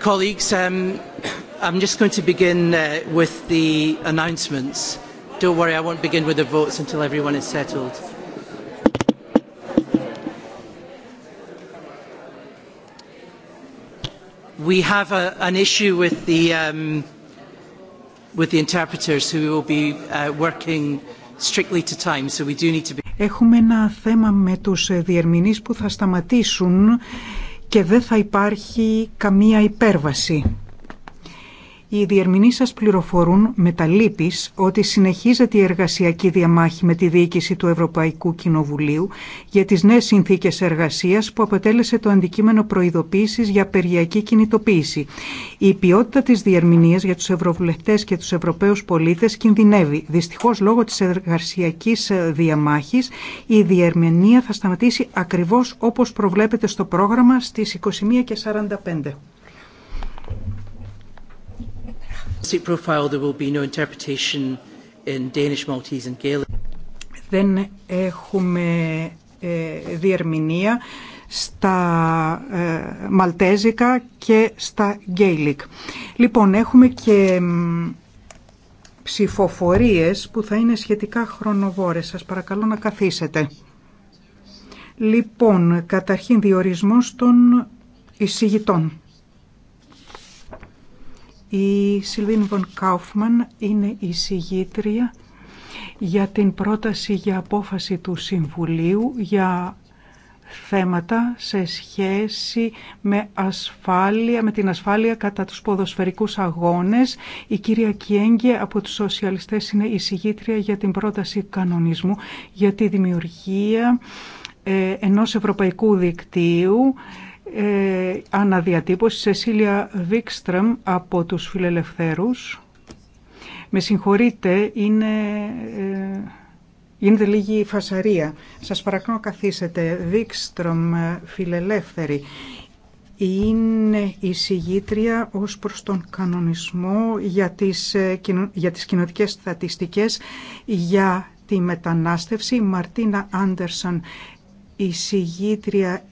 Colleagues, um, I'm just going to begin uh, with the announcements. Don't worry, I won't begin with the votes until everyone is settled. We have a, an issue with the, um, with the interpreters who will be uh, working strictly to time, so we do need to be... Έχουμε ένα θέμα με τους διερμηνείς που θα σταματήσουν και δεν θα υπάρχει καμία υπέρβαση. Οι διερμηνείς σας πληροφορούν με τα λύπης ότι συνεχίζεται η εργασιακή διαμάχη με τη διοίκηση του Ευρωπαϊκού Κοινοβουλίου για τις νέες συνθήκες εργασίας που αποτέλεσε το αντικείμενο προειδοποίησης για περιακή κινητοποίηση. Η ποιότητα της διερμηνίας για τους ευρωβουλευτές και τους Ευρωπαίους πολίτες κινδυνεύει. Δυστυχώς λόγω της εργασιακής διαμάχης η διερμηνία θα σταματήσει ακριβώς όπως προβλέπεται στο πρόγραμμα στις 21 και 45. Δεν έχουμε ε, διερμηνία στα ε, Μαλτέζικα και στα Γκέιλικ. Λοιπόν, έχουμε και ψηφοφορίες που θα είναι σχετικά χρονοβόρες. Σας παρακαλώ να καθίσετε. Λοιπόν, καταρχήν διορισμός των εισηγητών. Η Σιλβίν Βον Κάουφμαν είναι η συγγήτρια για την πρόταση για απόφαση του Συμβουλίου για θέματα σε σχέση με, ασφάλεια, με την ασφάλεια κατά τους ποδοσφαιρικούς αγώνες. Η κυρία Κιέγγε από τους σοσιαλιστές είναι συγγήτρια για την πρόταση κανονισμού για τη δημιουργία ε, ενός ευρωπαϊκού δικτύου ε, αναδιατύπωση Σεσίλια Βίκστρεμ από τους φιλελευθέρους. Με συγχωρείτε, είναι, ε, γίνεται λίγη φασαρία. Σας παρακαλώ καθίσετε. Βίκστρομ, φιλελεύθερη, είναι η συγγήτρια ως προς τον κανονισμό για τις, ε, για τις κοινωτικές στατιστικές για τη μετανάστευση. Μαρτίνα Άντερσον η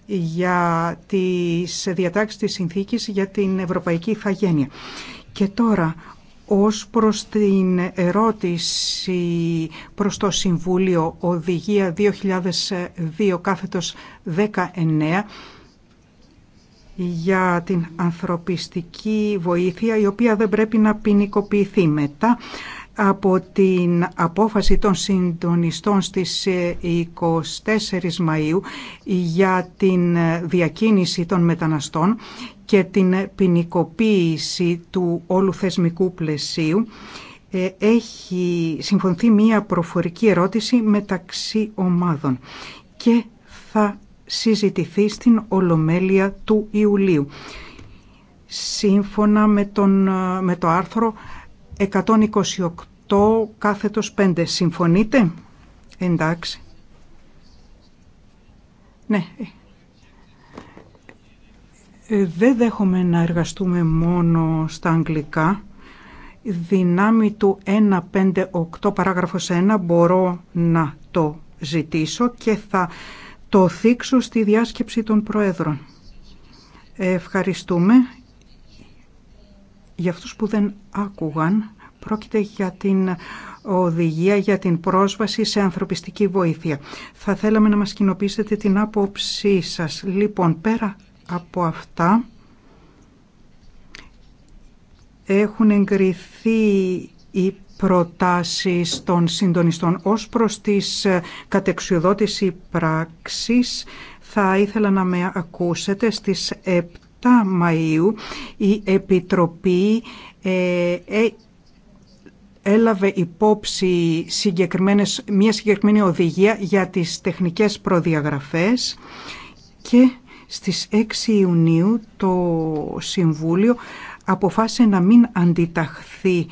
για τις διατάξεις της συνθήκης για την Ευρωπαϊκή Ιθαγένεια. Και τώρα, ως προς την ερώτηση προς το Συμβούλιο Οδηγία 2002 κάθετος 19 για την ανθρωπιστική βοήθεια η οποία δεν πρέπει να ποινικοποιηθεί μετά από την απόφαση των συντονιστών στις 24 ε, Μαΐου για την ε, διακίνηση των μεταναστών και την ποινικοποίηση του όλου θεσμικού πλαισίου ε, έχει συμφωνηθεί μία προφορική ερώτηση μεταξύ ομάδων και θα συζητηθεί στην Ολομέλεια του Ιουλίου. Σύμφωνα με, τον, με το άρθρο 128 κάθετος 5. Συμφωνείτε? Εντάξει. Ναι. Ε, δεν δέχομαι να εργαστούμε μόνο στα αγγλικά. Δυνάμει του 158 παράγραφος 1 μπορώ να το ζητήσω και θα το θίξω στη διάσκεψη των Προέδρων. Ευχαριστούμε. Για αυτούς που δεν άκουγαν, πρόκειται για την οδηγία για την πρόσβαση σε ανθρωπιστική βοήθεια. Θα θέλαμε να μας κοινοποιήσετε την άποψή σας. Λοιπόν, πέρα από αυτά, έχουν εγκριθεί οι προτάσεις των συντονιστών ως προς τις ε, κατεξιοδότηση πράξης. Θα ήθελα να με ακούσετε στις Μαΐου η Επιτροπή ε, ε, έλαβε υπόψη συγκεκριμένες, μια συγκεκριμένη οδηγία για τις τεχνικές προδιαγραφές και στις 6 Ιουνίου το Συμβούλιο αποφάσισε να μην αντιταχθεί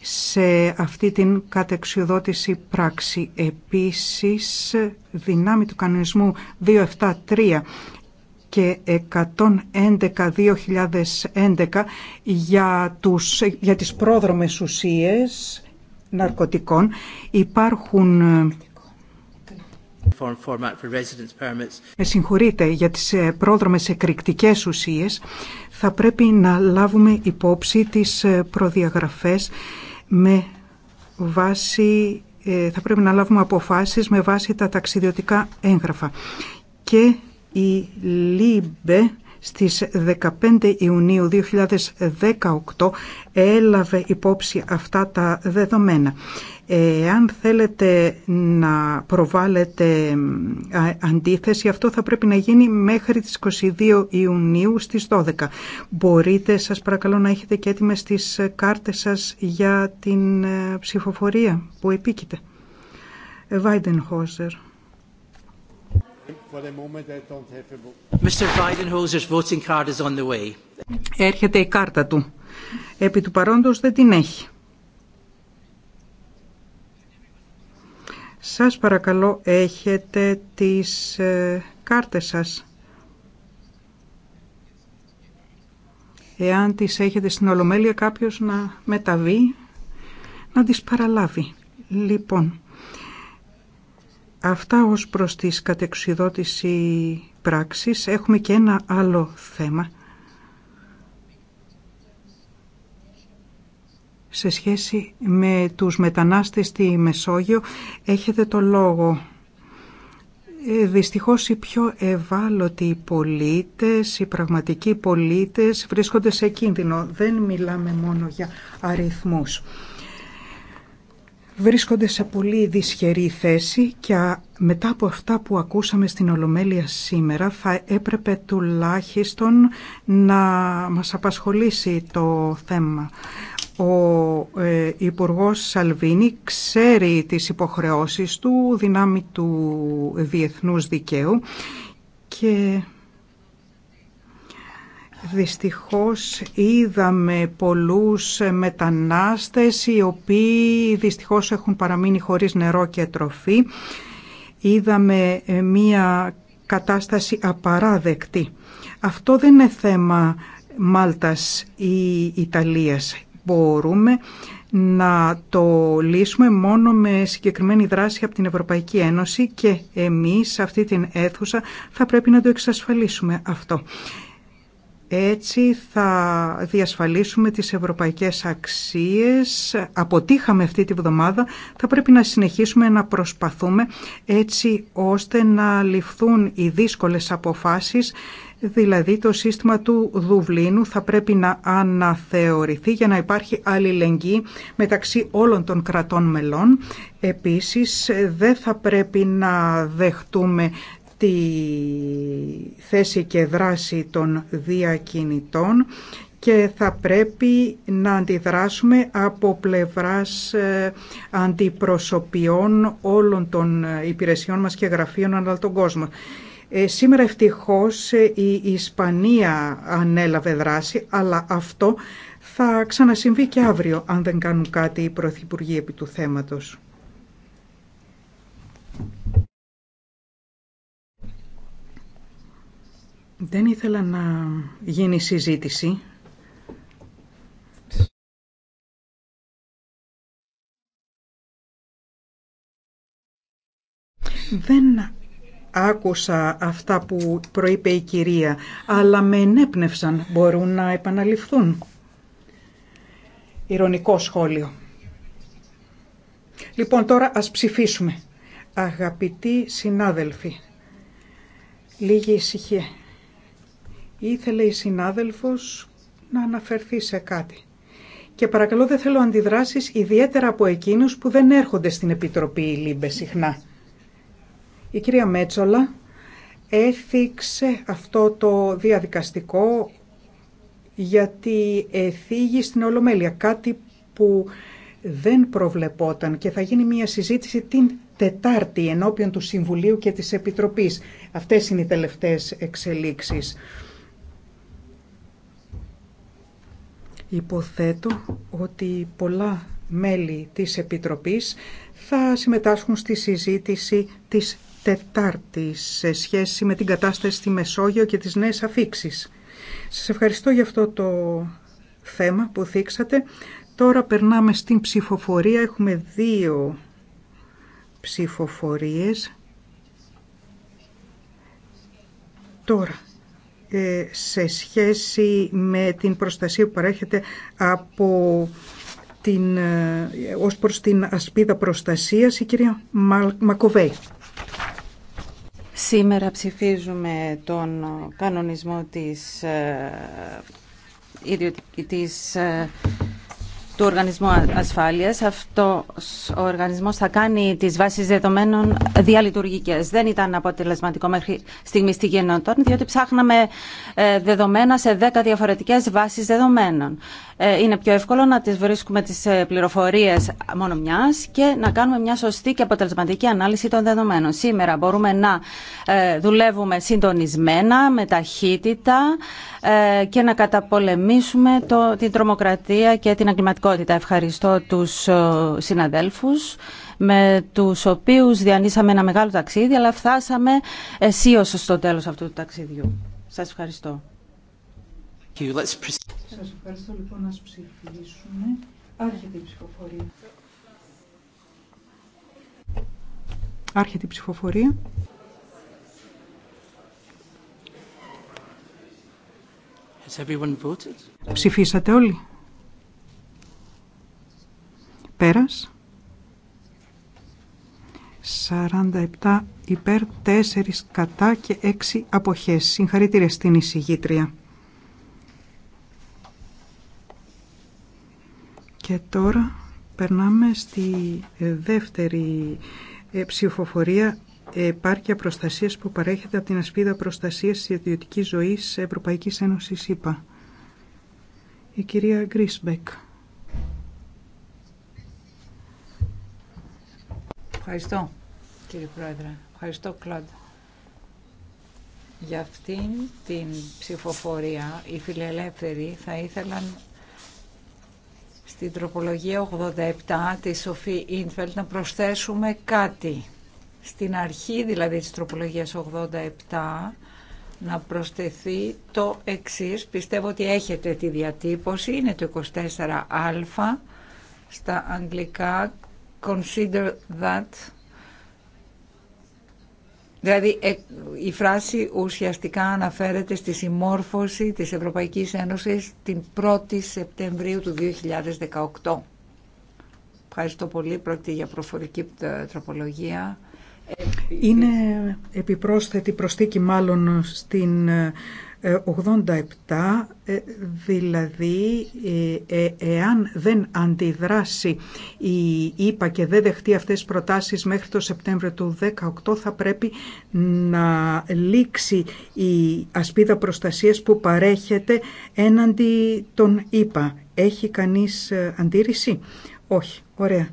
σε αυτή την κατεξιοδότηση πράξη. Επίσης, δυνάμει του κανονισμού 273 και 111-2011 για, τους, για τις πρόδρομες ουσίες ναρκωτικών υπάρχουν... Ε, με συγχωρείτε για τις ε, πρόδρομες εκρηκτικές ουσίες θα πρέπει να λάβουμε υπόψη τις ε, προδιαγραφές με βάση θα πρέπει να λάβουμε αποφάσεις με βάση τα ταξιδιωτικά έγγραφα και η ΛΥΜΠΕ στις 15 Ιουνίου 2018 έλαβε υπόψη αυτά τα δεδομένα. Εάν θέλετε να προβάλλετε αντίθεση, αυτό θα πρέπει να γίνει μέχρι τις 22 Ιουνίου στις 12. Μπορείτε, σας παρακαλώ, να έχετε και έτοιμες τις κάρτες σας για την ε, ψηφοφορία που επίκειται. Βάιντεν Χόζερ. Έρχεται η κάρτα του. Επί του παρόντος δεν την έχει. Σας παρακαλώ, έχετε τις ε, κάρτες σας. Εάν τις έχετε στην Ολομέλεια κάποιος να μεταβεί, να τις παραλάβει. Λοιπόν, Αυτά ως προς τις κατεξουδότηση πράξεις Έχουμε και ένα άλλο θέμα σε σχέση με τους μετανάστες στη Μεσόγειο. Έχετε το λόγο. Ε, δυστυχώς οι πιο ευάλωτοι πολίτες, οι πραγματικοί πολίτες βρίσκονται σε κίνδυνο. Δεν μιλάμε μόνο για αριθμούς βρίσκονται σε πολύ δυσχερή θέση και μετά από αυτά που ακούσαμε στην Ολομέλεια σήμερα θα έπρεπε τουλάχιστον να μας απασχολήσει το θέμα. Ο ε, Υπουργός Σαλβίνη ξέρει τις υποχρεώσεις του δυνάμει του διεθνούς δικαίου και Δυστυχώς είδαμε πολλούς μετανάστες οι οποίοι δυστυχώς έχουν παραμείνει χωρίς νερό και τροφή. Είδαμε ε, μία κατάσταση απαράδεκτη. Αυτό δεν είναι θέμα Μάλτας ή Ιταλίας. Μπορούμε να το λύσουμε μόνο με συγκεκριμένη δράση από την Ευρωπαϊκή Ένωση και εμείς σε αυτή την αίθουσα θα πρέπει να το εξασφαλίσουμε αυτό. Έτσι θα διασφαλίσουμε τις ευρωπαϊκές αξίες. Αποτύχαμε αυτή τη βδομάδα. Θα πρέπει να συνεχίσουμε να προσπαθούμε έτσι ώστε να ληφθούν οι δύσκολες αποφάσεις δηλαδή το σύστημα του Δουβλίνου θα πρέπει να αναθεωρηθεί για να υπάρχει αλληλεγγύη μεταξύ όλων των κρατών μελών. Επίσης δεν θα πρέπει να δεχτούμε τη θέση και δράση των διακινητών και θα πρέπει να αντιδράσουμε από πλευράς ε, αντιπροσωπιών όλων των ε, υπηρεσιών μας και γραφείων ανά τον κόσμο. Ε, σήμερα ευτυχώς η Ισπανία ανέλαβε δράση, αλλά αυτό θα ξανασυμβεί και αύριο αν δεν κάνουν κάτι οι πρωθυπουργοί επί του θέματος. Δεν ήθελα να γίνει συζήτηση. Δεν άκουσα αυτά που προείπε η κυρία, αλλά με ενέπνευσαν. Μπορούν να επαναληφθούν. Ηρωνικό σχόλιο. Λοιπόν, τώρα ας ψηφίσουμε. Αγαπητοί συνάδελφοι, λίγη ησυχία. Ήθελε η συνάδελφος να αναφερθεί σε κάτι. Και παρακαλώ δεν θέλω αντιδράσεις ιδιαίτερα από εκείνους που δεν έρχονται στην Επιτροπή Λίμπε συχνά. Η κυρία Μέτσολα έθιξε αυτό το διαδικαστικό γιατί εθίγει στην Ολομέλεια κάτι που δεν προβλεπόταν και θα γίνει μια συζήτηση την Τετάρτη ενώπιον του Συμβουλίου και της Επιτροπής. Αυτές είναι οι τελευταίες εξελίξεις. Υποθέτω ότι πολλά μέλη της Επιτροπής θα συμμετάσχουν στη συζήτηση της Τετάρτης σε σχέση με την κατάσταση στη Μεσόγειο και τις νέες αφήξεις. Σας ευχαριστώ για αυτό το θέμα που θίξατε. Τώρα περνάμε στην ψηφοφορία. Έχουμε δύο ψηφοφορίες. Τώρα, ε, σε σχέση με την προστασία που παρέχεται από την, ε, ως προς την ασπίδα προστασίας η κυρία Μακοβέη. Σήμερα ψηφίζουμε τον κανονισμό της, ε, της του Οργανισμού Ασφάλειας. Αυτό ο οργανισμός θα κάνει τις βάσεις δεδομένων διαλειτουργικές. Δεν ήταν αποτελεσματικό μέχρι στιγμή στη γενοτών, διότι ψάχναμε ε, δεδομένα σε 10 διαφορετικές βάσεις δεδομένων. Ε, είναι πιο εύκολο να τις βρίσκουμε τις ε, πληροφορίες μόνο μιας και να κάνουμε μια σωστή και αποτελεσματική ανάλυση των δεδομένων. Σήμερα μπορούμε να δουλεύουμε συντονισμένα, με ταχύτητα και να καταπολεμήσουμε την τρομοκρατία και την πραγματικότητα Ευχαριστώ τους ε, συναδέλφους με τους οποίους διανύσαμε ένα μεγάλο ταξίδι, αλλά φτάσαμε αισίως στο τέλος αυτού του ταξιδιού. Σας ευχαριστώ. Σας ευχαριστώ λοιπόν να ψηφίσουμε. Άρχεται η ψηφοφορία. Άρχεται η ψηφοφορία. Has Ψηφίσατε όλοι. Πέρας. 47 υπέρ, 4 κατά και 6 αποχές. Συγχαρητήρια στην εισηγήτρια. Και τώρα περνάμε στη δεύτερη ε, ψηφοφορία επάρκεια προστασίας που παρέχεται από την ασπίδα προστασίας της ιδιωτικής ζωής Ευρωπαϊκής Ένωσης ΕΠΑ. Η κυρία Γκρίσμπεκ. Ευχαριστώ, κύριε Πρόεδρε. Ευχαριστώ, Κλοντ. Για αυτήν την ψηφοφορία οι φιλελεύθεροι θα ήθελαν στην τροπολογία 87 της Σοφή Ίνφελτ να προσθέσουμε κάτι. Στην αρχή δηλαδή της τροπολογίας 87 να προσθεθεί το εξής. Πιστεύω ότι έχετε τη διατύπωση, είναι το 24α στα αγγλικά consider that Δηλαδή ε, η φράση ουσιαστικά αναφέρεται στη συμμόρφωση της Ευρωπαϊκής Ένωσης την 1η Σεπτεμβρίου του 2018. Ευχαριστώ πολύ. Πρόκειται για προφορική ε, τροπολογία. Είναι επιπρόσθετη προστίκη μάλλον στην ε, 87 ε, ε, δηλαδή ε, εάν δεν αντιδράσει η ΕΠΑ και δεν δεχτεί αυτές τις προτάσεις μέχρι το Σεπτέμβριο του 18, θα πρέπει να λήξει η ασπίδα προστασίας που παρέχεται έναντι των ΕΠΑ. Έχει κανείς αντίρρηση? Όχι. Ωραία.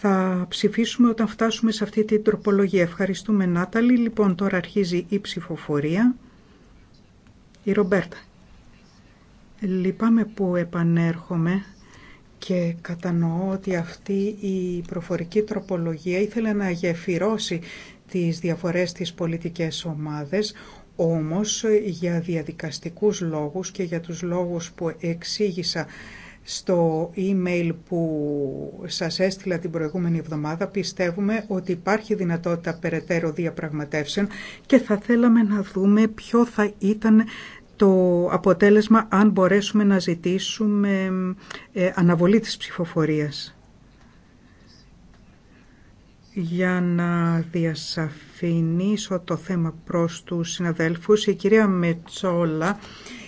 Θα ψηφίσουμε όταν φτάσουμε σε αυτή την τροπολογία. Ευχαριστούμε Νάταλη. Λοιπόν τώρα αρχίζει η ψηφοφορία η Ρομπέρτα. Λυπάμαι που επανέρχομαι και κατανοώ ότι αυτή η προφορική τροπολογία ήθελε να γεφυρώσει τις διαφορές της πολιτικές ομάδες, όμως για διαδικαστικούς λόγους και για τους λόγους που εξήγησα στο email που σας έστειλα την προηγούμενη εβδομάδα πιστεύουμε ότι υπάρχει δυνατότητα περαιτέρω διαπραγματεύσεων και θα θέλαμε να δούμε ποιο θα ήταν το αποτέλεσμα αν μπορέσουμε να ζητήσουμε ε, αναβολή της ψηφοφορίας. Για να διασαφηνίσω το θέμα προς τους συναδέλφους, η κυρία Μετσόλα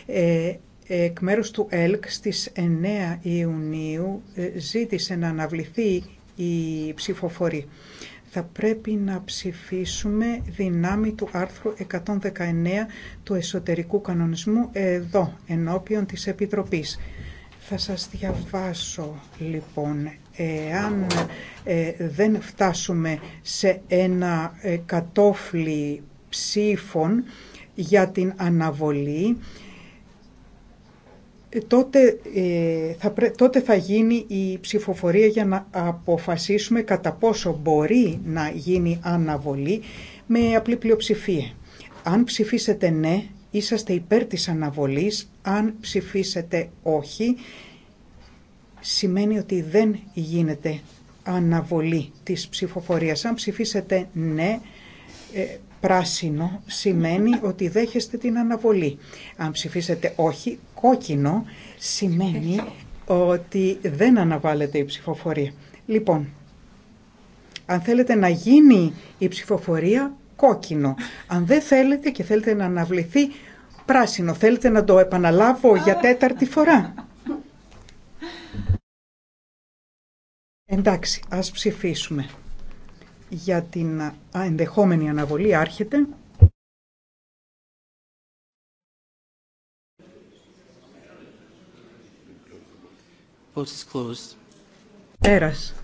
ε, εκ μέρους του ΕΛΚ στις 9 Ιουνίου ε, ζήτησε να αναβληθεί η ψηφοφορία. Θα πρέπει να ψηφίσουμε δυνάμει του άρθρου 119 του εσωτερικού κανονισμού εδώ, ενώπιον της Επιτροπής. Θα σας διαβάσω λοιπόν, εάν ε, δεν φτάσουμε σε ένα ε, κατόφλι ψήφων για την αναβολή, τότε, ε, θα, τότε θα γίνει η ψηφοφορία για να αποφασίσουμε κατά πόσο μπορεί να γίνει αναβολή με απλή πλειοψηφία. Αν ψηφίσετε ναι, είσαστε υπέρ της αναβολής. Αν ψηφίσετε όχι, σημαίνει ότι δεν γίνεται αναβολή της ψηφοφορίας. Αν ψηφίσετε ναι, ε, πράσινο σημαίνει ότι δέχεστε την αναβολή. Αν ψηφίσετε όχι, κόκκινο σημαίνει ότι δεν αναβάλλεται η ψηφοφορία. Λοιπόν, αν θέλετε να γίνει η ψηφοφορία, κόκκινο. Αν δεν θέλετε και θέλετε να αναβληθεί, πράσινο. Θέλετε να το επαναλάβω για τέταρτη φορά. Εντάξει, ας ψηφίσουμε. Για την ενδεχόμενη αναβολή άρχεται. Πέρας.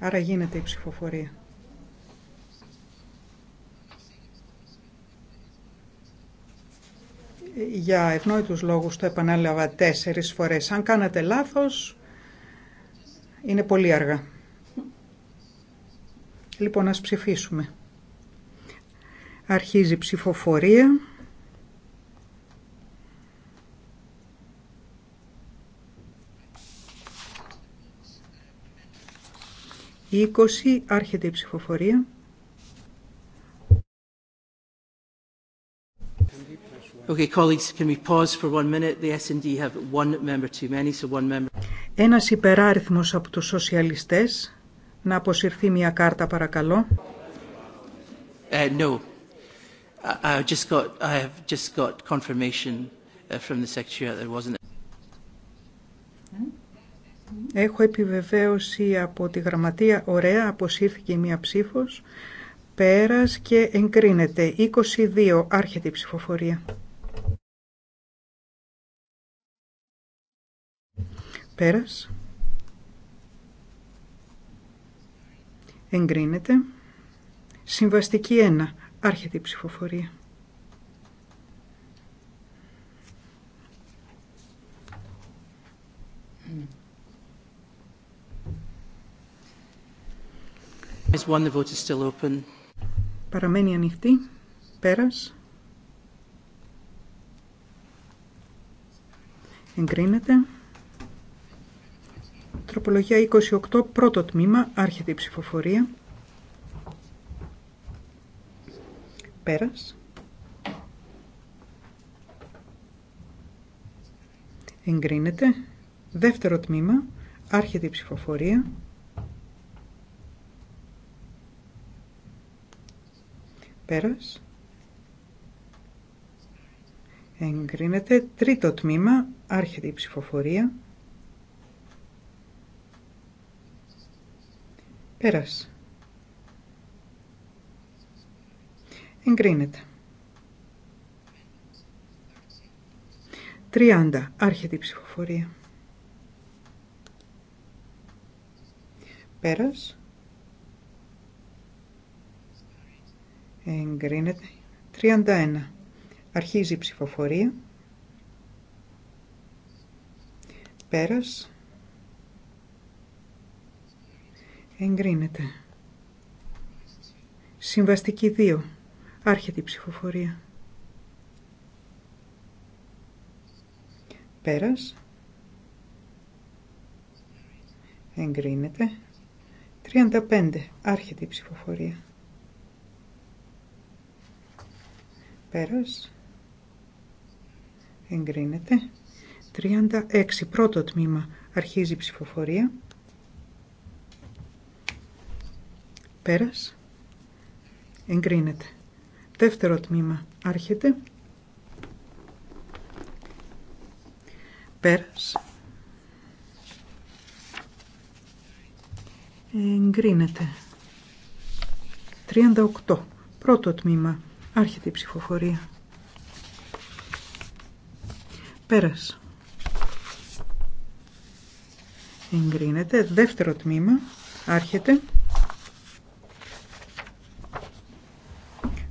Άρα γίνεται η ψηφοφορία. Για ευνόητους λόγους το επανέλαβα τέσσερις φορές. Αν κάνατε λάθος, είναι πολύ αργά. Λοιπόν, ας ψηφίσουμε. Αρχίζει ψηφοφορία. Η 20 άρχεται η ψηφοφορία. Okay, colleagues, can we pause for one minute? The SND have one member too many, so one member. Ένας υπεράριθμος από τους σοσιαλιστές. Να αποσυρθεί μια κάρτα παρακαλώ. Uh, no, I have just got confirmation uh, from the secretary that wasn't. Έχω επιβεβαίωση από τη γραμματεία. Ωραία, αποσύρθηκε μία ψήφος. Πέρας και εγκρίνεται. 22. Άρχεται η ψηφοφορία. Πέρας. Εγκρίνεται. Συμβαστική 1. Άρχεται η ψηφοφορία. Παραμένει ανοιχτή. Πέρας. Εγκρίνεται. Τροπολογία 28, πρώτο τμήμα, άρχεται η ψηφοφορία. Πέρας. Εγκρίνεται. Δεύτερο τμήμα. Άρχεται η ψηφοφορία. Πέρας. Εγκρίνεται. Τρίτο τμήμα. Άρχεται η ψηφοφορία. Πέρας. Εγκρίνεται. 30. Άρχεται η ψηφοφορία. Πέρας. Εγκρίνεται. 31. Αρχίζει η ψηφοφορία. Πέρας. Εγκρίνεται. Συμβαστική 2. Άρχεται η ψηφοφορία. Πέρας. Εγκρίνεται. 35. Άρχεται η ψηφοφορία. Πέρας. Εγκρίνεται. 36. Πρώτο τμήμα. Αρχίζει η ψηφοφορία. Πέρας. Εγκρίνεται. Δεύτερο τμήμα. Άρχεται. Πέρας. Εγκρίνεται. 38. Πρώτο τμήμα. Άρχεται η ψηφοφορία. Πέρας. Εγκρίνεται. Δεύτερο τμήμα. Άρχεται.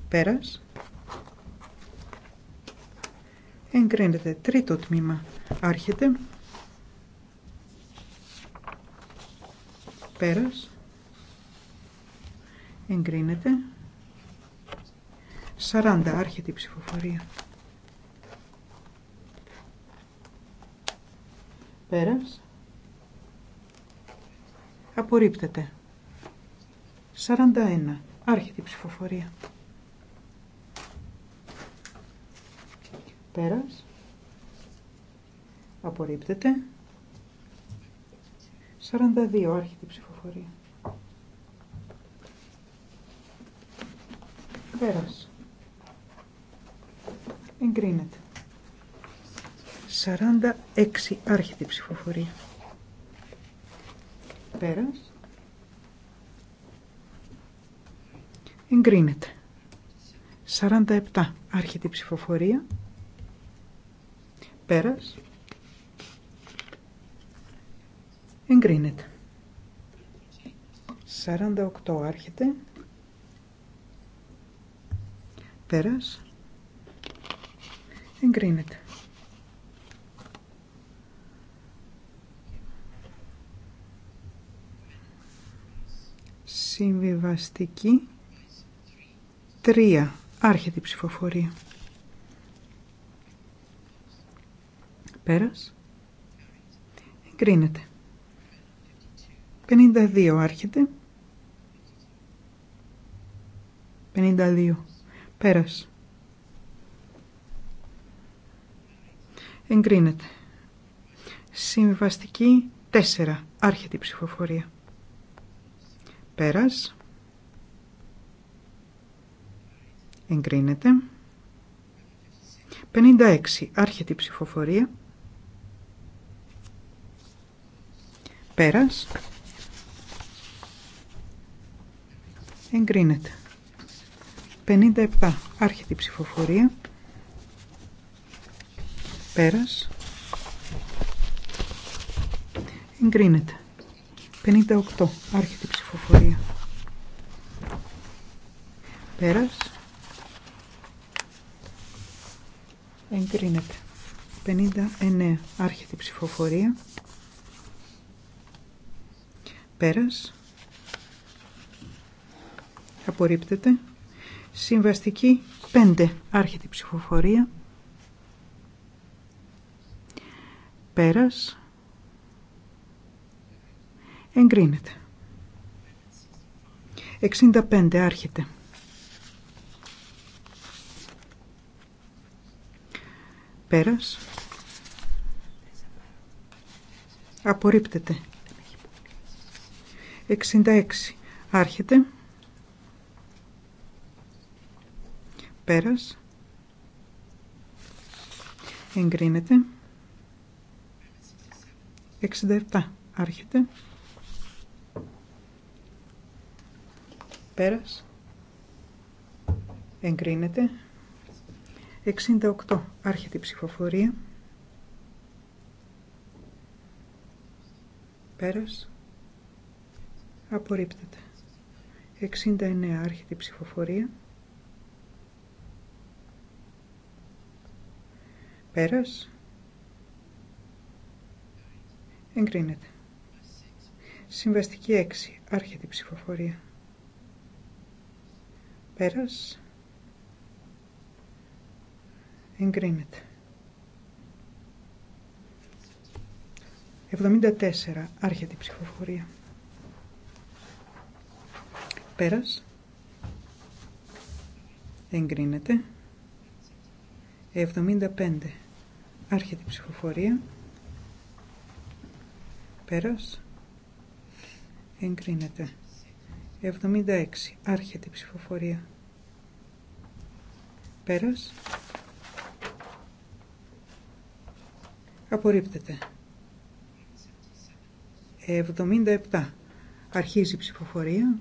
Πέρας. Εγκρίνεται. Τρίτο τμήμα. Άρχεται. Πέρας. Εγκρίνεται. 40. Άρχεται η ψηφοφορία. Πέρας. Απορρίπτεται. 41. Άρχεται η ψηφοφορία. Πέρας. Απορρίπτεται. 42 άρχιτη ψηφοφορία. Πέρας. Εγκρίνεται. 46 άρχιτη ψηφοφορία. Πέρας. Εγκρίνεται. 47 άρχιτη ψηφοφορία. Πέρας. Εγκρίνεται. 48 άρχεται. Πέρας. Εγκρίνεται. Συμβιβαστική 3. Άρχεται η ψηφοφορία. Πέρας. Εγκρίνεται. 52 άρχεται. 52. Πέρας. Εγκρίνεται. Συμβαστική 4. Άρχεται η ψηφοφορία. Πέρας. Εγκρίνεται. 56. Άρχεται η ψηφοφορία. Πέρας. Εγκρίνεται. 57. Άρχεται η ψηφοφορία. Πέρας. Εγκρίνεται. 58. Άρχεται η ψηφοφορία. Πέρας. Εγκρίνεται. 59. Άρχεται η ψηφοφορία. Πέρας. Απορρίπτεται. Συμβαστική 5. Άρχεται η ψηφοφορία. Πέρας. Εγκρίνεται. 65. Άρχεται. Πέρας. Απορρίπτεται. 66. Άρχεται. Πέρας. Εγκρίνεται. 67. Άρχεται. Πέρας. Εγκρίνεται. 68. Άρχεται η ψηφοφορία. Πέρας. Απορρίπτεται. 69 άρχεται ψηφοφορία. Πέρας. Εγκρίνεται. Συμβαστική 6 άρχεται ψηφοφορία. Πέρας. Εγκρίνεται. 74 άρχεται η ψηφοφορία. Πέρας. Εγκρίνεται. 75. Άρχεται η ψηφοφορία. Πέρας. Εγκρίνεται. 76. Άρχεται η ψηφοφορία. Πέρας. Απορρίπτεται. 77. Αρχίζει η ψηφοφορία.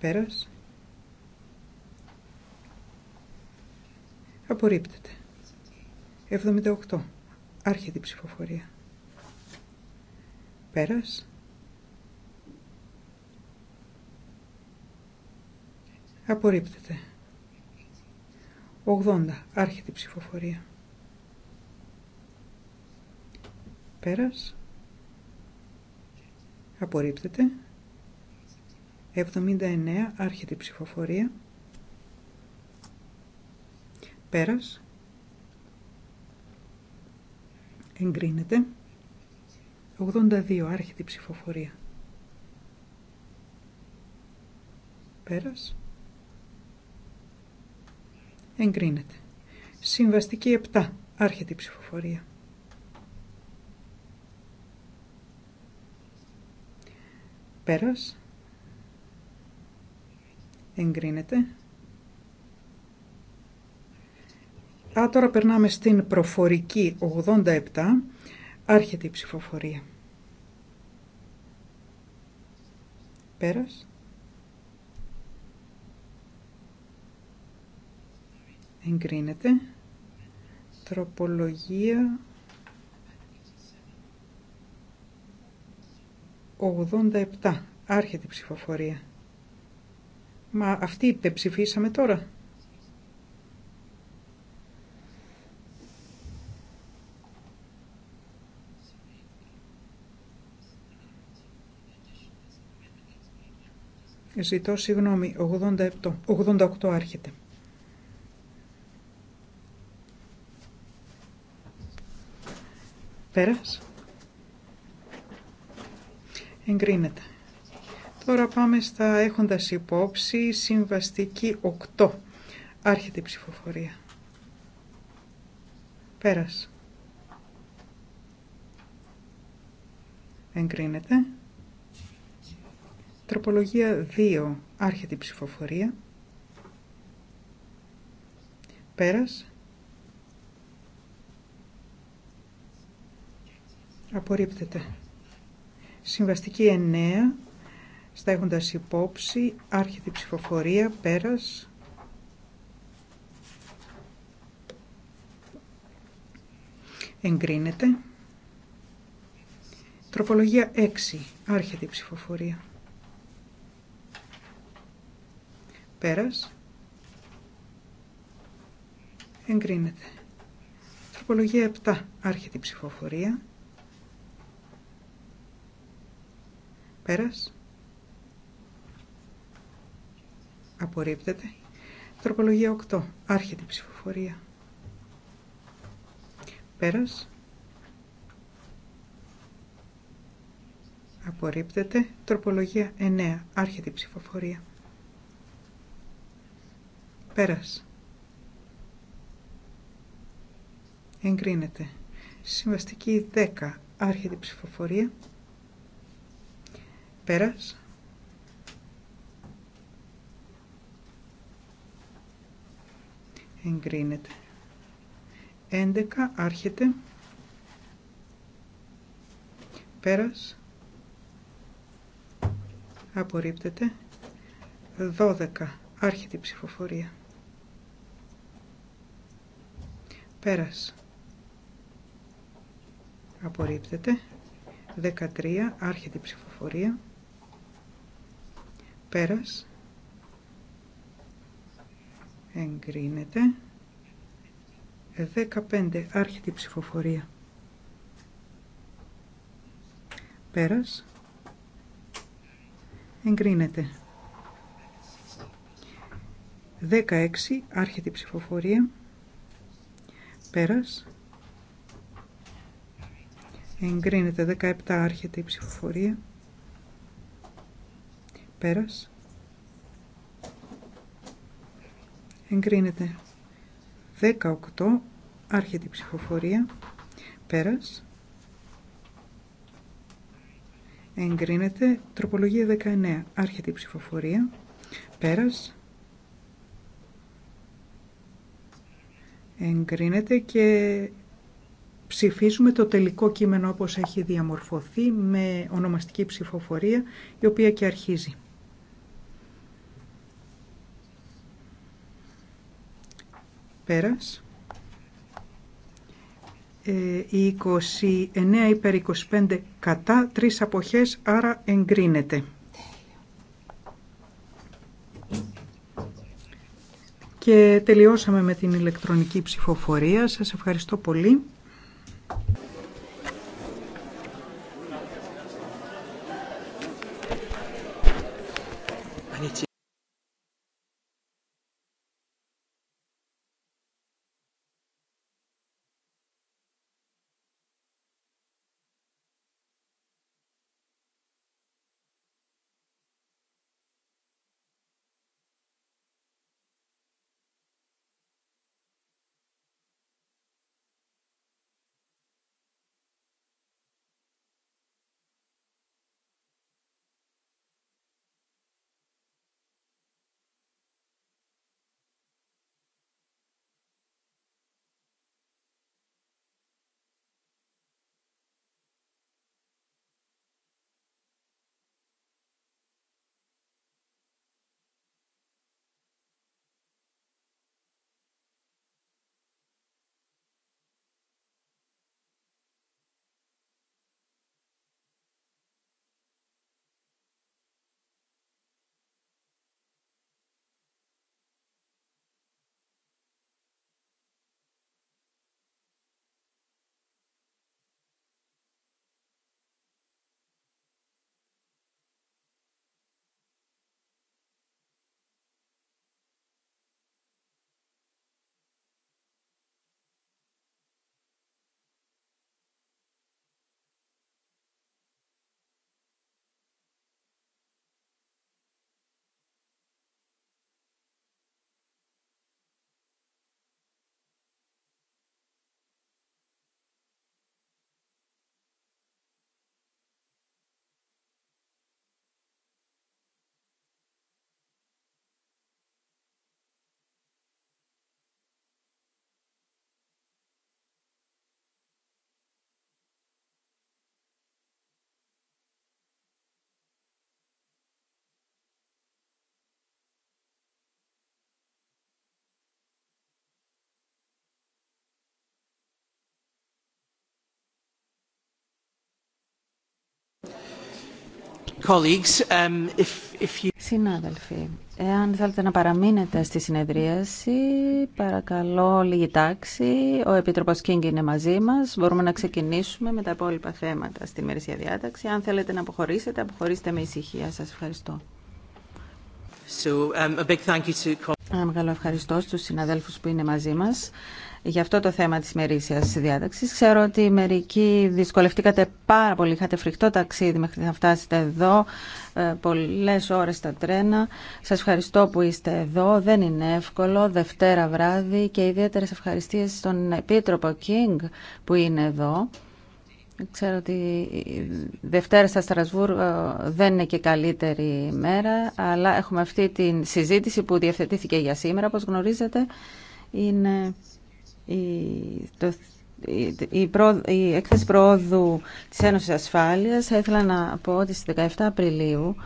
Πέρας. Απορρίπτεται. 78. Άρχεται η ψηφοφορία. Πέρας. Απορρίπτεται. 80. Άρχεται η ψηφοφορία. Πέρας. Απορρίπτεται. 79 άρχεται η ψηφοφορία πέρας εγκρίνεται 82 άρχεται η ψηφοφορία πέρας εγκρίνεται συμβαστική 7 άρχεται η ψηφοφορία πέρας εγκρίνεται. Α, τώρα περνάμε στην προφορική 87, άρχεται η ψηφοφορία. Πέρας. Εγκρίνεται. Τροπολογία 87. Άρχεται η ψηφοφορία. Μα αυτή δεν ψηφίσαμε τώρα. Ζητώ συγγνώμη, 87, 88 άρχεται. Πέρας. Εγκρίνεται. Τώρα πάμε στα έχοντας υπόψη συμβαστική 8. Άρχεται η ψηφοφορία. Πέρας. Εγκρίνεται. Τροπολογία 2. Άρχεται η ψηφοφορία. Πέρας. Απορρίπτεται. Συμβαστική 9 στέγοντας υπόψη άρχεται η ψηφοφορία πέρας εγκρίνεται τροπολογία 6 άρχεται η ψηφοφορία πέρας εγκρίνεται τροπολογία 7 άρχεται η ψηφοφορία πέρας Απορρίπτεται. Τροπολογία 8. Άρχεται η ψηφοφορία. Πέρας. Απορρίπτεται. Τροπολογία 9. Άρχεται η ψηφοφορία. Πέρας. Εγκρίνεται. Συμβαστική 10. Άρχεται η ψηφοφορία. Πέρας. εγκρίνεται. 11 άρχεται πέρας απορρίπτεται 12 άρχεται η ψηφοφορία πέρας απορρίπτεται 13 άρχεται η ψηφοφορία πέρας εγκρίνεται 15 ε, η ψηφοφορία πέρας εγκρίνεται 16 η ψηφοφορία πέρας εγκρίνεται 17 άρχεται η ψηφοφορία πέρας εγκρίνεται 18 άρχεται η ψηφοφορία πέρας εγκρίνεται τροπολογία 19 άρχεται η ψηφοφορία πέρας εγκρίνεται και ψηφίζουμε το τελικό κείμενο όπως έχει διαμορφωθεί με ονομαστική ψηφοφορία η οποία και αρχίζει Πέρας. 29 ε, υπέρ 25 κατά, τρεις αποχές, άρα εγκρίνεται. Και τελειώσαμε με την ηλεκτρονική ψηφοφορία. Σας ευχαριστώ πολύ. Um, Συνάδελφοι, εάν θέλετε να παραμείνετε στη συνεδρίαση, παρακαλώ λίγη τάξη. Ο Επίτροπος Κίνγκ είναι μαζί μας. Μπορούμε να ξεκινήσουμε με τα υπόλοιπα θέματα στη μερίσια διάταξη. Αν θέλετε να αποχωρήσετε, αποχωρήστε με ησυχία. Σας ευχαριστώ. So, um, Ένα μεγάλο ευχαριστώ στους συναδέλφους που είναι μαζί μας για αυτό το θέμα της μερίσιας διάταξης. Ξέρω ότι μερικοί δυσκολευτήκατε πάρα πολύ, είχατε φρικτό ταξίδι μέχρι να φτάσετε εδώ, ε, πολλές ώρες στα τρένα. Σας ευχαριστώ που είστε εδώ, δεν είναι εύκολο, Δευτέρα βράδυ και ιδιαίτερες ευχαριστίες στον Επίτροπο Κίνγκ που είναι εδώ. Ξέρω ότι η Δευτέρα στα Στρασβούργο ε, δεν είναι και καλύτερη ημέρα, αλλά έχουμε αυτή τη συζήτηση που διευθετήθηκε για σήμερα, όπως γνωρίζετε. Είναι η, η έκθεση προόδου της Ένωσης Ασφάλειας θα ήθελα να πω ότι στις 17 Απριλίου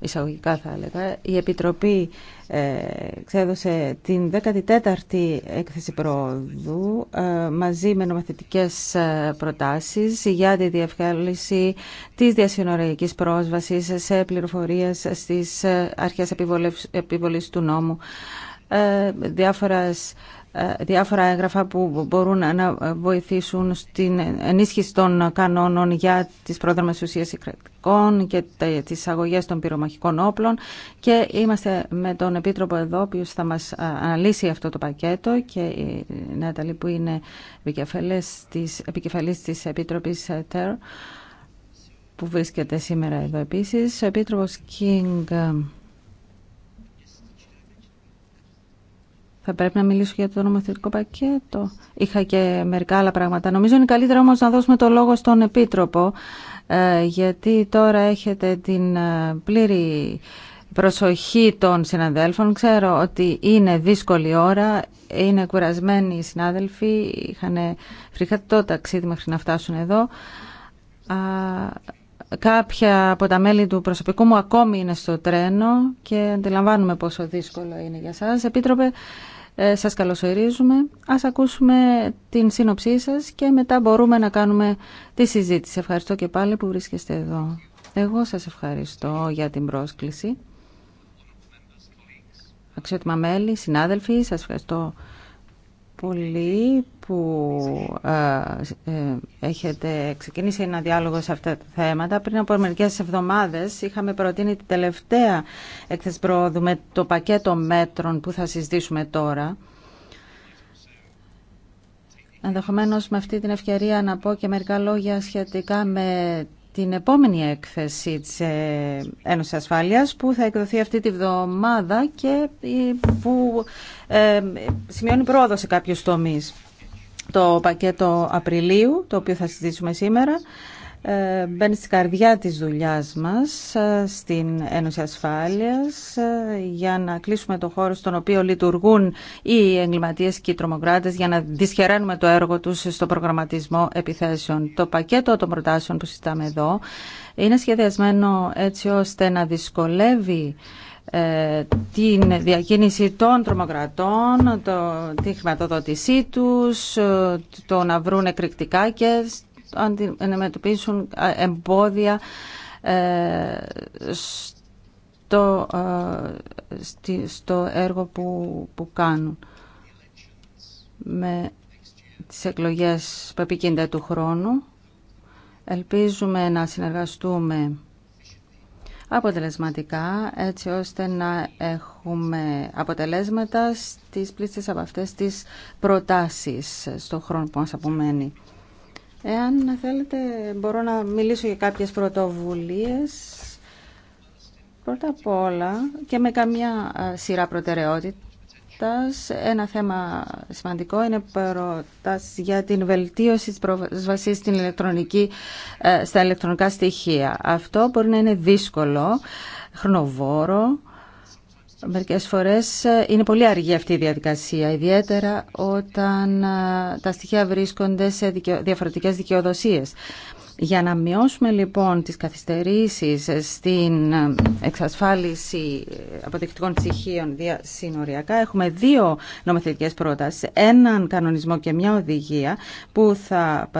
εισαγωγικά θα έλεγα η Επιτροπή ε, ξέδωσε την 14η έκθεση προόδου ε, μαζί με νομοθετικές ε, προτάσεις για τη διευκάλυση της διασυνοριακής πρόσβασης σε πληροφορίες στις ε, αρχές επιβολής του νόμου ε, διάφορα έγγραφα που μπορούν να βοηθήσουν στην ενίσχυση των κανόνων για τις πρόδρομες ουσίες συγκρατικών και τις αγωγές των πυρομαχικών όπλων και είμαστε με τον Επίτροπο εδώ, ο θα μας αναλύσει αυτό το πακέτο και η Νάταλη που είναι επικεφαλής της, επικεφαλής της Επίτροπης ΤΕΡ που βρίσκεται σήμερα εδώ επίσης. Ο Επίτροπος King ε, Θα πρέπει να μιλήσω για το νομοθετικό πακέτο. Είχα και μερικά άλλα πράγματα. Νομίζω είναι καλύτερα όμως να δώσουμε το λόγο στον Επίτροπο, ε, γιατί τώρα έχετε την ε, πλήρη προσοχή των συναδέλφων. Ξέρω ότι είναι δύσκολη ώρα, είναι κουρασμένοι οι συνάδελφοι, είχαν φρικατό ταξίδι μέχρι να φτάσουν εδώ. Κάποια από τα μέλη του προσωπικού μου ακόμη είναι στο τρένο και αντιλαμβάνουμε πόσο δύσκολο είναι για σας. Επίτροπε, ε, σας καλωσορίζουμε. Ας ακούσουμε την σύνοψή σας και μετά μπορούμε να κάνουμε τη συζήτηση. Ευχαριστώ και πάλι που βρίσκεστε εδώ. Εγώ σας ευχαριστώ για την πρόσκληση. Αξιότιμα μέλη, συνάδελφοι, σας ευχαριστώ πολύ που ε, ε, έχετε ξεκινήσει ένα διάλογο σε αυτά τα θέματα. Πριν από μερικέ εβδομάδε είχαμε προτείνει την τελευταία έκθεση πρόοδου με το πακέτο μέτρων που θα συζητήσουμε τώρα. Ενδεχομένω με αυτή την ευκαιρία να πω και μερικά λόγια σχετικά με την επόμενη έκθεση της ε, Ένωσης Ασφάλειας που θα εκδοθεί αυτή τη βδομάδα και που σημειώνει πρόοδο σε κάποιους τομείς. Το πακέτο Απριλίου, το οποίο θα συζητήσουμε σήμερα, ε, μπαίνει στη καρδιά της δουλειάς μας ε, στην Ένωση Ασφάλειας ε, για να κλείσουμε το χώρο στον οποίο λειτουργούν οι εγκληματίες και οι τρομοκράτες για να δυσχεραίνουμε το έργο τους στο προγραμματισμό επιθέσεων. Το πακέτο των προτάσεων που συζητάμε εδώ είναι σχεδιασμένο έτσι ώστε να δυσκολεύει ε, την διακίνηση των τρομοκρατών, το, τη χρηματοδότησή τους, ε, το να βρουν εκρηκτικά και αντιμετωπίσουν ε, εμπόδια στο, στο έργο που, που κάνουν. Με τις εκλογές που επικίνδυνται του χρόνου, ελπίζουμε να συνεργαστούμε αποτελεσματικά έτσι ώστε να έχουμε αποτελέσματα στις πλήστες από αυτές τις προτάσεις στον χρόνο που μας απομένει. Εάν θέλετε μπορώ να μιλήσω για κάποιες πρωτοβουλίες. Πρώτα απ' όλα και με καμιά σειρά προτεραιότητα ένα θέμα σημαντικό είναι προτάσει για την βελτίωση της προσβασής στην ηλεκτρονική, ε, στα ηλεκτρονικά στοιχεία. Αυτό μπορεί να είναι δύσκολο, χρονοβόρο. Μερικές φορές ε, είναι πολύ αργή αυτή η διαδικασία, ιδιαίτερα όταν ε, τα στοιχεία βρίσκονται σε διαφορετικές δικαιοδοσίες. Για να μειώσουμε λοιπόν τις καθυστερήσεις στην εξασφάλιση αποδεικτικών ψυχίων συνοριακά, έχουμε δύο νομοθετικές πρότασεις, έναν κανονισμό και μια οδηγία που θα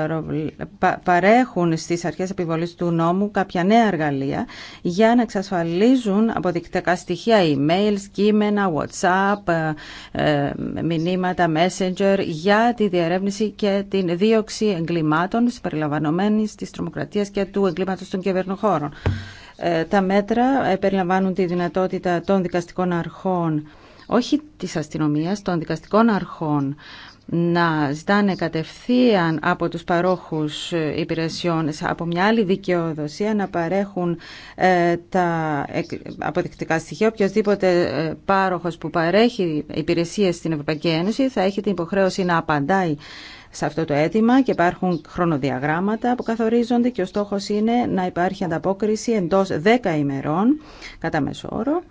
παρέχουν στις αρχές επιβολής του νόμου κάποια νέα εργαλεία για να εξασφαλίζουν αποδεικτικά στοιχεία email, κείμενα, whatsapp, ε, ε, μηνύματα, messenger για τη διερεύνηση και την δίωξη εγκλημάτων συμπεριλαμβανομένης της τρομοκρατίας και του εγκλήματος των κυβερνοχώρων. Ε, τα μέτρα περιλαμβάνουν τη δυνατότητα των δικαστικών αρχών, όχι της αστυνομίας, των δικαστικών αρχών να ζητάνε κατευθείαν από τους παρόχους ε, υπηρεσιών από μια άλλη δικαιοδοσία να παρέχουν ε, τα αποδεικτικά στοιχεία. Οποιοςδήποτε πάροχος που παρέχει υπηρεσίες στην Ευρωπαϊκή Ένωση θα έχει την υποχρέωση να απαντάει σε αυτό το αίτημα και υπάρχουν χρονοδιαγράμματα που καθορίζονται και ο στόχος είναι να υπάρχει ανταπόκριση εντός 10 ημερών κατά όρο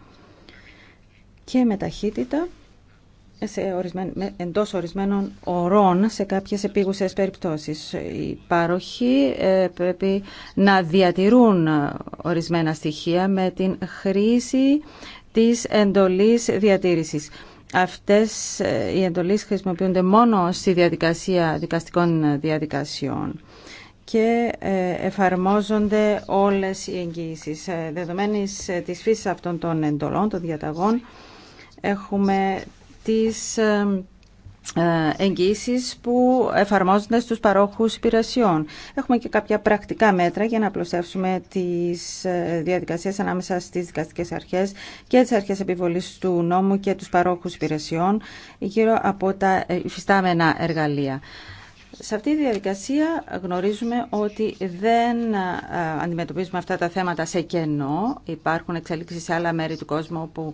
και με ταχύτητα σε εντός ορισμένων ορών σε κάποιες επίγουσες περιπτώσεις. Οι πάροχοι ε, πρέπει να διατηρούν ορισμένα στοιχεία με την χρήση της εντολής διατήρησης. Αυτές ε, οι εντολές χρησιμοποιούνται μόνο στη διαδικασία δικαστικών διαδικασιών και ε, εφαρμόζονται όλες οι εγγύησεις. Ε, δεδομένης της φύσης αυτών των εντολών, των διαταγών, έχουμε τις ε, εγγύσεις που εφαρμόζονται στους παρόχους υπηρεσιών. Έχουμε και κάποια πρακτικά μέτρα για να απλωσεύσουμε τις ε, διαδικασίες ανάμεσα στις δικαστικές αρχές και τις αρχές επιβολής του νόμου και τους παρόχους υπηρεσιών γύρω από τα υφιστάμενα εργαλεία. Σε αυτή τη διαδικασία γνωρίζουμε ότι δεν ε, αντιμετωπίζουμε αυτά τα θέματα σε κενό. Υπάρχουν εξελίξεις σε άλλα μέρη του κόσμου που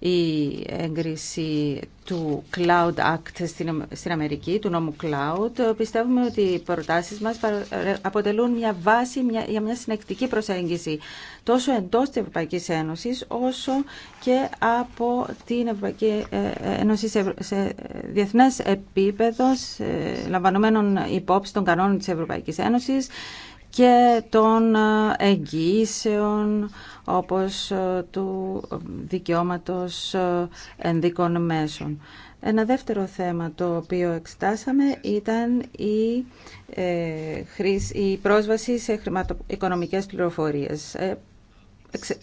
η έγκριση του Cloud Act στην Αμερική, του νόμου Cloud. Πιστεύουμε ότι οι προτάσει μας αποτελούν μια βάση για μια συνεκτική προσέγγιση τόσο εντό τη ευρωπαϊκή Ένωσης όσο και από την Ευρωπαϊκή ε, ε, Ένωση σε διεθνέ επίπεδο λαμβανομένων υπόψη των κανόνων της Ευρωπαϊκής Ένωση και των ε, εγγυήσεων όπως ε, του δικαιώματος ε, ενδίκων μέσων. Ένα δεύτερο θέμα το οποίο εξετάσαμε ήταν η, η πρόσβαση σε χρηματοοικονομικές πληροφορίες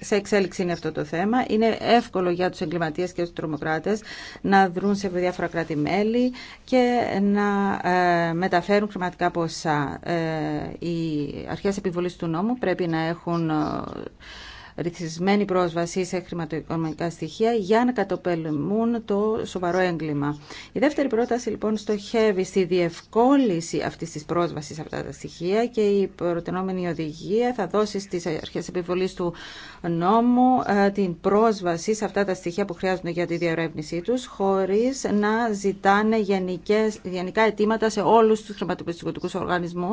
σε εξέλιξη είναι αυτό το θέμα. Είναι εύκολο για τους εγκληματίες και τους τρομοκράτες να δρουν σε διάφορα κράτη-μέλη και να ε, μεταφέρουν χρηματικά ποσά. Ε, οι αρχές επιβολής του νόμου πρέπει να έχουν ρυθισμένη πρόσβαση σε χρηματοοικονομικά στοιχεία για να κατοπελμούν το σοβαρό έγκλημα. Η δεύτερη πρόταση λοιπόν στοχεύει στη διευκόλυση αυτή τη πρόσβαση σε αυτά τα στοιχεία και η προτενόμενη οδηγία θα δώσει στι αρχέ επιβολή του νόμου ε, την πρόσβαση σε αυτά τα στοιχεία που χρειάζονται για τη διαρρεύνησή του, χωρί να ζητάνε γενικές, γενικά αιτήματα σε όλου του χρηματοπιστωτικού οργανισμού,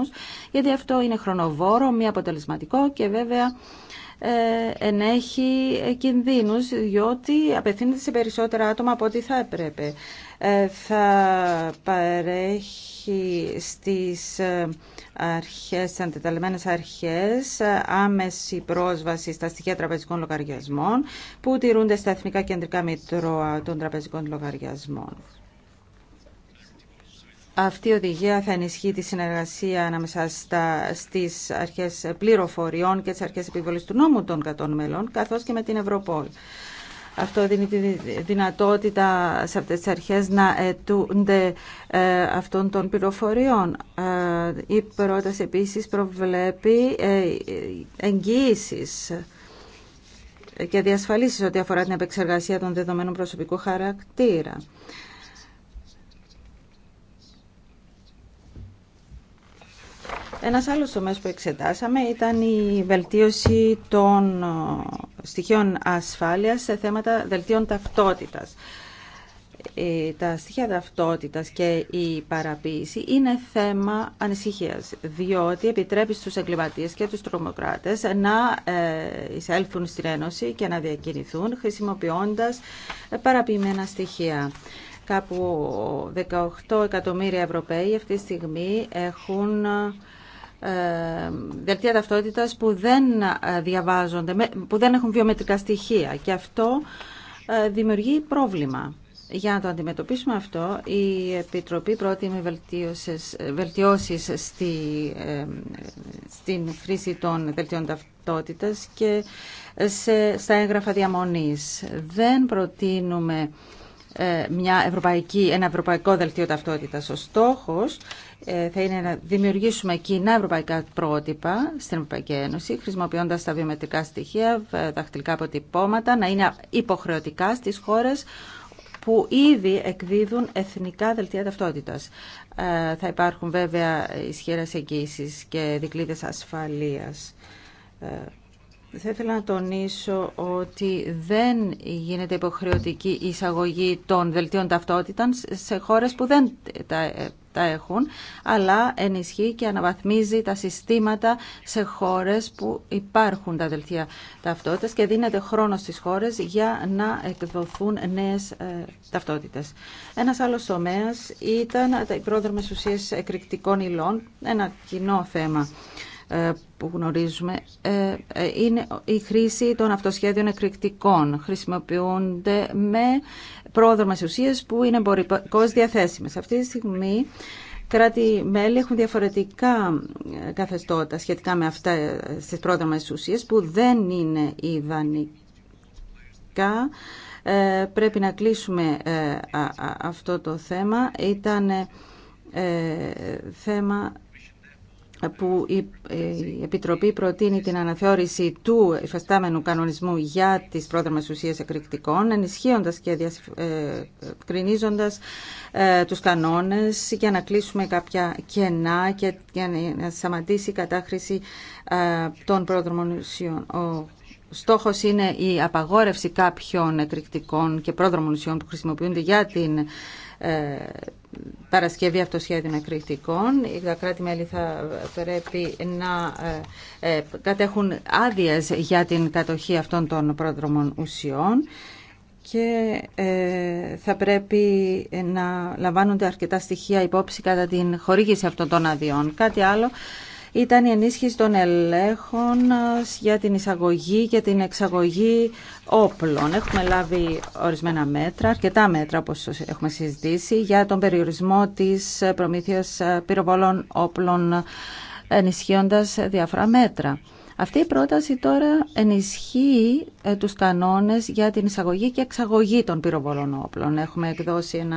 γιατί αυτό είναι χρονοβόρο, μη αποτελεσματικό και βέβαια ε, ενέχει κινδύνους διότι απευθύνεται σε περισσότερα άτομα από ό,τι θα έπρεπε. Ε, θα παρέχει στις ε, αρχές, στις αρχές άμεση πρόσβαση στα στοιχεία τραπεζικών λογαριασμών που τηρούνται στα Εθνικά Κεντρικά Μητρώα των Τραπεζικών Λογαριασμών. Αυτή η οδηγία θα ενισχύει τη συνεργασία ανάμεσα στα, στις αρχές πληροφοριών και τις αρχές επιβολής του νόμου των κατών μελών, καθώς και με την Ευρωπόλ. Αυτό δίνει τη δυνατότητα σε αυτές τις αρχές να ετούνται ε, αυτών των πληροφοριών. Ε, η πρόταση επίσης προβλέπει ε, εγγύησεις και διασφαλίσεις ό,τι αφορά την επεξεργασία των δεδομένων προσωπικού χαρακτήρα. Ένα άλλο τομέα που εξετάσαμε ήταν η βελτίωση των ε, στοιχείων ασφάλειας σε θέματα δελτίων ταυτότητας. Ε, τα στοιχεία ταυτότητας και η παραποίηση είναι θέμα ανησυχίας, διότι επιτρέπει στους εγκληματίες και τους τρομοκράτες να ε, εισέλθουν στην Ένωση και να διακινηθούν χρησιμοποιώντας παραποιημένα στοιχεία. Κάπου 18 εκατομμύρια Ευρωπαίοι αυτή τη στιγμή έχουν ε, δελτία ταυτότητας που δεν ε, διαβάζονται, που δεν έχουν βιομετρικά στοιχεία. Και αυτό ε, δημιουργεί πρόβλημα. Για να το αντιμετωπίσουμε αυτό, η Επιτροπή πρότεινε βελτιώσεις στη, στην χρήση των δελτιών ταυτότητας και σε, στα έγγραφα διαμονής. Δεν προτείνουμε ε, μια ευρωπαϊκή, ένα ευρωπαϊκό δελτίο ταυτότητας. Ο στόχος ε, θα είναι να δημιουργήσουμε κοινά ευρωπαϊκά πρότυπα στην Ευρωπαϊκή Ένωση, χρησιμοποιώντα τα βιομετρικά στοιχεία, ε, δαχτυλικά αποτυπώματα, να είναι υποχρεωτικά στις χώρες που ήδη εκδίδουν εθνικά δελτία ταυτότητας. θα υπάρχουν βέβαια ισχυρέ εγγύσει και δικλείδες ασφαλείας. Θα ήθελα να τονίσω ότι δεν γίνεται υποχρεωτική εισαγωγή των δελτίων ταυτότητας σε χώρες που δεν τα τα έχουν, αλλά ενισχύει και αναβαθμίζει τα συστήματα σε χώρες που υπάρχουν τα δελτία ταυτότητας και δίνεται χρόνο στις χώρες για να εκδοθούν νέες ε, ταυτότητες. Ένας άλλος τομέας ήταν οι πρόδρομες ουσίες εκρηκτικών υλών, ένα κοινό θέμα. Ε, που γνωρίζουμε ε, ε, είναι η χρήση των αυτοσχέδιων εκρηκτικών. Χρησιμοποιούνται με πρόδρομες ουσίες που είναι εμπορικώς διαθέσιμες. Αυτή τη στιγμή κράτη-μέλη έχουν διαφορετικά καθεστώτα σχετικά με αυτά στις πρόδρομες ουσίες που δεν είναι ιδανικά. Πρέπει να κλείσουμε αυτό το θέμα. Ήταν θέμα που η Επιτροπή προτείνει την αναθεώρηση του εφαστάμενου κανονισμού για τις πρόδρομες ουσίες εκρηκτικών, ενισχύοντας και ε, ε, τους κανόνες για να κλείσουμε κάποια κενά και για να σταματήσει η κατάχρηση ε, των πρόδρομων ουσιών. Ο Στόχος είναι η απαγόρευση κάποιων εκρηκτικών και πρόδρομων ουσιών που χρησιμοποιούνται για την ε, παρασκευή αυτοσχέδιων εκρηκτικών. Οι κράτη-μέλη θα πρέπει να ε, ε, κατέχουν άδειε για την κατοχή αυτών των πρόδρομων ουσιών και ε, θα πρέπει να λαμβάνονται αρκετά στοιχεία υπόψη κατά την χορήγηση αυτών των αδειών. Κάτι άλλο ήταν η ενίσχυση των ελέγχων ε, για την εισαγωγή και την εξαγωγή όπλων. Έχουμε λάβει ορισμένα μέτρα, αρκετά μέτρα όπως έχουμε συζητήσει, για τον περιορισμό της προμήθειας πυροβολών όπλων ενισχύοντας διάφορα μέτρα. Αυτή η πρόταση τώρα ενισχύει ε, τους κανόνες για την εισαγωγή και εξαγωγή των πυροβολών όπλων. Έχουμε εκδώσει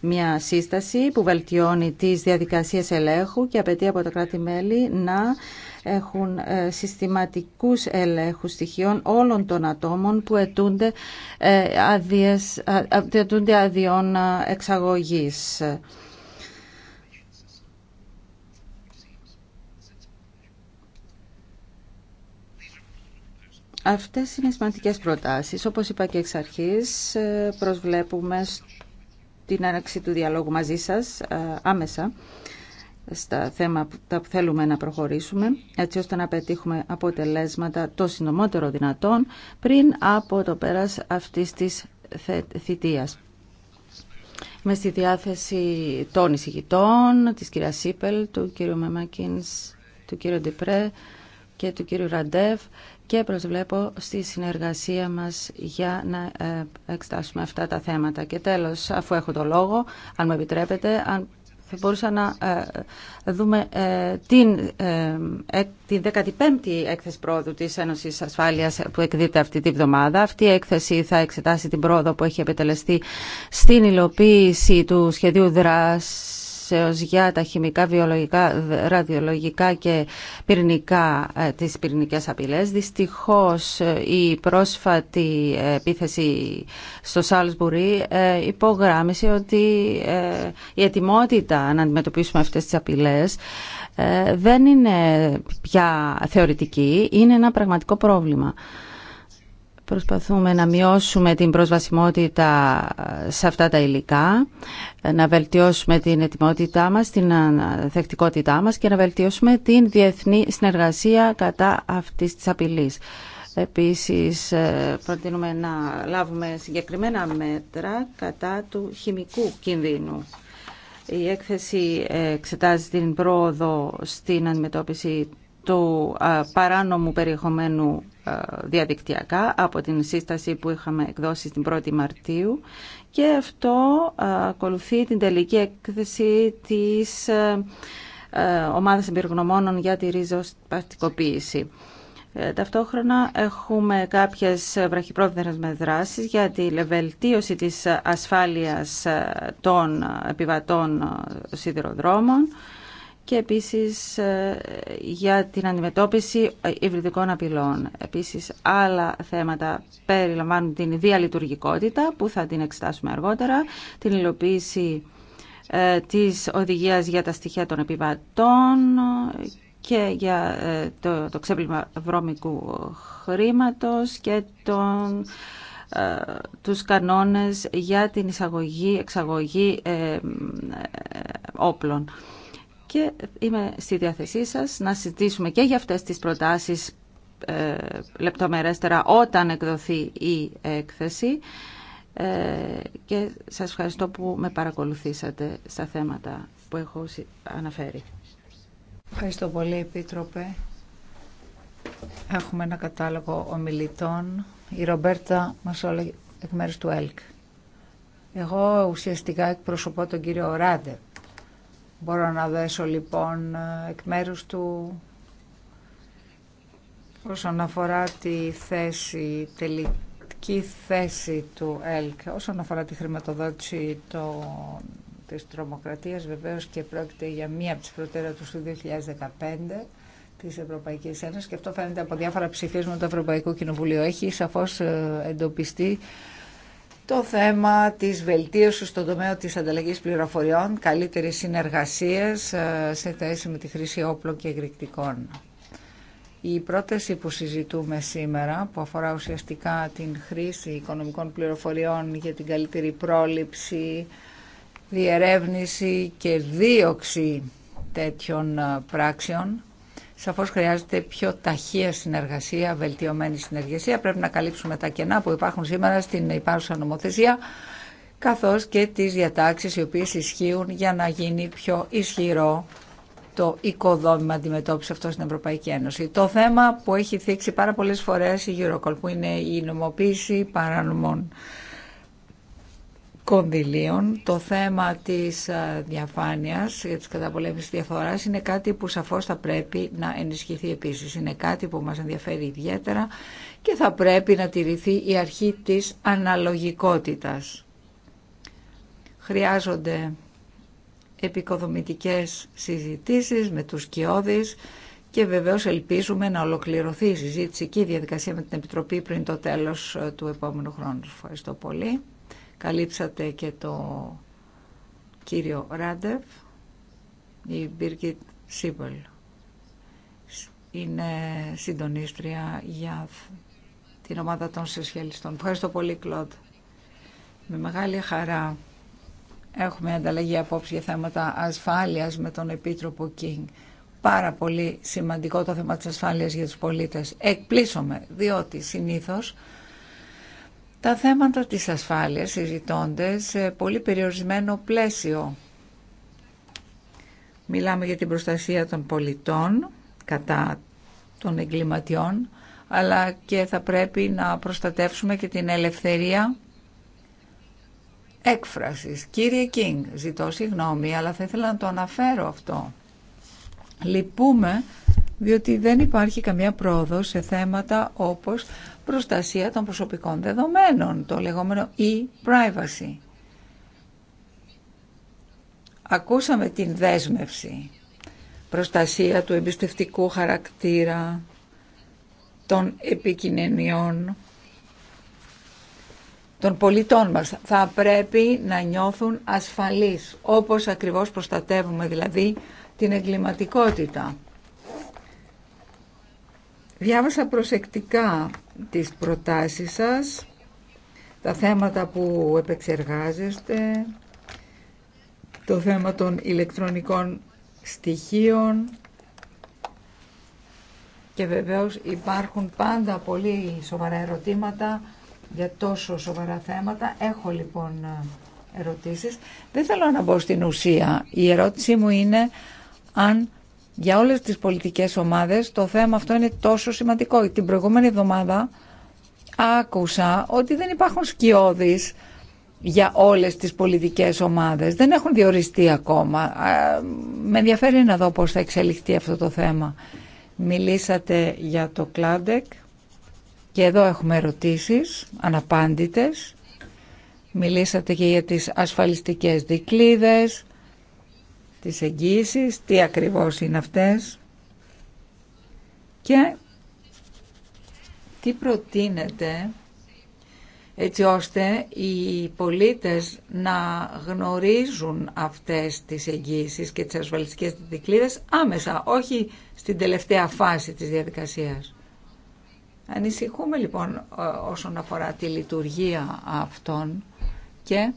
μια σύσταση που βελτιώνει τις διαδικασίες ελέγχου και απαιτεί από τα κράτη-μέλη να έχουν ε, συστηματικούς ελέγχους στοιχείων όλων των ατόμων που αιτούνται, ε, αδειών εξαγωγής. Αυτές είναι σημαντικές προτάσεις. Όπως είπα και εξ αρχής, ε, προσβλέπουμε την άνοιξη του διαλόγου μαζί σας ε, άμεσα στα θέματα που θέλουμε να προχωρήσουμε, έτσι ώστε να πετύχουμε αποτελέσματα το συντομότερο δυνατόν πριν από το πέρας αυτής της θητείας. Με στη διάθεση των εισηγητών, της κυρία Σίπελ, του κύριου Μεμακίνς, του κύριου Ντιπρέ και του κύριου Ραντεύ και προσβλέπω στη συνεργασία μας για να ε, εξετάσουμε αυτά τα θέματα. Και τέλος, αφού έχω το λόγο, αν μου επιτρέπετε, αν θα μπορούσα να ε, δούμε ε, την, την 15η έκθεση πρόοδου της Ένωσης Ασφάλειας που εκδίδεται αυτή τη βδομάδα. Αυτή η έκθεση θα εξετάσει την πρόοδο που έχει επιτελεστεί στην υλοποίηση του σχεδίου δράσης σε για τα χημικά, βιολογικά, ραδιολογικά και πυρηνικά ε, της πυρηνικές απειλές. Δυστυχώς ε, η πρόσφατη επίθεση στο Σάλσμπουρι ε, υπογράμμισε ότι η ετοιμότητα να αντιμετωπίσουμε αυτές τις απειλές δεν είναι πια θεωρητική, είναι ένα πραγματικό πρόβλημα. Προσπαθούμε να μειώσουμε την προσβασιμότητα σε αυτά τα υλικά, να βελτιώσουμε την ετοιμότητά μας, την ανθεκτικότητά μας και να βελτιώσουμε την διεθνή συνεργασία κατά αυτής της απειλής. Επίσης, ε, προτείνουμε να λάβουμε συγκεκριμένα μέτρα κατά του χημικού κινδύνου. Η έκθεση εξετάζει την πρόοδο στην αντιμετώπιση του παράνομου περιεχομένου ε, διαδικτυακά από την σύσταση που είχαμε εκδώσει την 1η Μαρτίου και αυτό ε, ακολουθεί την τελική έκθεση της ε, ομάδας εμπειρογνωμόνων για τη ριζοσπαστικοποίηση. Ταυτόχρονα έχουμε κάποιες βραχυπρόθεσμες δράσεις για τη βελτίωση της ασφάλειας των επιβατών σιδηροδρόμων και επίσης ε, για την αντιμετώπιση υβριδικών απειλών. Επίσης άλλα θέματα περιλαμβάνουν την διαλειτουργικότητα που θα την εξετάσουμε αργότερα, την υλοποίηση ε, της οδηγίας για τα στοιχεία των επιβατών και για ε, το, το ξέπλυμα βρώμικου χρήματος και τον, τους κανόνες για την εισαγωγή, εξαγωγή όπλων και είμαι στη διάθεσή σας να συζητήσουμε και για αυτές τις προτάσεις ε, λεπτομερέστερα όταν εκδοθεί η έκθεση ε, και σας ευχαριστώ που με παρακολουθήσατε στα θέματα που έχω αναφέρει. Ευχαριστώ πολύ, Επίτροπε. Έχουμε ένα κατάλογο ομιλητών. Η Ρομπέρτα όλα εκ μέρους του ΕΛΚ. Εγώ ουσιαστικά εκπροσωπώ τον κύριο Ράντερ Μπορώ να δέσω λοιπόν εκ μέρους του όσον αφορά τη θέση, τελική θέση του ΕΛΚ, όσον αφορά τη χρηματοδότηση το, της τρομοκρατίας, βεβαίως και πρόκειται για μία από τις προτεραιότητες του 2015 της Ευρωπαϊκής Ένωσης και αυτό φαίνεται από διάφορα ψηφίσματα του Ευρωπαϊκού Κοινοβουλίου. Έχει σαφώς ε, εντοπιστεί το θέμα της βελτίωσης στον τομέα της ανταλλαγής πληροφοριών, καλύτερης συνεργασίας ε, σε θέση με τη χρήση όπλων και εγκρικτικών. Η πρόταση που συζητούμε σήμερα, που αφορά ουσιαστικά την χρήση οικονομικών πληροφοριών για την καλύτερη πρόληψη, διερεύνηση και δίωξη τέτοιων ε, πράξεων, Σαφώς χρειάζεται πιο ταχεία συνεργασία, βελτιωμένη συνεργασία. Πρέπει να καλύψουμε τα κενά που υπάρχουν σήμερα στην υπάρχουσα νομοθεσία, καθώς και τις διατάξεις οι οποίες ισχύουν για να γίνει πιο ισχυρό το οικοδόμημα αντιμετώπιση αυτό στην Ευρωπαϊκή Ένωση. Το θέμα που έχει θίξει πάρα πολλές φορές η Eurocall, που είναι η νομοποίηση παρανομών κονδυλίων. Το θέμα της ε, διαφάνειας για τους καταπολέμησης διαφοράς είναι κάτι που σαφώς θα πρέπει να ενισχυθεί επίσης. Είναι κάτι που μας ενδιαφέρει ιδιαίτερα και θα πρέπει να τηρηθεί η αρχή της αναλογικότητας. Χρειάζονται επικοδομητικές συζητήσεις με τους κοιόδης και βεβαίως ελπίζουμε να ολοκληρωθεί η συζήτηση και η διαδικασία με την Επιτροπή πριν το τέλος ε, του επόμενου χρόνου. Ευχαριστώ πολύ. Καλύψατε και το κύριο Ράντεφ, η Μπίργκιτ Σίβολ. Είναι συντονίστρια για την ομάδα των σοσιαλιστών. Ευχαριστώ πολύ, Κλοντ. Με μεγάλη χαρά έχουμε ανταλλαγή απόψη για θέματα ασφάλειας με τον Επίτροπο Κίνγκ. Πάρα πολύ σημαντικό το θέμα της ασφάλειας για τους πολίτες. Εκπλήσωμε, διότι συνήθως τα θέματα της ασφάλειας συζητώνται σε πολύ περιορισμένο πλαίσιο. Μιλάμε για την προστασία των πολιτών κατά των εγκληματιών, αλλά και θα πρέπει να προστατεύσουμε και την ελευθερία έκφρασης. Κύριε Κίνγκ, ζητώ συγγνώμη, αλλά θα ήθελα να το αναφέρω αυτό. Λυπούμε διότι δεν υπάρχει καμία πρόοδο σε θέματα όπως προστασία των προσωπικών δεδομένων, το λεγόμενο e-privacy. Ακούσαμε την δέσμευση, προστασία του εμπιστευτικού χαρακτήρα των επικοινωνιών των πολιτών μας. Θα πρέπει να νιώθουν ασφαλείς, όπως ακριβώς προστατεύουμε δηλαδή την εγκληματικότητα. Διάβασα προσεκτικά τις προτάσεις σας, τα θέματα που επεξεργάζεστε, το θέμα των ηλεκτρονικών στοιχείων και βεβαίως υπάρχουν πάντα πολύ σοβαρά ερωτήματα για τόσο σοβαρά θέματα. Έχω λοιπόν ε, ερωτήσεις. Δεν θέλω να μπω στην ουσία. Η ερώτησή μου είναι αν για όλες τις πολιτικές ομάδες το θέμα αυτό είναι τόσο σημαντικό. Την προηγούμενη εβδομάδα άκουσα ότι δεν υπάρχουν σκιώδεις για όλες τις πολιτικές ομάδες. Δεν έχουν διοριστεί ακόμα. Με ενδιαφέρει να δω πώς θα εξελιχθεί αυτό το θέμα. Μιλήσατε για το Κλάντεκ και εδώ έχουμε ερωτήσεις, αναπάντητες. Μιλήσατε και για τις ασφαλιστικές δικλίδες τις εγγύησει, τι ακριβώς είναι αυτές και τι προτείνεται έτσι ώστε οι πολίτες να γνωρίζουν αυτές τις εγγύησεις και τις ασφαλιστικές δικλείδες άμεσα, όχι στην τελευταία φάση της διαδικασίας. Ανησυχούμε λοιπόν ε, όσον αφορά τη λειτουργία αυτών και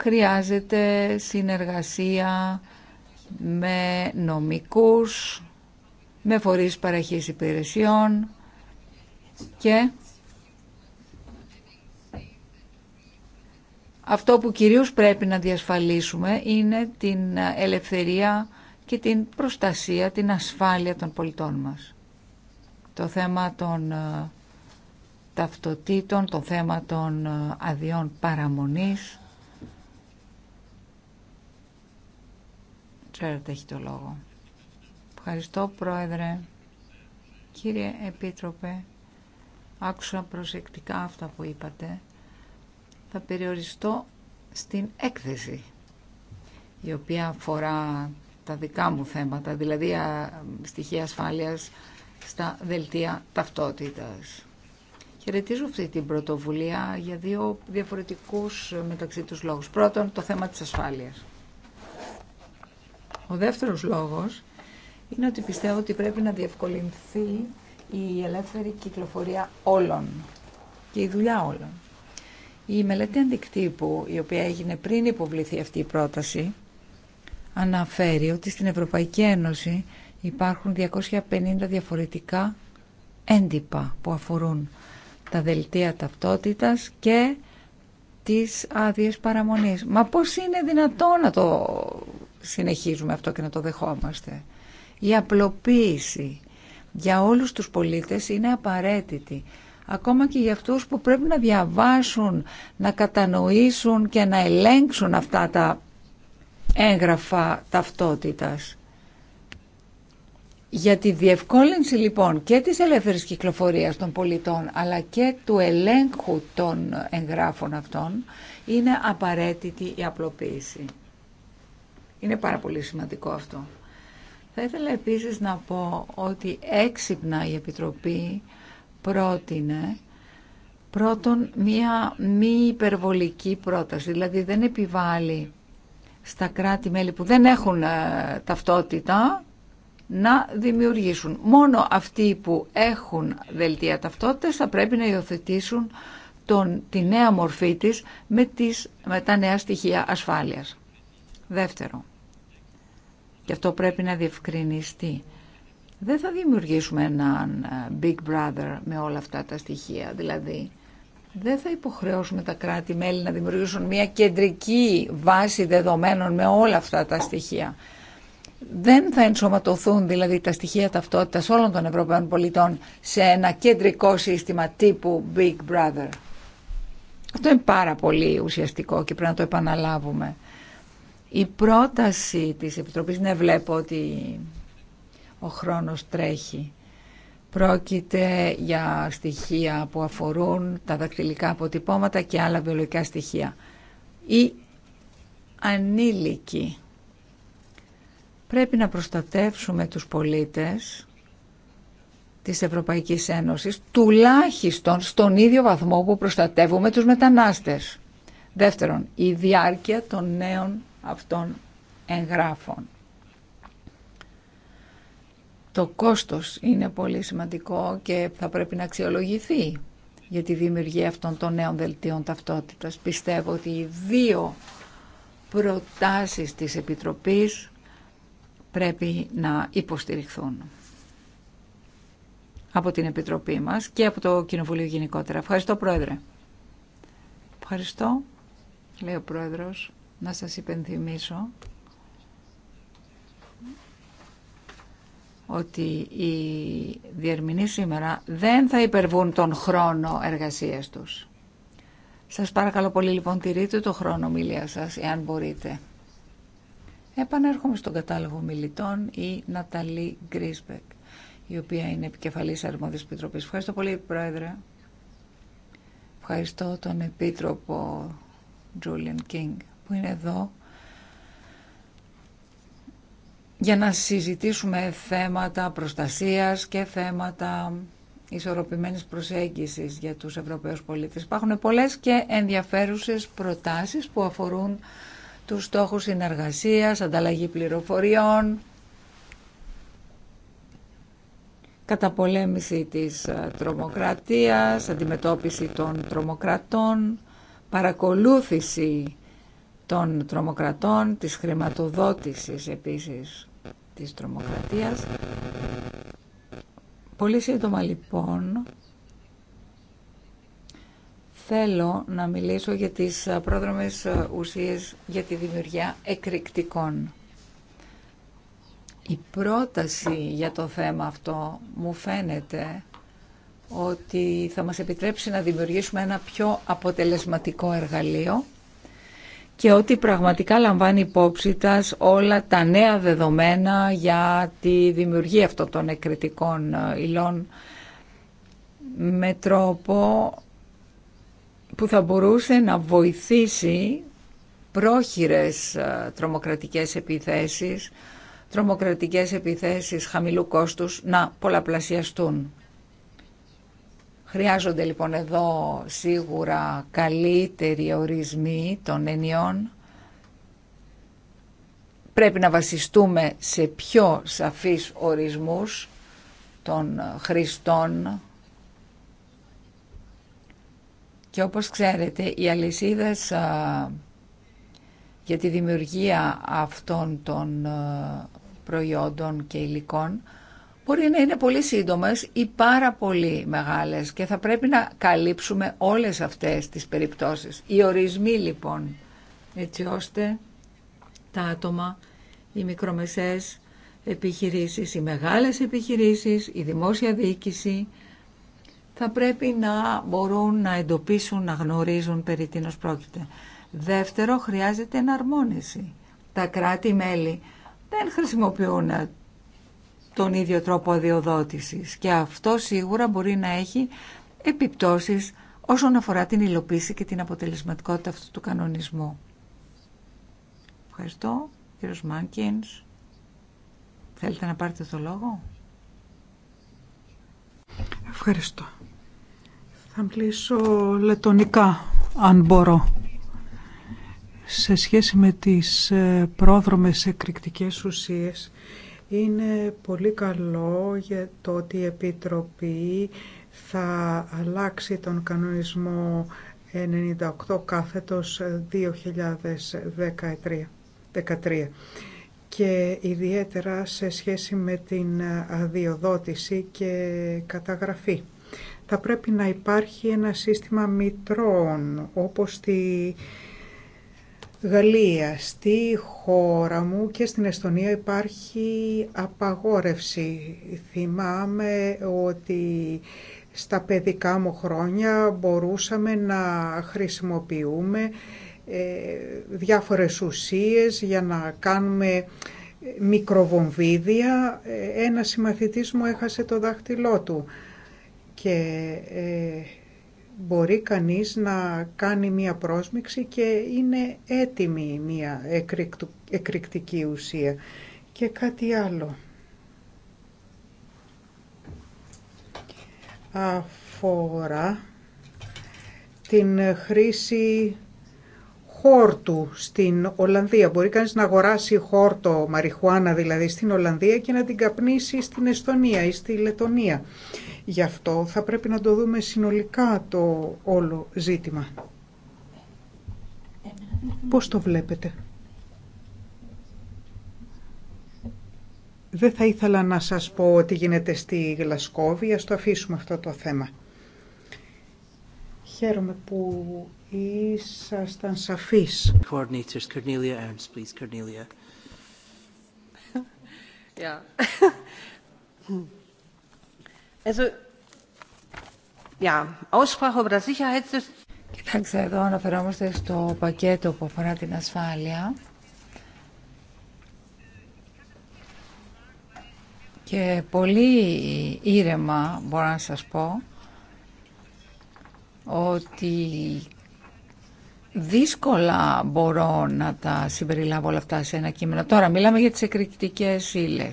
χρειάζεται συνεργασία με νομικούς, με φορείς παραχής υπηρεσιών και αυτό που κυρίως πρέπει να διασφαλίσουμε είναι την ελευθερία και την προστασία, την ασφάλεια των πολιτών μας. Το θέμα των ε, ταυτοτήτων, το θέμα των ε, αδειών παραμονής, Ξέρετε, έχει το λόγο. Ευχαριστώ, Πρόεδρε. Κύριε Επίτροπε, άκουσα προσεκτικά αυτά που είπατε. Θα περιοριστώ στην έκθεση, η οποία αφορά τα δικά μου θέματα, δηλαδή στοιχεία ασφάλειας στα δελτία ταυτότητας. Χαιρετίζω αυτή την πρωτοβουλία για δύο διαφορετικούς μεταξύ τους λόγους. Πρώτον, το θέμα της ασφάλειας. Ο δεύτερος λόγος είναι ότι πιστεύω ότι πρέπει να διευκολυνθεί η ελεύθερη κυκλοφορία όλων και η δουλειά όλων. Η μελέτη αντικτύπου, η οποία έγινε πριν υποβληθεί αυτή η πρόταση, αναφέρει ότι στην Ευρωπαϊκή Ένωση υπάρχουν 250 διαφορετικά έντυπα που αφορούν τα δελτία ταυτότητας και τις άδειε παραμονής. Μα πώς είναι δυνατό να το συνεχίζουμε αυτό και να το δεχόμαστε. Η απλοποίηση για όλους τους πολίτες είναι απαραίτητη. Ακόμα και για αυτούς που πρέπει να διαβάσουν, να κατανοήσουν και να ελέγξουν αυτά τα έγγραφα ταυτότητας. Για τη διευκόλυνση λοιπόν και της ελεύθερης κυκλοφορίας των πολιτών αλλά και του ελέγχου των εγγράφων αυτών είναι απαραίτητη η απλοποίηση. Είναι πάρα πολύ σημαντικό αυτό. Θα ήθελα επίσης να πω ότι έξυπνα η Επιτροπή πρότεινε πρώτον μία μη υπερβολική πρόταση, δηλαδή δεν επιβάλλει στα κράτη-μέλη που δεν έχουν ε, ταυτότητα να δημιουργήσουν. Μόνο αυτοί που έχουν δελτία ταυτότητες θα πρέπει να υιοθετήσουν τον, τη νέα μορφή της με, τις, με τα νέα στοιχεία ασφάλειας. Δεύτερο, και αυτό πρέπει να διευκρινιστεί, δεν θα δημιουργήσουμε έναν ε, Big Brother με όλα αυτά τα στοιχεία. Δηλαδή, δεν θα υποχρεώσουμε τα κράτη-μέλη να δημιουργήσουν μια κεντρική βάση δεδομένων με όλα αυτά τα στοιχεία. Δεν θα ενσωματωθούν δηλαδή τα στοιχεία ταυτότητας όλων των Ευρωπαίων πολιτών σε ένα κεντρικό σύστημα τύπου Big Brother. Αυτό είναι πάρα πολύ ουσιαστικό και πρέπει να το επαναλάβουμε. Η πρόταση της Επιτροπής, ναι βλέπω ότι ο χρόνος τρέχει. Πρόκειται για στοιχεία που αφορούν τα δακτυλικά αποτυπώματα και άλλα βιολογικά στοιχεία. η ανήλικοι. Πρέπει να προστατεύσουμε τους πολίτες της Ευρωπαϊκής Ένωσης τουλάχιστον στον ίδιο βαθμό που προστατεύουμε τους μετανάστες. Δεύτερον, η διάρκεια των νέων αυτών εγγράφων. Το κόστος είναι πολύ σημαντικό και θα πρέπει να αξιολογηθεί για τη δημιουργία αυτών των νέων δελτίων ταυτότητας. Πιστεύω ότι οι δύο προτάσεις της Επιτροπής πρέπει να υποστηριχθούν από την Επιτροπή μας και από το Κοινοβούλιο γενικότερα. Ευχαριστώ, Πρόεδρε. Ευχαριστώ, λέει ο Πρόεδρος να σας υπενθυμίσω ότι οι διερμηνείς σήμερα δεν θα υπερβούν τον χρόνο εργασίας τους. Σας παρακαλώ πολύ λοιπόν τηρείτε το χρόνο μιλία σας, εάν μπορείτε. Επανέρχομαι στον κατάλογο μιλητών η Ναταλή Γκρίσπεκ, η οποία είναι επικεφαλής Αρμόδης επιτροπής. Ευχαριστώ πολύ, Πρόεδρε. Ευχαριστώ τον Επίτροπο Julian King που είναι εδώ για να συζητήσουμε θέματα προστασίας και θέματα ισορροπημένης προσέγγισης για τους Ευρωπαίους πολίτες. Υπάρχουν πολλές και ενδιαφέρουσες προτάσεις που αφορούν τους στόχους συνεργασίας, ανταλλαγή πληροφοριών, καταπολέμηση της ε, τρομοκρατίας, αντιμετώπιση των τρομοκρατών, παρακολούθηση των τρομοκρατών, της χρηματοδότησης επίσης της τρομοκρατίας. Πολύ σύντομα λοιπόν θέλω να μιλήσω για τις πρόδρομες ουσίες για τη δημιουργία εκρηκτικών. Η πρόταση για το θέμα αυτό μου φαίνεται ότι θα μας επιτρέψει να δημιουργήσουμε ένα πιο αποτελεσματικό εργαλείο και ότι πραγματικά λαμβάνει υπόψη τας όλα τα νέα δεδομένα για τη δημιουργία αυτών των εκρητικών ε, υλών με τρόπο που θα μπορούσε να βοηθήσει πρόχειρες ε, τρομοκρατικές επιθέσεις, τρομοκρατικές επιθέσεις χαμηλού κόστους να πολλαπλασιαστούν. Χρειάζονται λοιπόν εδώ σίγουρα καλύτεροι ορισμοί των ενιών. Πρέπει να βασιστούμε σε πιο σαφείς ορισμούς των χρηστών και όπως ξέρετε οι αλυσίδες για τη δημιουργία αυτών των προϊόντων και υλικών μπορεί να είναι πολύ σύντομες ή πάρα πολύ μεγάλες και θα πρέπει να καλύψουμε όλες αυτές τις περιπτώσεις. Οι ορισμοί λοιπόν, έτσι ώστε τα άτομα, οι μικρομεσές επιχειρήσεις, οι μεγάλες επιχειρήσεις, η δημόσια διοίκηση, θα πρέπει να μπορούν να εντοπίσουν, να γνωρίζουν περί τίνος πρόκειται. Δεύτερο, χρειάζεται εναρμόνιση. Τα κράτη-μέλη δεν χρησιμοποιούν τον ίδιο τρόπο αδειοδότησης και αυτό σίγουρα μπορεί να έχει επιπτώσεις όσον αφορά την υλοποίηση και την αποτελεσματικότητα αυτού του κανονισμού. Ευχαριστώ. Κύριος Μάνκινς, θέλετε να πάρετε το λόγο. Ευχαριστώ. Θα μιλήσω λετονικά, αν μπορώ. Σε σχέση με τις ε, πρόδρομες εκρηκτικές ουσίες, είναι πολύ καλό για το ότι η Επιτροπή θα αλλάξει τον κανονισμό 98 κάθετος 2013 και ιδιαίτερα σε σχέση με την αδειοδότηση και καταγραφή. Θα πρέπει να υπάρχει ένα σύστημα μητρώων όπως τη... Γαλλία. Στη χώρα μου και στην Εστονία υπάρχει απαγόρευση. Θυμάμαι ότι στα παιδικά μου χρόνια μπορούσαμε να χρησιμοποιούμε ε, διάφορες ουσίες για να κάνουμε ε, μικροβομβίδια. Ε, Ένα συμμαθητής μου έχασε το δάχτυλό του και μπορεί κανείς να κάνει μία πρόσμιξη και είναι έτοιμη μία εκρηκτική ουσία. Και κάτι άλλο. Αφορά την χρήση χόρτου στην Ολλανδία. Μπορεί κανείς να αγοράσει χόρτο, μαριχουάνα δηλαδή, στην Ολλανδία και να την καπνίσει στην Εστονία ή στη Λετωνία. Γι' αυτό θα πρέπει να το δούμε συνολικά το όλο ζήτημα. Πώς το βλέπετε. Δεν θα ήθελα να σας πω ότι γίνεται στη Γλασκόβη, ας το αφήσουμε αυτό το θέμα. Χαίρομαι που ήσασταν σαφείς. Coordinators, Cornelia Ernst, please, Cornelia. Ja. Also, ja, Aussprache über das Sicherheitssystem. Κοιτάξτε, εδώ αναφερόμαστε στο πακέτο που αφορά την ασφάλεια. Και πολύ ήρεμα μπορώ να σας πω ότι δύσκολα μπορώ να τα συμπεριλάβω όλα αυτά σε ένα κείμενο. Τώρα μιλάμε για τις εκρηκτικές ύλε.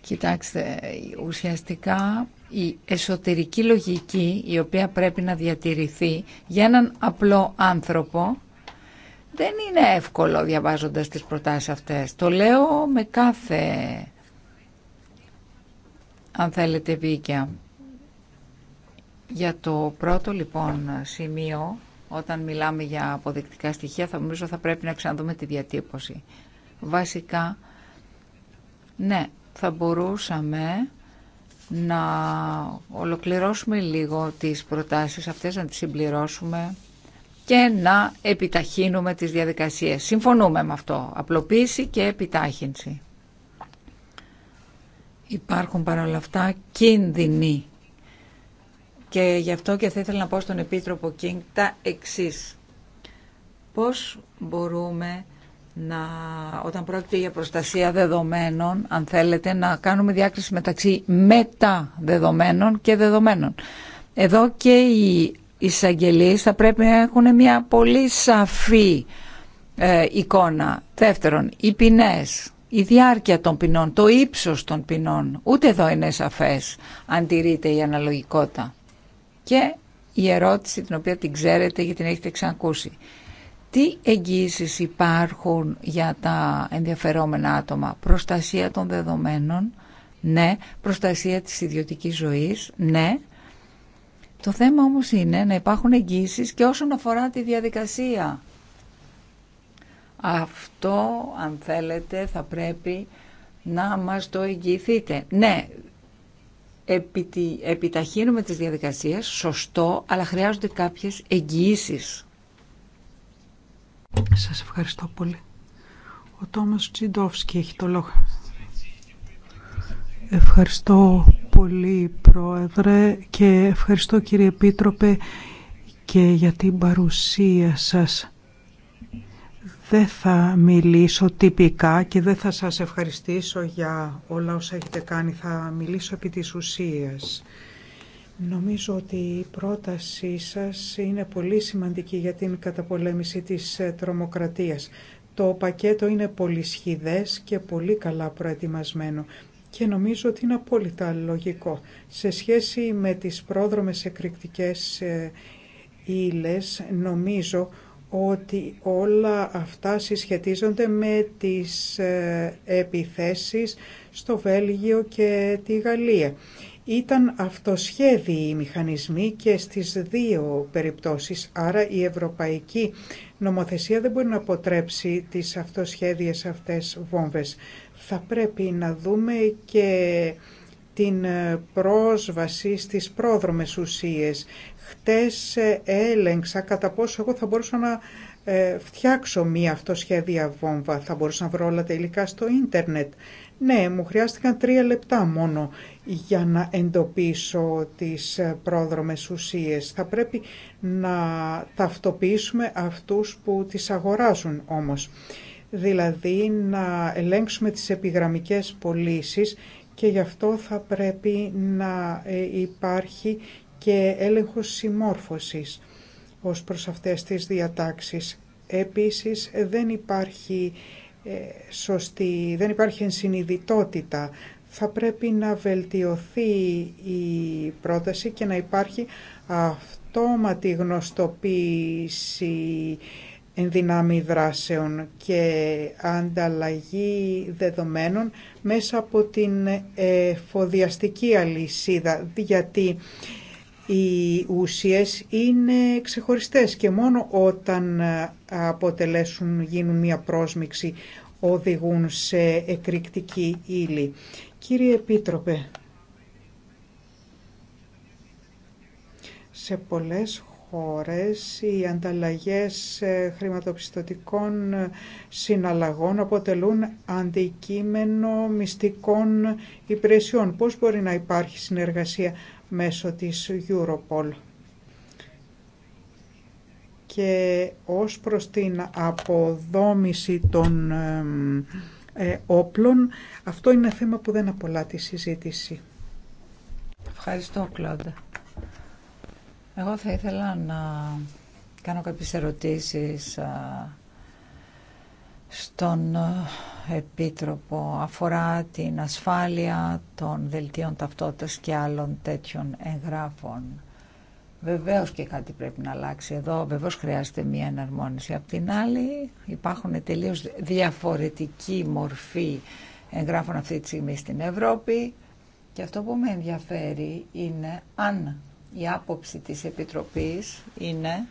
Κοιτάξτε, ουσιαστικά η εσωτερική λογική η οποία πρέπει να διατηρηθεί για έναν απλό άνθρωπο δεν είναι εύκολο διαβάζοντας τις προτάσεις αυτές. Το λέω με κάθε, αν θέλετε, βίκια. Για το πρώτο λοιπόν σημείο, όταν μιλάμε για αποδεικτικά στοιχεία, θα νομίζω θα πρέπει να ξαναδούμε τη διατύπωση. Βασικά, ναι, θα μπορούσαμε να ολοκληρώσουμε λίγο τις προτάσεις αυτές, να τις συμπληρώσουμε και να επιταχύνουμε τις διαδικασίες. Συμφωνούμε με αυτό. Απλοποίηση και επιτάχυνση. Υπάρχουν παρόλα αυτά κίνδυνοι και γι' αυτό και θα ήθελα να πω στον Επίτροπο Κίνγκ τα εξής. Πώς μπορούμε να, όταν πρόκειται για προστασία δεδομένων, αν θέλετε, να κάνουμε διάκριση μεταξύ μεταδεδομένων και δεδομένων. Εδώ και οι εισαγγελίε θα πρέπει να έχουν μια πολύ σαφή ε, εικόνα. Δεύτερον, οι ποινές, η διάρκεια των ποινών, το ύψος των ποινών. Ούτε εδώ είναι σαφές αν τηρείται η αναλογικότητα. Και η ερώτηση την οποία την ξέρετε γιατί την έχετε ξανακούσει. Τι εγγύησεις υπάρχουν για τα ενδιαφερόμενα άτομα. Προστασία των δεδομένων, ναι. Προστασία της ιδιωτικής ζωής, ναι. Το θέμα όμως είναι να υπάρχουν εγγύησεις και όσον αφορά τη διαδικασία. Αυτό, αν θέλετε, θα πρέπει να μας το εγγυηθείτε. Ναι, επιταχύνουμε τις διαδικασίες, σωστό, αλλά χρειάζονται κάποιες εγγυήσει. Σας ευχαριστώ πολύ. Ο Τόμας Τσιντόφσκι έχει το λόγο. Ευχαριστώ πολύ, Πρόεδρε, και ευχαριστώ, κύριε Επίτροπε, και για την παρουσία σας. Δεν θα μιλήσω τυπικά και δεν θα σας ευχαριστήσω για όλα όσα έχετε κάνει. Θα μιλήσω επί της ουσίας. Νομίζω ότι η πρότασή σας είναι πολύ σημαντική για την καταπολέμηση της ε, τρομοκρατίας. Το πακέτο είναι πολύ σχηδές και πολύ καλά προετοιμασμένο και νομίζω ότι είναι απόλυτα λογικό. Σε σχέση με τις πρόδρομες εκρηκτικές ε, ύλες, νομίζω ότι όλα αυτά συσχετίζονται με τις ε, επιθέσεις στο Βέλγιο και τη Γαλλία. Ήταν αυτοσχέδιοι οι μηχανισμοί και στις δύο περιπτώσεις, άρα η ευρωπαϊκή νομοθεσία δεν μπορεί να αποτρέψει τις αυτοσχέδιες αυτές βόμβες. Θα πρέπει να δούμε και την ε, πρόσβαση στις πρόδρομες ουσίες, Χτες ε, έλεγξα κατά πόσο εγώ θα μπορούσα να ε, φτιάξω μία αυτοσχέδια βόμβα. Θα μπορούσα να βρω όλα τα υλικά στο ίντερνετ. Ναι, μου χρειάστηκαν τρία λεπτά μόνο για να εντοπίσω τις ε, πρόδρομες ουσίες. Θα πρέπει να ταυτοποιήσουμε αυτούς που τις αγοράζουν όμως. Δηλαδή να ελέγξουμε τις επιγραμμικές πωλήσει και γι' αυτό θα πρέπει να υπάρχει και έλεγχος συμμόρφωσης ως προς αυτές τις διατάξεις. Επίσης δεν υπάρχει ε, σωστή, δεν υπάρχει ενσυνειδητότητα. Θα πρέπει να βελτιωθεί η πρόταση και να υπάρχει αυτόματη γνωστοποίηση ενδυνάμει δράσεων και ανταλλαγή δεδομένων μέσα από την εφοδιαστική αλυσίδα, γιατί οι ουσίες είναι ξεχωριστές και μόνο όταν ε, αποτελέσουν, γίνουν μία πρόσμιξη, οδηγούν σε εκρηκτική ύλη. Κύριε Επίτροπε, σε πολλές χώρες οι ανταλλαγές ε, χρηματοπιστωτικών ε, συναλλαγών αποτελούν αντικείμενο μυστικών υπηρεσιών. Πώς μπορεί να υπάρχει συνεργασία μέσω της Europol. Και ως προς την αποδόμηση των ε, όπλων, αυτό είναι θέμα που δεν απολά τη συζήτηση. Ευχαριστώ, Κλόντα. Εγώ θα ήθελα να κάνω κάποιες ερωτήσεις στον ε, Επίτροπο αφορά την ασφάλεια των δελτίων ταυτότητας και άλλων τέτοιων εγγράφων. Βεβαίως και κάτι πρέπει να αλλάξει εδώ, βεβαίως χρειάζεται μία εναρμόνιση. Απ' την άλλη υπάρχουν τελείως διαφορετική μορφή εγγράφων αυτή τη στιγμή στην Ευρώπη και αυτό που με ενδιαφέρει είναι αν η άποψη της Επιτροπής είναι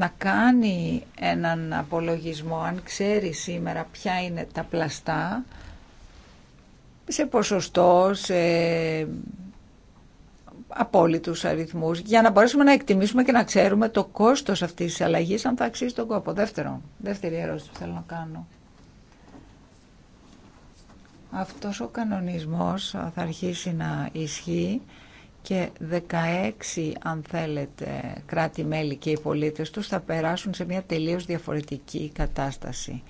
να κάνει έναν απολογισμό, αν ξέρει σήμερα ποια είναι τα πλαστά, σε ποσοστό, σε απόλυτους αριθμούς, για να μπορέσουμε να εκτιμήσουμε και να ξέρουμε το κόστος αυτής της αλλαγής, αν θα αξίζει τον κόπο. Δεύτερο, δεύτερη ερώτηση που θέλω να κάνω. Αυτός ο κανονισμός θα αρχίσει να ισχύει και 16 αν θέλετε κράτη-μέλη και οι πολίτες τους θα περάσουν σε μια τελείως διαφορετική κατάσταση.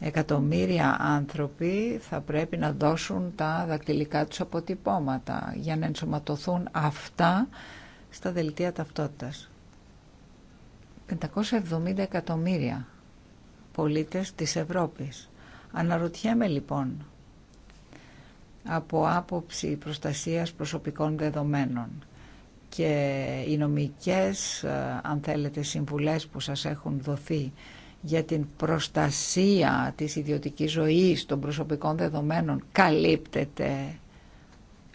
Εκατομμύρια άνθρωποι θα πρέπει να δώσουν τα δακτυλικά τους αποτυπώματα για να ενσωματωθούν αυτά στα δελτία ταυτότητας. 570 εκατομμύρια πολίτες της Ευρώπης. Αναρωτιέμαι λοιπόν από άποψη προστασίας προσωπικών δεδομένων και οι νομικές, ε, αν θέλετε, συμβουλές που σας έχουν δοθεί για την προστασία της ιδιωτικής ζωής των προσωπικών δεδομένων καλύπτεται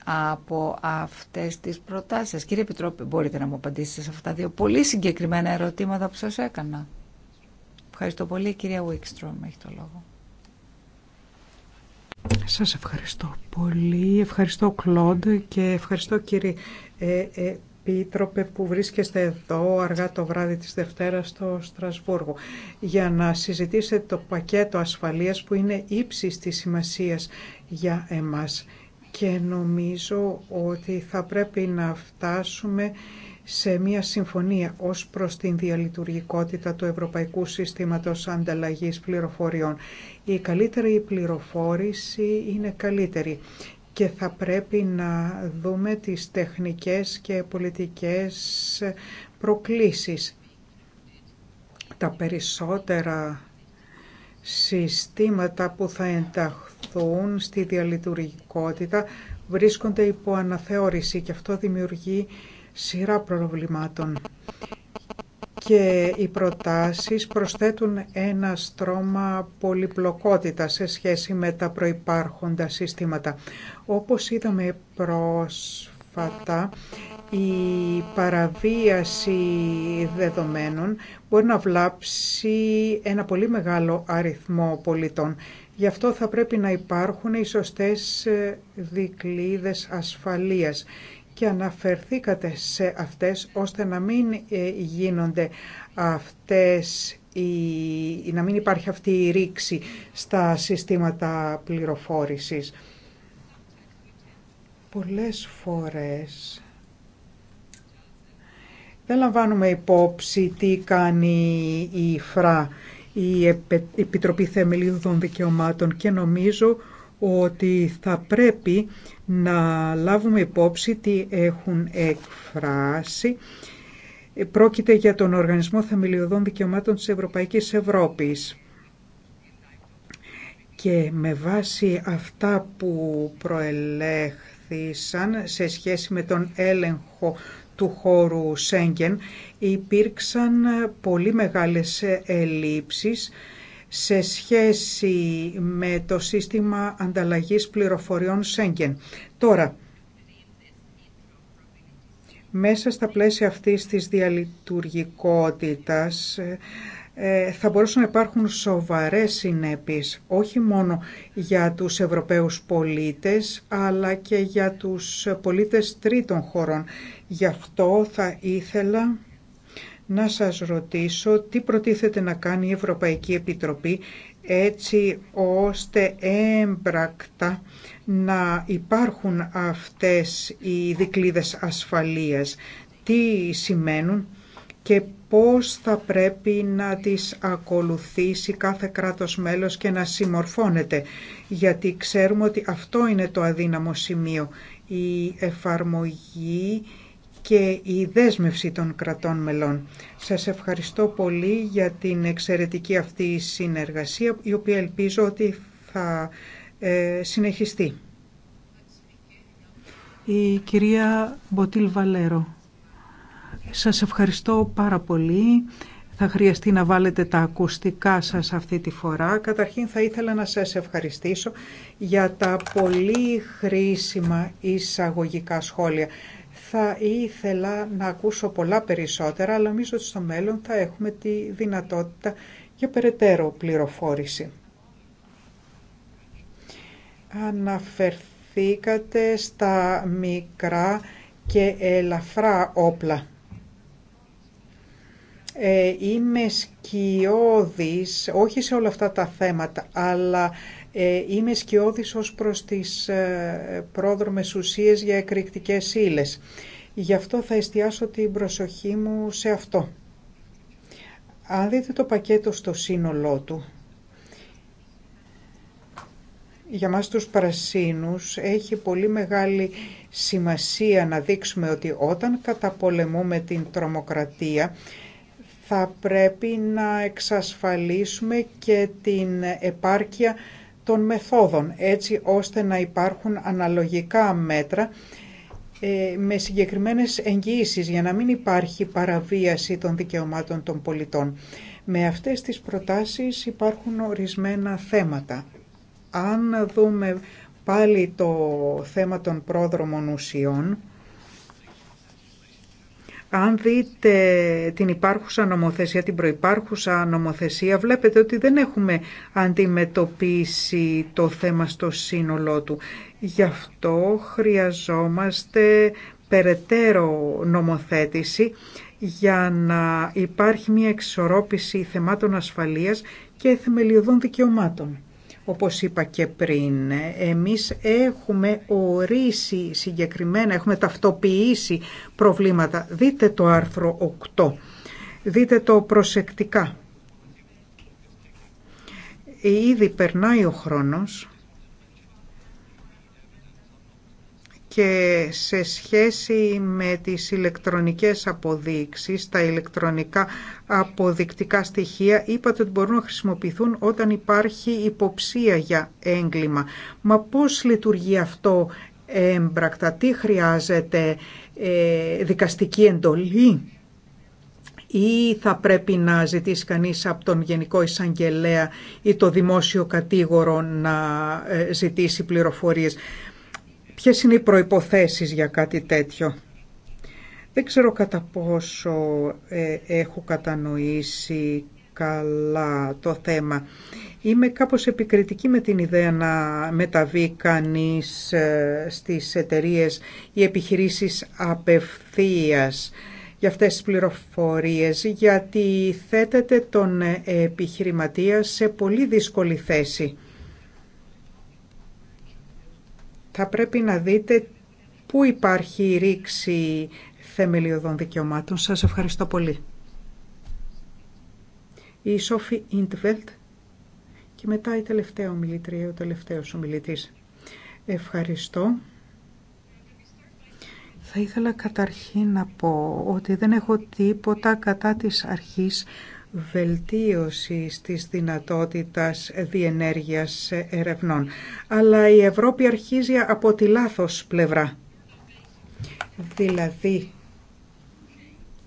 από αυτές τις προτάσεις. Κύριε Επιτρόπη, μπορείτε να μου απαντήσετε σε αυτά τα δύο πολύ συγκεκριμένα ερωτήματα που σας έκανα. Ευχαριστώ πολύ. Κυρία Βίκστρομ έχει το λόγο. Σας ευχαριστώ πολύ. Ευχαριστώ Κλόντ και ευχαριστώ κύριε ε, ε, Επίτροπε που βρίσκεστε εδώ αργά το βράδυ της Δευτέρας στο Στρασβούργο για να συζητήσετε το πακέτο ασφαλείας που είναι ύψη της σημασίας για εμάς και νομίζω ότι θα πρέπει να φτάσουμε σε μια συμφωνία ως προς την διαλειτουργικότητα του Ευρωπαϊκού Συστήματος Ανταλλαγής Πληροφοριών. Η καλύτερη πληροφόρηση είναι καλύτερη και θα πρέπει να δούμε τις τεχνικές και πολιτικές προκλήσεις. Τα περισσότερα συστήματα που θα ενταχθούν στη διαλειτουργικότητα βρίσκονται υπό αναθεώρηση και αυτό δημιουργεί σειρά προβλημάτων και οι προτάσεις προσθέτουν ένα στρώμα πολυπλοκότητα σε σχέση με τα προϋπάρχοντα συστήματα. Όπως είδαμε πρόσφατα, η παραβίαση δεδομένων μπορεί να βλάψει ένα πολύ μεγάλο αριθμό πολιτών. Γι' αυτό θα πρέπει να υπάρχουν οι σωστές ε, δικλείδες ασφαλείας και αναφερθήκατε σε αυτές ώστε να μην ε, γίνονται αυτές η, να μην υπάρχει αυτή η ρήξη στα συστήματα πληροφόρησης. Πολλές φορές δεν λαμβάνουμε υπόψη τι κάνει η ΦΡΑ, η Επιτροπή Θέμελιδων Δικαιωμάτων και νομίζω ότι θα πρέπει να λάβουμε υπόψη τι έχουν εκφράσει. Ε, πρόκειται για τον Οργανισμό Θεμελιωδών Δικαιωμάτων της Ευρωπαϊκής Ευρώπης. Και με βάση αυτά που προελέχθησαν σε σχέση με τον έλεγχο του χώρου Σέγγεν υπήρξαν πολύ μεγάλες ελλείψεις σε σχέση με το σύστημα ανταλλαγής πληροφοριών Σέγγεν. Τώρα, μέσα στα πλαίσια αυτής της διαλειτουργικότητας ε, θα μπορούσαν να υπάρχουν σοβαρές συνέπειες όχι μόνο για τους Ευρωπαίους πολίτες αλλά και για τους πολίτες τρίτων χωρών. Γι' αυτό θα ήθελα να σας ρωτήσω τι προτίθεται να κάνει η Ευρωπαϊκή Επιτροπή έτσι ώστε έμπρακτα να υπάρχουν αυτές οι δικλίδες ασφαλείας. Τι σημαίνουν και πώς θα πρέπει να τις ακολουθήσει κάθε κράτος μέλος και να συμμορφώνεται. Γιατί ξέρουμε ότι αυτό είναι το αδύναμο σημείο. Η εφαρμογή και η δέσμευση των κρατών μελών. Σας ευχαριστώ πολύ για την εξαιρετική αυτή συνεργασία, η οποία ελπίζω ότι θα ε, συνεχιστεί. Η κυρία Μποτίλ Βαλέρο, σας ευχαριστώ πάρα πολύ. Θα χρειαστεί να βάλετε τα ακουστικά σας αυτή τη φορά. Καταρχήν θα ήθελα να σας ευχαριστήσω για τα πολύ χρήσιμα εισαγωγικά σχόλια. Θα ήθελα να ακούσω πολλά περισσότερα, αλλά νομίζω ότι στο μέλλον θα έχουμε τη δυνατότητα για περαιτέρω πληροφόρηση. Αναφερθήκατε στα μικρά και ελαφρά όπλα. Ε, είμαι σκιώδης, όχι σε όλα αυτά τα θέματα, αλλά ε, είμαι σκιώδης ως προς τις ε, πρόδρομες ουσίες για εκρηκτικές ύλε. Γι' αυτό θα εστιάσω την προσοχή μου σε αυτό. Αν δείτε το πακέτο στο σύνολό του, για μας τους πρασίνους έχει πολύ μεγάλη σημασία να δείξουμε ότι όταν καταπολεμούμε την τρομοκρατία θα πρέπει να εξασφαλίσουμε και την επάρκεια των μεθόδων, έτσι ώστε να υπάρχουν αναλογικά μέτρα ε, με συγκεκριμένες εγγυήσεις για να μην υπάρχει παραβίαση των δικαιωμάτων των πολιτών. Με αυτές τις προτάσεις υπάρχουν ορισμένα θέματα. Αν δούμε πάλι το θέμα των πρόδρομων ουσιών, αν δείτε την υπάρχουσα νομοθεσία, την προϋπάρχουσα νομοθεσία, βλέπετε ότι δεν έχουμε αντιμετωπίσει το θέμα στο σύνολό του. Γι' αυτό χρειαζόμαστε περαιτέρω νομοθέτηση για να υπάρχει μια εξορρόπηση θεμάτων ασφαλείας και θεμελιωδών δικαιωμάτων. Όπως είπα και πριν, εμείς έχουμε ορίσει συγκεκριμένα, έχουμε ταυτοποιήσει προβλήματα. Δείτε το άρθρο 8, δείτε το προσεκτικά. Ήδη περνάει ο χρόνος και σε σχέση με τις ηλεκτρονικές αποδείξεις, τα ηλεκτρονικά αποδεικτικά στοιχεία, είπατε ότι μπορούν να χρησιμοποιηθούν όταν υπάρχει υποψία για έγκλημα. Μα πώς λειτουργεί αυτό έμπρακτα, τι χρειάζεται ε, δικαστική εντολή ή θα πρέπει να ζητήσει κανείς από τον Γενικό Εισαγγελέα ή το Δημόσιο Κατήγορο να ε, ζητήσει πληροφορίες. Ποιες είναι οι προϋποθέσεις για κάτι τέτοιο. Δεν ξέρω κατά πόσο ε, έχω κατανοήσει καλά το θέμα. Είμαι κάπως επικριτική με την ιδέα να μεταβεί κανείς ε, στις εταιρείες ή επιχειρήσεις απευθείας για αυτές τις πληροφορίες, γιατί θέτεται τον επιχειρηματία σε πολύ δύσκολη θέση θα πρέπει να δείτε πού υπάρχει η ρήξη θεμελιωδών δικαιωμάτων. Σας ευχαριστώ πολύ. Η Σόφι Ιντβελτ και μετά η τελευταία ομιλήτρια, ο τελευταίος ομιλητής. Ευχαριστώ. Θα ήθελα καταρχήν να πω ότι δεν έχω τίποτα κατά της αρχής βελτίωση της δυνατότητας διενέργειας ερευνών. Αλλά η Ευρώπη αρχίζει από τη λάθος πλευρά. Δηλαδή,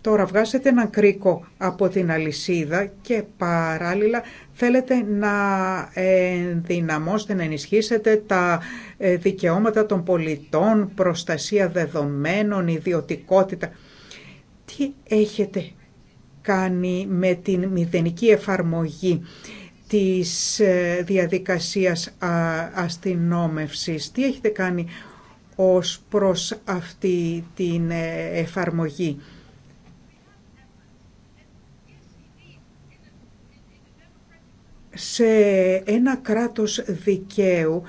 τώρα βγάζετε έναν κρίκο από την αλυσίδα και παράλληλα θέλετε να ενδυναμώσετε, να ενισχύσετε τα ε, δικαιώματα των πολιτών, προστασία δεδομένων, ιδιωτικότητα. Τι έχετε κάνει με την μηδενική εφαρμογή της ε, διαδικασίας αστυνόμευσης. Τι έχετε κάνει ως προς αυτή την ε, εφαρμογή. Σε ένα κράτος δικαίου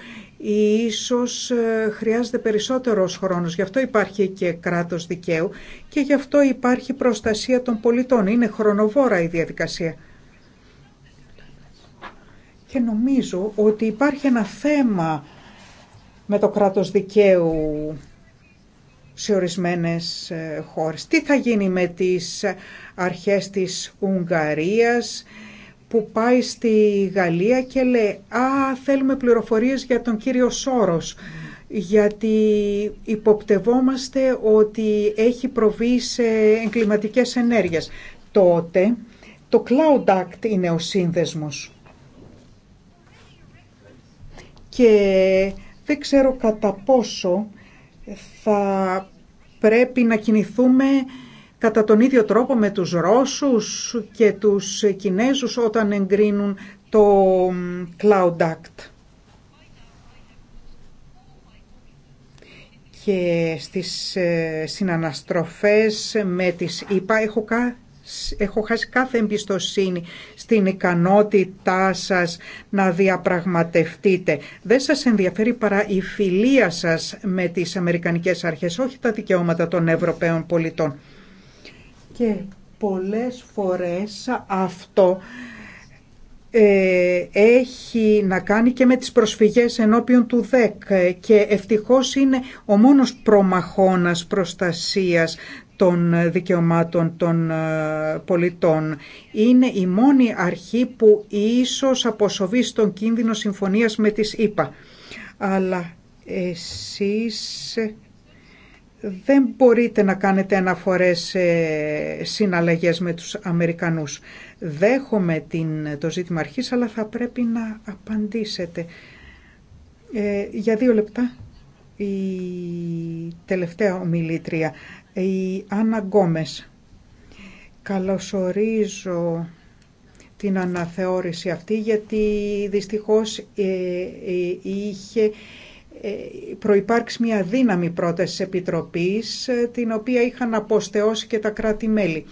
Ίσως ε, χρειάζεται περισσότερος χρόνος, γι' αυτό υπάρχει και κράτος δικαίου και γι' αυτό υπάρχει προστασία των πολιτών. Είναι χρονοβόρα η διαδικασία. Και νομίζω ότι υπάρχει ένα θέμα με το κράτος δικαίου σε ορισμένες ε, χώρες. Τι θα γίνει με τις ε, αρχές της Ουγγαρίας, που πάει στη Γαλλία και λέει «Α, θέλουμε πληροφορίες για τον κύριο Σόρος» γιατί υποπτευόμαστε ότι έχει προβεί σε εγκληματικές ενέργειες. Τότε το Cloud Act είναι ο σύνδεσμος. Και δεν ξέρω κατά πόσο θα πρέπει να κινηθούμε κατά τον ίδιο τρόπο με τους Ρώσους και τους Κινέζους όταν εγκρίνουν το Cloud Act. Και στις ε, συναναστροφές με τις ΙΠΑ έχω έχω χάσει κάθε εμπιστοσύνη στην ικανότητά σας να διαπραγματευτείτε. Δεν σας ενδιαφέρει παρά η φιλία σας με τις Αμερικανικές αρχές, όχι τα δικαιώματα των Ευρωπαίων πολιτών και πολλές φορές αυτό ε, έχει να κάνει και με τις προσφυγές ενώπιον του ΔΕΚ και ευτυχώς είναι ο μόνος προμαχώνας προστασίας των δικαιωμάτων των ε, πολιτών. Είναι η μόνη αρχή που ίσως αποσοβεί στον κίνδυνο συμφωνίας με τις ΗΠΑ. Αλλά εσείς δεν μπορείτε να κάνετε αναφορές σε συναλλαγές με τους Αμερικανούς. Δέχομαι την, το ζήτημα αρχής, αλλά θα πρέπει να απαντήσετε. Ε, για δύο λεπτά η τελευταία ομιλήτρια, η Άννα Γκόμες. Καλωσορίζω την αναθεώρηση αυτή γιατί δυστυχώς ε, ε, είχε ε, προϋπάρξει μια δύναμη πρόταση επιτροπής ε, την οποία είχαν αποστεώσει και τα κράτη-μέλη.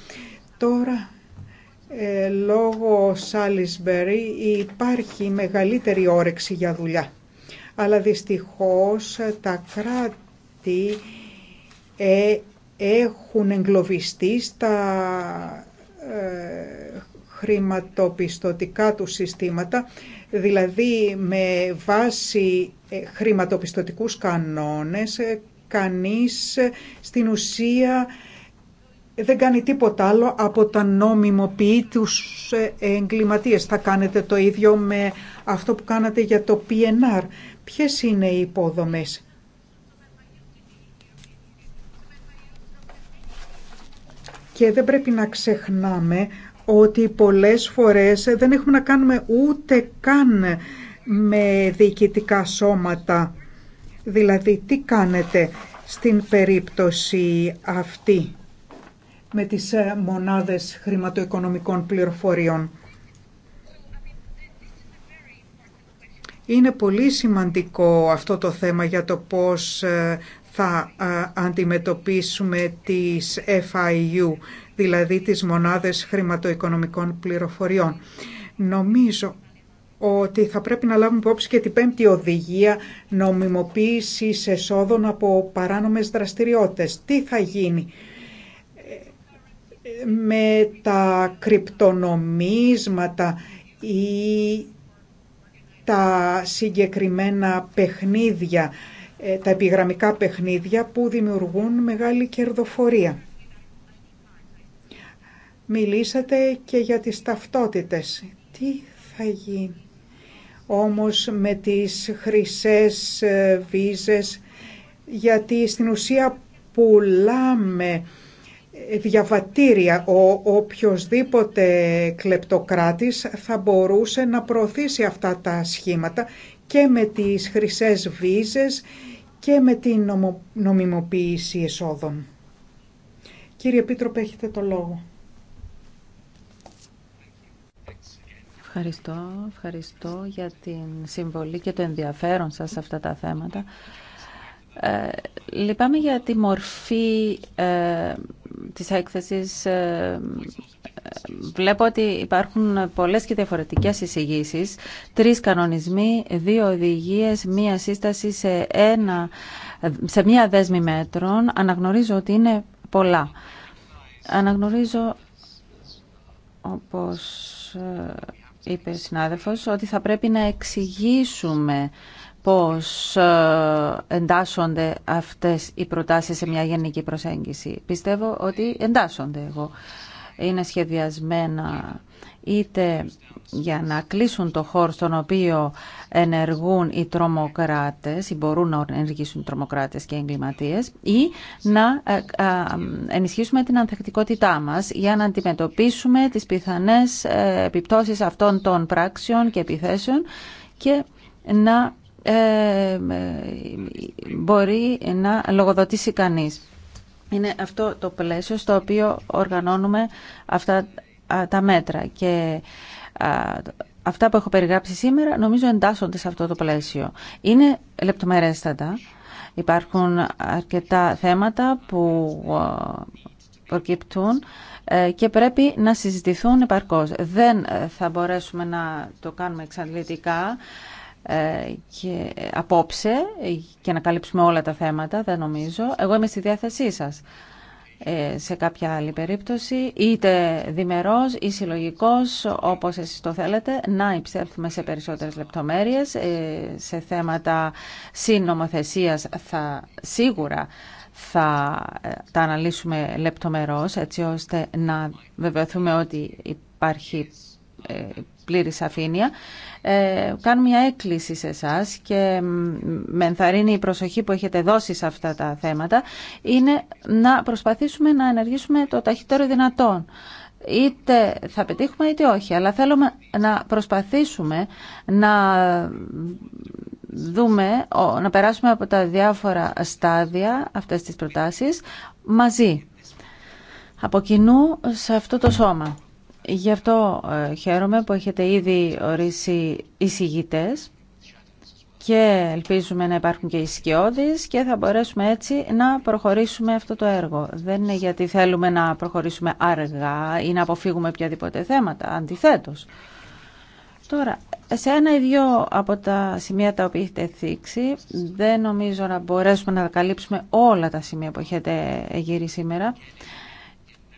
Τώρα ε, λόγω Σάλισμπερι υπάρχει μεγαλύτερη όρεξη για δουλειά. Αλλά δυστυχώς ε, τα κράτη έχουν εγκλωβιστεί στα χρηματοπιστωτικά του συστήματα, δηλαδή με βάση ε, χρηματοπιστωτικούς κανόνες, ε, κανείς ε, στην ουσία δεν κάνει τίποτα άλλο από τα νόμιμοποιεί τους εγκληματίες. Θα κάνετε το ίδιο με αυτό που κάνατε για το PNR. Ποιες είναι οι υπόδομες. Και δεν πρέπει να ξεχνάμε ότι πολλές φορές δεν έχουμε να κάνουμε ούτε καν με διοικητικά σώματα. Δηλαδή, τι κάνετε στην περίπτωση αυτή με τις ε, μονάδες χρηματοοικονομικών πληροφοριών. Είναι πολύ σημαντικό αυτό το θέμα για το πώς ε, θα αντιμετωπίσουμε τις FIU, δηλαδή τις μονάδες χρηματοοικονομικών πληροφοριών. Νομίζω ότι θα πρέπει να λάβουμε υπόψη και την πέμπτη οδηγία νομιμοποίησης εσόδων από παράνομες δραστηριότητες. Τι θα γίνει ε, με τα κρυπτονομίσματα ή τα συγκεκριμένα παιχνίδια ε, τα επιγραμμικά παιχνίδια που δημιουργούν μεγάλη κερδοφορία. Μιλήσατε και για τις ταυτότητες. Τι θα γίνει όμως με τις χρυσές ε, βίζες, γιατί στην ουσία πουλάμε ε, διαβατήρια. Ο οποιοδήποτε κλεπτοκράτης θα μπορούσε να προωθήσει αυτά τα σχήματα και με τις χρυσές βίζες και με την νομιμοποίηση εσόδων. Κύριε Επίτροπε, έχετε το λόγο. Ευχαριστώ, ευχαριστώ για την συμβολή και το ενδιαφέρον σας σε αυτά τα θέματα. Ε, λυπάμαι για τη μορφή ε, της έκθεσης. Ε, βλέπω ότι υπάρχουν πολλές και διαφορετικές εισηγήσεις. Τρεις κανονισμοί, δύο οδηγίες, μία σύσταση σε, ένα, σε μία δέσμη μέτρων. Αναγνωρίζω ότι είναι πολλά. Αναγνωρίζω, όπως ε, είπε ο συνάδελφος, ότι θα πρέπει να εξηγήσουμε πώς ε, εντάσσονται αυτές οι προτάσεις σε μια γενική προσέγγιση. Πιστεύω ότι εντάσσονται εγώ. Είναι σχεδιασμένα είτε για να κλείσουν το χώρο στον οποίο ενεργούν οι τρομοκράτες ή μπορούν να ενεργήσουν οι τρομοκράτες και εγκληματίε, εγκληματίες ή να ε, ε, ενισχύσουμε την ανθεκτικότητά μας για να αντιμετωπίσουμε τις πιθανές επιπτώσεις αυτών των πράξεων και επιθέσεων και να ε, μπορεί να λογοδοτήσει κανείς. Είναι αυτό το πλαίσιο στο οποίο οργανώνουμε αυτά τα μέτρα και αυτά που έχω περιγράψει σήμερα νομίζω εντάσσονται σε αυτό το πλαίσιο. Είναι λεπτομερέστατα. Υπάρχουν αρκετά θέματα που προκύπτουν ε, και πρέπει να συζητηθούν επαρκώς. Δεν ε, θα μπορέσουμε να το κάνουμε εξαντλητικά. Ε, και απόψε και να καλύψουμε όλα τα θέματα, δεν νομίζω. Εγώ είμαι στη διάθεσή σας ε, σε κάποια άλλη περίπτωση, είτε διμερός ή συλλογικός, όπως εσείς το θέλετε, να υψέλθουμε σε περισσότερες λεπτομέρειες. Ε, σε θέματα συνομοθεσίας θα σίγουρα θα τα αναλύσουμε λεπτομερώς, έτσι ώστε να βεβαιωθούμε ότι υπάρχει πλήρη σαφήνεια. Ε, κάνω μια έκκληση σε εσά και με ενθαρρύνει η προσοχή που έχετε δώσει σε αυτά τα θέματα. Είναι να προσπαθήσουμε να ενεργήσουμε το ταχύτερο δυνατόν. Είτε θα πετύχουμε είτε όχι, αλλά θέλουμε να προσπαθήσουμε να δούμε, να περάσουμε από τα διάφορα στάδια αυτές τις προτάσεις μαζί, από κοινού σε αυτό το σώμα. Γι' αυτό ε, χαίρομαι που έχετε ήδη ορίσει εισηγητές και ελπίζουμε να υπάρχουν και οι και θα μπορέσουμε έτσι να προχωρήσουμε αυτό το έργο. Δεν είναι γιατί θέλουμε να προχωρήσουμε αργά ή να αποφύγουμε οποιαδήποτε θέματα, αντιθέτως. Τώρα, σε ένα ή δύο από τα σημεία τα οποία έχετε θίξει, δεν νομίζω να μπορέσουμε να καλύψουμε όλα τα σημεία που έχετε γύρει σήμερα.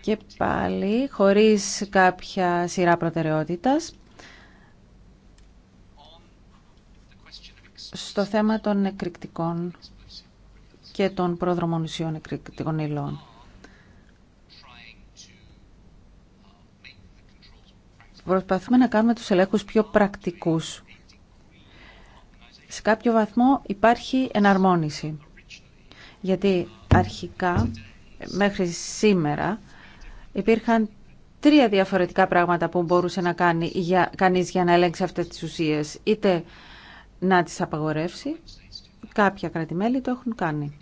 Και πάλι, χωρίς κάποια σειρά προτεραιότητας, στο θέμα των εκρηκτικών και των πρόδρομων ουσιών εκρηκτικών υλών. Προσπαθούμε να κάνουμε τους ελέγχους πιο πρακτικούς. Σε κάποιο βαθμό υπάρχει εναρμόνιση. Γιατί αρχικά, μέχρι σήμερα, Υπήρχαν τρία διαφορετικά πράγματα που μπορούσε να κάνει για, κανείς για να ελέγξει αυτές τις ουσίες. Είτε να τις απαγορεύσει, κάποια κρατημέλη το έχουν κάνει.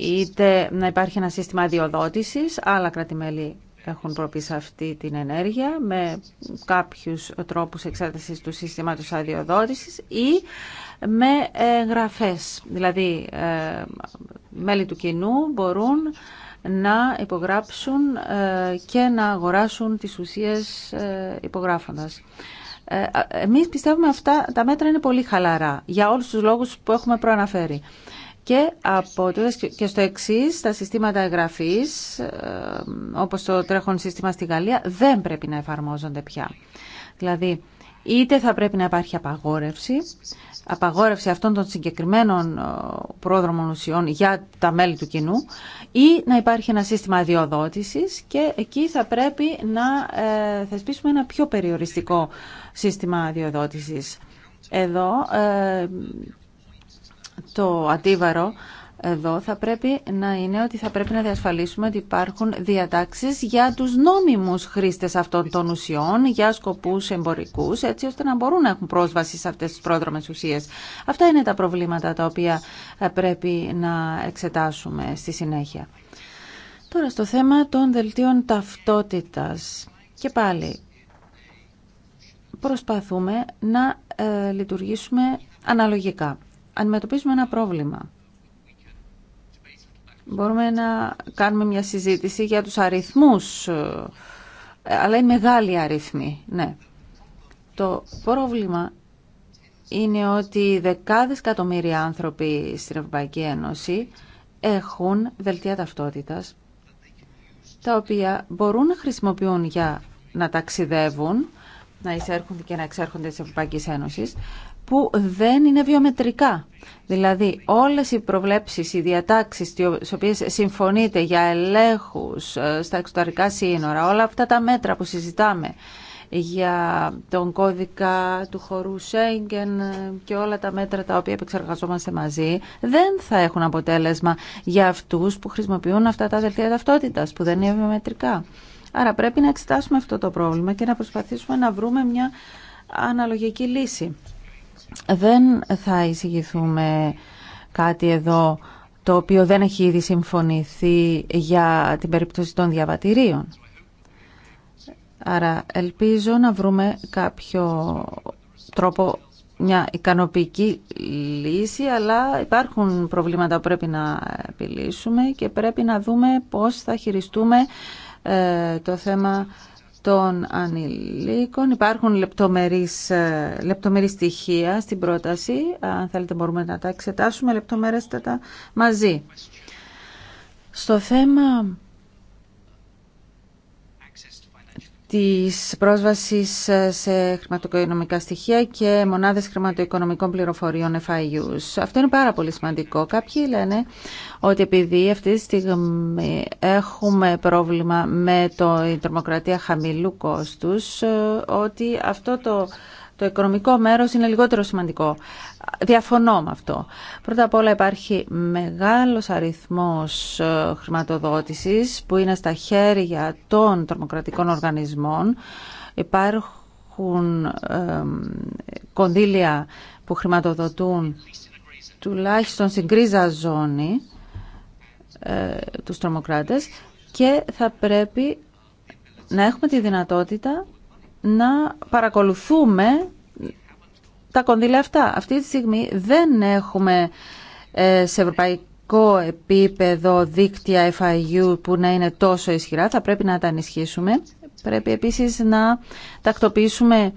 Είτε να υπάρχει ένα σύστημα αδειοδότησης, άλλα κρατημέλη έχουν προπίσει αυτή την ενέργεια με κάποιους τρόπους εξάρτησης του σύστηματος αδειοδότησης ή με γραφές. Δηλαδή, ε, μέλη του κοινού μπορούν να υπογράψουν ε, και να αγοράσουν τις ουσίες ε, υπογράφοντας. Ε, εμείς πιστεύουμε αυτά τα μέτρα είναι πολύ χαλαρά για όλους τους λόγους που έχουμε προαναφέρει. Και από και στο εξή, τα συστήματα εγγραφή, όπω το τρέχον σύστημα στη Γαλλία, δεν πρέπει να εφαρμόζονται πια. Δηλαδή, είτε θα πρέπει να υπάρχει απαγόρευση, απαγόρευση αυτών των συγκεκριμένων ε, πρόδρομων ουσιών για τα μέλη του κοινού ή να υπάρχει ένα σύστημα αδειοδότησης και εκεί θα πρέπει να ε, θεσπίσουμε ένα πιο περιοριστικό σύστημα αδειοδότησης. Εδώ ε, το αντίβαρο εδώ θα πρέπει να είναι ότι θα πρέπει να διασφαλίσουμε ότι υπάρχουν διατάξεις για τους νόμιμους χρήστες αυτών των ουσιών, για σκοπούς εμπορικούς, έτσι ώστε να μπορούν να έχουν πρόσβαση σε αυτές τις πρόδρομες ουσίες. Αυτά είναι τα προβλήματα τα οποία πρέπει να εξετάσουμε στη συνέχεια. Τώρα στο θέμα των δελτίων ταυτότητας. Και πάλι, προσπαθούμε να ε, λειτουργήσουμε αναλογικά. Αντιμετωπίζουμε ένα πρόβλημα Μπορούμε να κάνουμε μια συζήτηση για τους αριθμούς, ε, αλλά οι μεγάλοι αριθμοί, ναι. Το πρόβλημα είναι ότι δεκάδες εκατομμύρια άνθρωποι στην Ευρωπαϊκή Ένωση έχουν δελτία ταυτότητας, τα οποία μπορούν να χρησιμοποιούν για να ταξιδεύουν, να εισέρχονται και να εξέρχονται της Ευρωπαϊκής Ένωσης, που δεν είναι βιομετρικά. Δηλαδή όλες οι προβλέψεις, οι διατάξεις τις οποίες συμφωνείτε για ελέγχους ε, στα εξωτερικά σύνορα, όλα αυτά τα μέτρα που συζητάμε για τον κώδικα του χορού Σέγγεν ε, και όλα τα μέτρα τα οποία επεξεργαζόμαστε μαζί δεν θα έχουν αποτέλεσμα για αυτούς που χρησιμοποιούν αυτά τα δελτία ταυτότητας που δεν είναι βιομετρικά. Άρα πρέπει να εξετάσουμε αυτό το πρόβλημα και να προσπαθήσουμε να βρούμε μια αναλογική λύση δεν θα εισηγηθούμε κάτι εδώ το οποίο δεν έχει ήδη συμφωνηθεί για την περίπτωση των διαβατηρίων. Άρα ελπίζω να βρούμε κάποιο τρόπο, μια ικανοποιητική λύση, αλλά υπάρχουν προβλήματα που πρέπει να επιλύσουμε και πρέπει να δούμε πώς θα χειριστούμε ε, το θέμα των ανηλίκων. Υπάρχουν λεπτομερείς, ε, λεπτομερείς στοιχεία στην πρόταση. Αν θέλετε μπορούμε να τα εξετάσουμε λεπτομερέστατα μαζί. Στο θέμα της πρόσβασης ε, σε χρηματοοικονομικά στοιχεία και μονάδες χρηματοοικονομικών πληροφοριών FIUs. Αυτό είναι πάρα πολύ σημαντικό. Κάποιοι λένε ότι επειδή αυτή τη στιγμή έχουμε πρόβλημα με το, η τρομοκρατία χαμηλού κόστους, ε, ότι αυτό το, το οικονομικό μέρος είναι λιγότερο σημαντικό. Διαφωνώ με αυτό. Πρώτα απ' όλα υπάρχει μεγάλος αριθμός ε, χρηματοδότησης που είναι στα χέρια των τρομοκρατικών οργανισμών. Υπάρχουν ε, κονδύλια που χρηματοδοτούν τουλάχιστον στην κρίζα ζώνη ε, τους τρομοκράτες και θα πρέπει να έχουμε τη δυνατότητα να παρακολουθούμε τα κονδύλια αυτά. Αυτή τη στιγμή δεν έχουμε ε, σε ευρωπαϊκό επίπεδο δίκτυα FIU που να είναι τόσο ισχυρά. Θα πρέπει να τα ενισχύσουμε. Πρέπει επίσης να τακτοποιήσουμε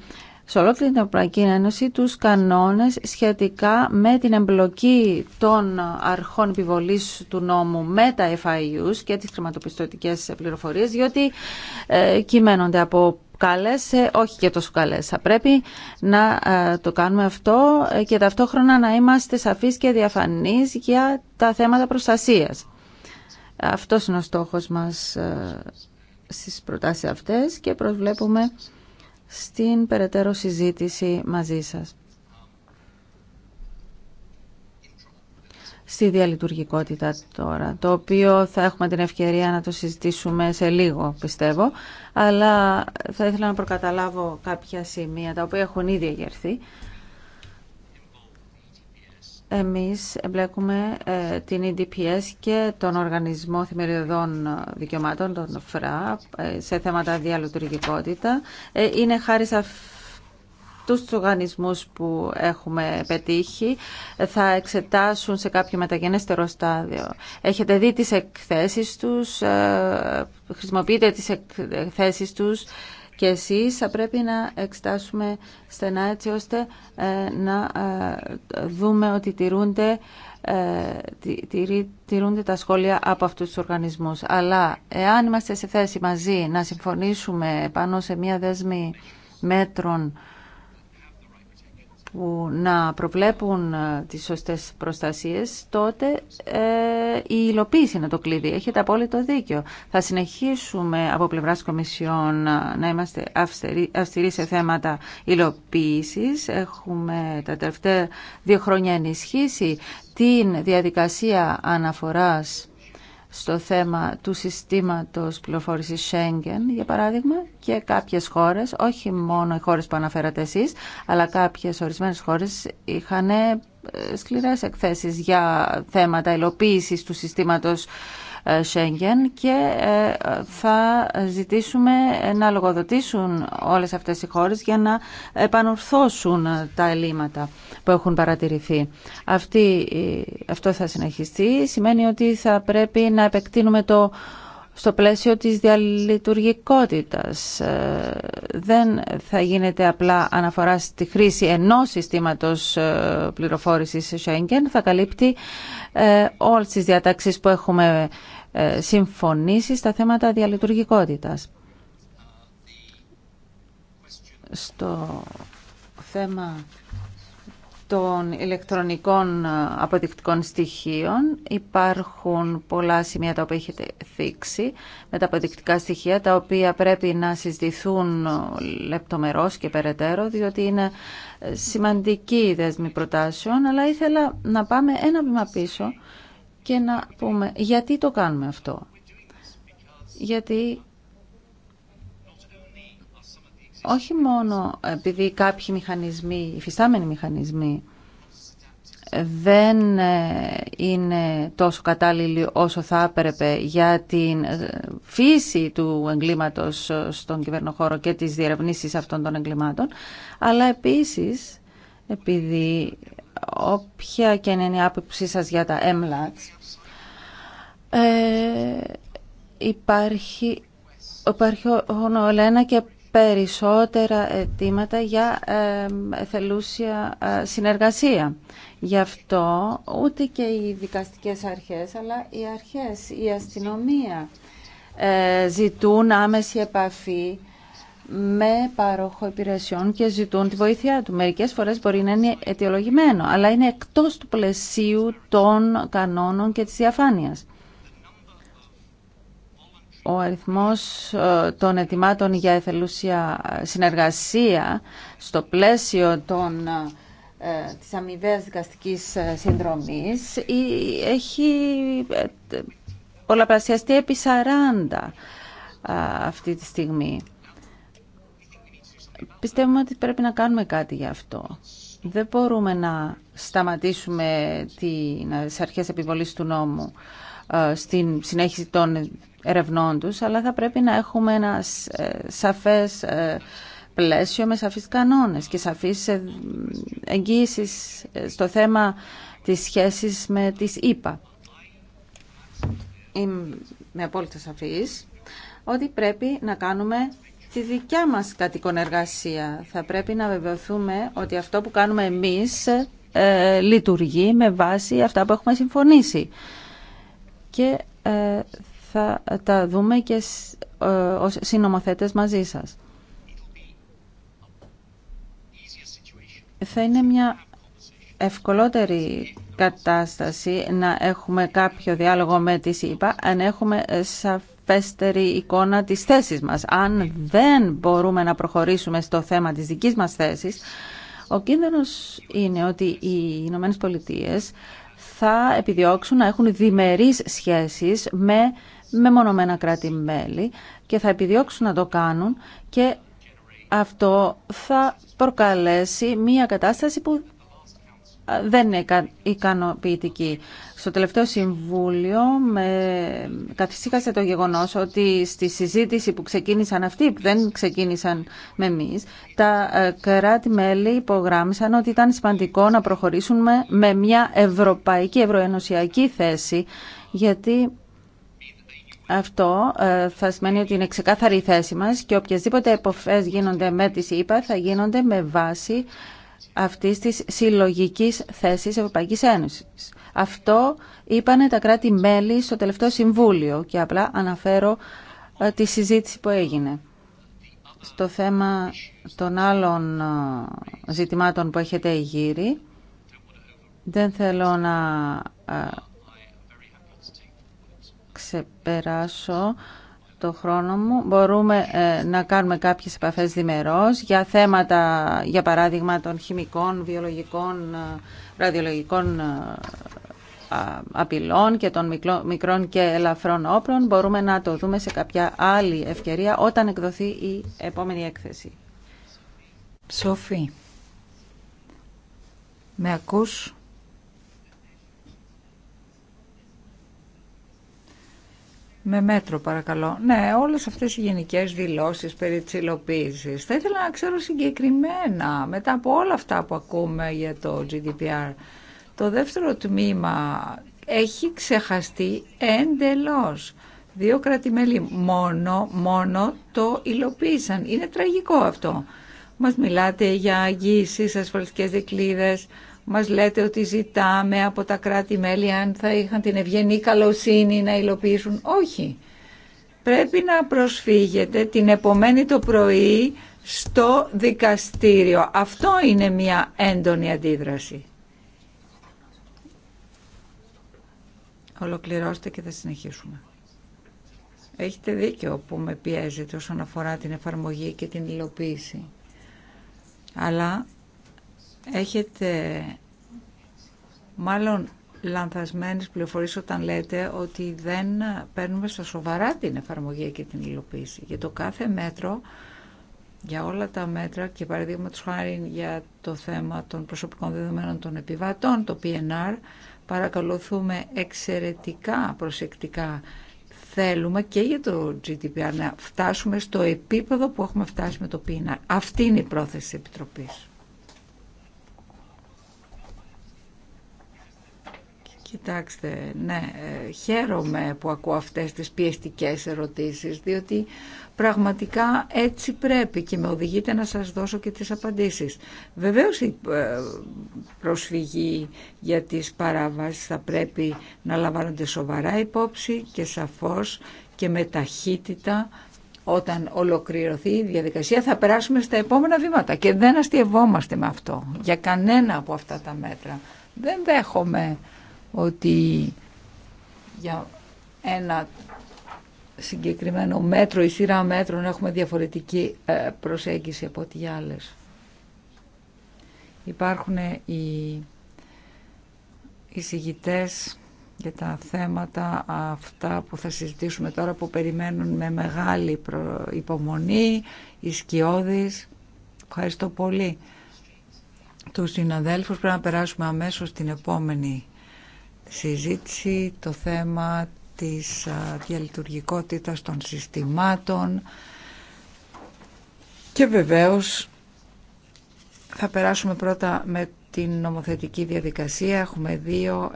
σε ολόκληρη την Ευρωπαϊκή Ένωση τους κανόνες σχετικά με την εμπλοκή των αρχών επιβολής του νόμου με τα FIUs και τις χρηματοπιστωτικές πληροφορίες διότι ε, κυμαίνονται από κάλεσε, όχι και τόσο καλέ. Θα πρέπει να ε, το κάνουμε αυτό ε, και ταυτόχρονα να είμαστε σαφείς και διαφανείς για τα θέματα προστασίας. Αυτός είναι ο στόχος μας ε, στις προτάσεις αυτές και προσβλέπουμε στην περαιτέρω συζήτηση μαζί σας. στη διαλειτουργικότητα τώρα, το οποίο θα έχουμε την ευκαιρία να το συζητήσουμε σε λίγο, πιστεύω, αλλά θα ήθελα να προκαταλάβω κάποια σημεία τα οποία έχουν ήδη εγερθεί. Εμείς εμπλέκουμε ε, την EDPS και τον Οργανισμό Θημεριωδών Δικαιωμάτων, τον ΦΡΑ, ε, σε θέματα διαλειτουργικότητα. Ε, είναι χάρη σε αυτούς τους οργανισμούς που έχουμε πετύχει θα εξετάσουν σε κάποιο μεταγενέστερο στάδιο. Έχετε δει τις εκθέσεις τους, ε, χρησιμοποιείτε τις εκθέσεις τους και εσείς θα πρέπει να εξετάσουμε στενά έτσι ώστε ε, να ε, δούμε ότι τηρούνται τηρούνται τα σχόλια από αυτούς τους οργανισμούς. Αλλά εάν είμαστε σε θέση μαζί να συμφωνήσουμε πάνω σε μία δέσμη μέτρων που να προβλέπουν ε, τις σωστές προστασίες, τότε ε, η υλοποίηση είναι το κλειδί. Έχετε απόλυτο δίκιο. Θα συνεχίσουμε από πλευράς Κομισιόν ε, να είμαστε αυστηροί σε θέματα υλοποίησης. Έχουμε τα τελευταία δύο χρόνια ενισχύσει την διαδικασία αναφοράς στο θέμα του συστήματος πληροφόρησης Schengen, για παράδειγμα, και κάποιες χώρες, όχι μόνο οι χώρες που αναφέρατε εσείς, αλλά κάποιες ορισμένες χώρες είχαν ε, σκληρές εκθέσεις για θέματα υλοποίησης του συστήματος Σέγγεν και ε, θα ζητήσουμε να λογοδοτήσουν όλες αυτές οι χώρες για να επανορθώσουν τα ελλείμματα που έχουν παρατηρηθεί. Αυτή, αυτό θα συνεχιστεί. Σημαίνει ότι θα πρέπει να επεκτείνουμε το στο πλαίσιο της διαλειτουργικότητας. Ε, δεν θα γίνεται απλά αναφορά στη χρήση ενός συστήματος ε, πληροφόρησης Schengen. Θα καλύπτει ε, όλες τις διατάξεις που έχουμε συμφωνήσει στα θέματα διαλειτουργικότητας. Στο θέμα των ηλεκτρονικών ε, αποδεικτικών στοιχείων. Υπάρχουν πολλά σημεία τα οποία έχετε θίξει με τα αποδεικτικά στοιχεία, τα οποία πρέπει να συζητηθούν ε, λεπτομερώς και περαιτέρω, διότι είναι ε, σημαντική η δέσμη προτάσεων, αλλά ήθελα να πάμε ένα βήμα πίσω και να πούμε γιατί το κάνουμε αυτό. Γιατί όχι μόνο επειδή κάποιοι μηχανισμοί, φυστάμενοι μηχανισμοί, δεν ε, είναι τόσο κατάλληλοι όσο θα έπρεπε για την ε, φύση του εγκλήματος ε, στον κυβερνοχώρο και τις διερευνήσεις αυτών των εγκλημάτων, αλλά επίσης επειδή όποια και είναι η άποψή σας για τα MLATs, ε, υπάρχει Υπάρχει ο και περισσότερα αιτήματα για εθελούσια ε, συνεργασία. Γι' αυτό ούτε και οι δικαστικές αρχές, αλλά οι αρχές, η αστυνομία ε, ζητούν άμεση επαφή με παρόχο υπηρεσιών και ζητούν τη βοήθειά του. Μερικές φορές μπορεί να είναι αιτιολογημένο, αλλά είναι εκτός του πλαισίου των κανόνων και της διαφάνειας ο αριθμός ε, των ετοιμάτων για εθελούσια συνεργασία στο πλαίσιο των, ε, της αμοιβαίας δικαστικής ε, συνδρομής έχει πολλαπλασιαστεί επί 40 αυτή τη στιγμή. Πιστεύουμε ότι πρέπει να κάνουμε κάτι γι' αυτό. Δεν μπορούμε να σταματήσουμε τις αρχές επιβολής του νόμου. Ε, στην συνέχιση των ερευνών τους, αλλά θα πρέπει να έχουμε ένα ε, σαφές ε, πλαίσιο με σαφείς κανόνες και σαφείς εγγύησεις στο θέμα της σχέσης με τις ΗΠΑ. Με απόλυτα σαφής ότι πρέπει να κάνουμε τη δικιά μας κατοικονεργασία. Θα πρέπει να βεβαιωθούμε ότι αυτό που κάνουμε εμείς λειτουργεί με βάση αυτά που έχουμε συμφωνήσει και ε, θα τα δούμε και ε, ως συνομοθέτες μαζί σας. Θα είναι μια ευκολότερη κατάσταση να έχουμε κάποιο διάλογο με τη ΣΥΠΑ αν έχουμε ε, σαφέστερη εικόνα της θέσης μας. Αν δεν μπορούμε να προχωρήσουμε στο θέμα της δικής μας θέσης, ο κίνδυνος είναι ότι οι Ηνωμένες Πολιτείες θα επιδιώξουν να έχουν διμερείς σχέσεις με μονομενα κρατη κράτη-μέλη και θα επιδιώξουν να το κάνουν και αυτό θα προκαλέσει μία κατάσταση που δεν είναι ικανοποιητική. Στο τελευταίο συμβούλιο με το γεγονός ότι στη συζήτηση που ξεκίνησαν αυτοί, που δεν ξεκίνησαν με εμείς, τα ε, κράτη-μέλη υπογράμμισαν ότι ήταν σημαντικό να προχωρήσουμε με μια ευρωπαϊκή, ευρωενωσιακή θέση, γιατί αυτό ε, θα σημαίνει ότι είναι ξεκάθαρη η θέση μας και οποιασδήποτε εποφές γίνονται με τις ΣΥΠΑ θα γίνονται με βάση αυτής της συλλογικής θέσης Ευρωπαϊκή Ένωση. Αυτό είπανε τα κράτη-μέλη στο τελευταίο Συμβούλιο και απλά αναφέρω ε, τη συζήτηση που έγινε. Στο θέμα των άλλων ε, ζητημάτων που έχετε γύρει, δεν θέλω να ε, ξεπεράσω χρόνο μου. Μπορούμε ε, να κάνουμε κάποιες επαφές διμερώς για θέματα, για παράδειγμα, των χημικών, βιολογικών, ε, ραδιολογικών ε, απειλών και των μικρών και ελαφρών όπλων. Μπορούμε να το δούμε σε κάποια άλλη ευκαιρία όταν εκδοθεί η επόμενη έκθεση. Σοφή, με ακούς? Με μέτρο παρακαλώ. Ναι, όλες αυτές οι γενικές δηλώσεις περί της Θα ήθελα να ξέρω συγκεκριμένα, μετά από όλα αυτά που ακούμε για το GDPR, το δεύτερο τμήμα έχει ξεχαστεί εντελώς. Δύο κρατημέλη μόνο, μόνο το υλοποίησαν. Είναι τραγικό αυτό. Μας μιλάτε για αγγίσεις, ασφαλιστικές δικλείδες, μας λέτε ότι ζητάμε από τα κράτη-μέλη αν θα είχαν την ευγενή καλοσύνη να υλοποιήσουν. Όχι. Πρέπει να προσφύγετε την επομένη το πρωί στο δικαστήριο. Αυτό είναι μια έντονη αντίδραση. Ολοκληρώστε και θα συνεχίσουμε. Έχετε δίκιο που με πιέζετε όσον αφορά την εφαρμογή και την υλοποίηση. Αλλά Έχετε μάλλον λανθασμένες πληροφορίες όταν λέτε ότι δεν παίρνουμε στα σοβαρά την εφαρμογή και την υλοποίηση. Για το κάθε μέτρο, για όλα τα μέτρα και παραδείγματος χάρη για το θέμα των προσωπικών δεδομένων των επιβατών, το PNR, παρακολουθούμε εξαιρετικά προσεκτικά θέλουμε και για το GDPR να φτάσουμε στο επίπεδο που έχουμε φτάσει με το PNR. Αυτή είναι η πρόθεση της Επιτροπής. Κοιτάξτε, ναι, ε, χαίρομαι που ακούω αυτές τις πιεστικές ερωτήσεις, διότι πραγματικά έτσι πρέπει και με οδηγείτε να σας δώσω και τις απαντήσεις. Βεβαίως η ε, προσφυγή για τις παράβασεις θα πρέπει να λαμβάνονται σοβαρά υπόψη και σαφώς και με ταχύτητα όταν ολοκληρωθεί η διαδικασία θα περάσουμε στα επόμενα βήματα και δεν αστειευόμαστε με αυτό για κανένα από αυτά τα μέτρα. Δεν δέχομαι ότι για ένα συγκεκριμένο μέτρο ή σειρά μέτρων έχουμε διαφορετική ε, προσέγγιση από ό,τι για άλλες. Υπάρχουν οι εισηγητές για τα θέματα αυτά που θα συζητήσουμε τώρα που περιμένουν με μεγάλη υπομονή, οι σκιώδεις. Ευχαριστώ πολύ. Τους συναδέλφους πρέπει να περάσουμε αμέσως στην επόμενη συζήτηση το θέμα της διαλειτουργικότητας των συστημάτων και βεβαίως θα περάσουμε πρώτα με την νομοθετική διαδικασία. Έχουμε δύο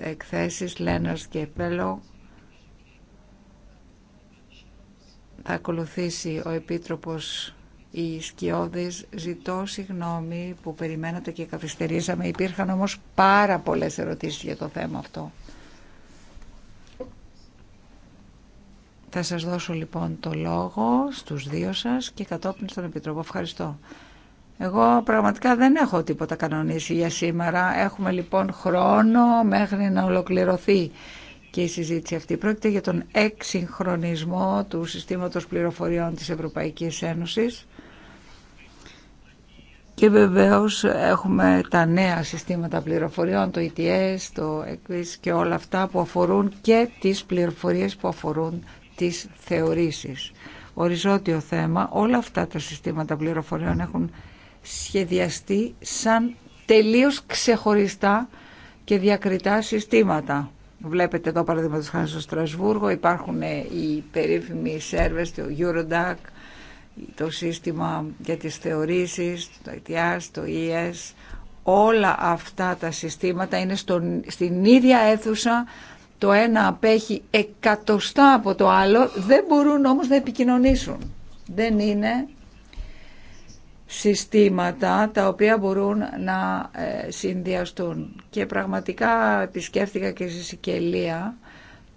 εκθέσεις, Λένας και Πέλο. Θα ακολουθήσει ο Επίτροπος οι σκιώδες ζητώ συγγνώμη που περιμένατε και καθυστερήσαμε υπήρχαν όμως πάρα πολλές ερωτήσεις για το θέμα αυτό Θα σας δώσω λοιπόν το λόγο στους δύο σας και κατόπιν στον Επιτροπό. Ευχαριστώ. Εγώ πραγματικά δεν έχω τίποτα κανονίσει για σήμερα. Έχουμε λοιπόν χρόνο μέχρι να ολοκληρωθεί και η συζήτηση αυτή. Πρόκειται για τον εξυγχρονισμό του συστήματος πληροφοριών της Ευρωπαϊκής Ένωσης. Και βεβαίως έχουμε τα νέα συστήματα πληροφοριών, το ETS, το EQUIS και όλα αυτά που αφορούν και τις πληροφορίες που αφορούν τις θεωρήσεις. Οριζόντιο θέμα, όλα αυτά τα συστήματα πληροφοριών έχουν σχεδιαστεί σαν τελείως ξεχωριστά και διακριτά συστήματα. Βλέπετε εδώ παραδείγματος χάρη στο Στρασβούργο υπάρχουν οι περίφημοι σερβες το Eurodac, το σύστημα για τις θεωρήσεις, το ETIAS, το ES, όλα αυτά τα συστήματα είναι στον, στην ίδια αίθουσα, το ένα απέχει εκατοστά από το άλλο, δεν μπορούν όμως να επικοινωνήσουν. Δεν είναι συστήματα τα οποία μπορούν να ε, συνδυαστούν. Και πραγματικά επισκέφθηκα και στη Σικελία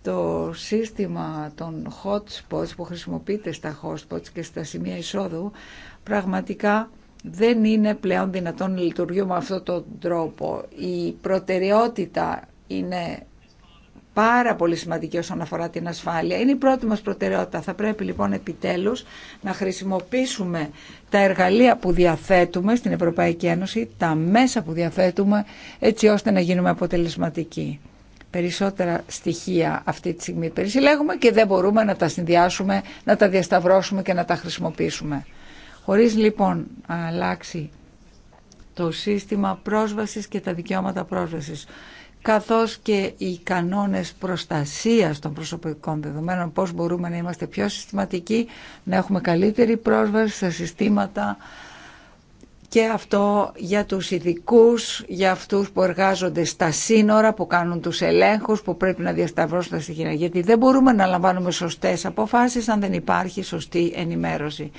το σύστημα των hot spots που χρησιμοποιείται στα hot spots και στα σημεία εισόδου πραγματικά δεν είναι πλέον δυνατόν να λειτουργεί με αυτόν τον τρόπο. Η προτεραιότητα είναι πάρα πολύ σημαντική όσον αφορά την ασφάλεια. Είναι η πρώτη μας προτεραιότητα. Θα πρέπει λοιπόν επιτέλους να χρησιμοποιήσουμε τα εργαλεία που διαθέτουμε στην Ευρωπαϊκή Ένωση, τα μέσα που διαθέτουμε, έτσι ώστε να γίνουμε αποτελεσματικοί περισσότερα στοιχεία αυτή τη στιγμή περισυλλέγουμε και δεν μπορούμε να τα συνδυάσουμε, να τα διασταυρώσουμε και να τα χρησιμοποιήσουμε. Χωρίς λοιπόν να αλλάξει το σύστημα πρόσβασης και τα δικαιώματα πρόσβασης, καθώς και οι κανόνες προστασίας των προσωπικών δεδομένων, πώς μπορούμε να είμαστε πιο συστηματικοί, να έχουμε καλύτερη πρόσβαση στα συστήματα και αυτό για τους ειδικού, για αυτούς που εργάζονται στα σύνορα, που κάνουν τους ελέγχους, που πρέπει να διασταυρώσουν τα στοιχεία. Γιατί δεν μπορούμε να λαμβάνουμε σωστές αποφάσεις αν δεν υπάρχει σωστή ενημέρωση.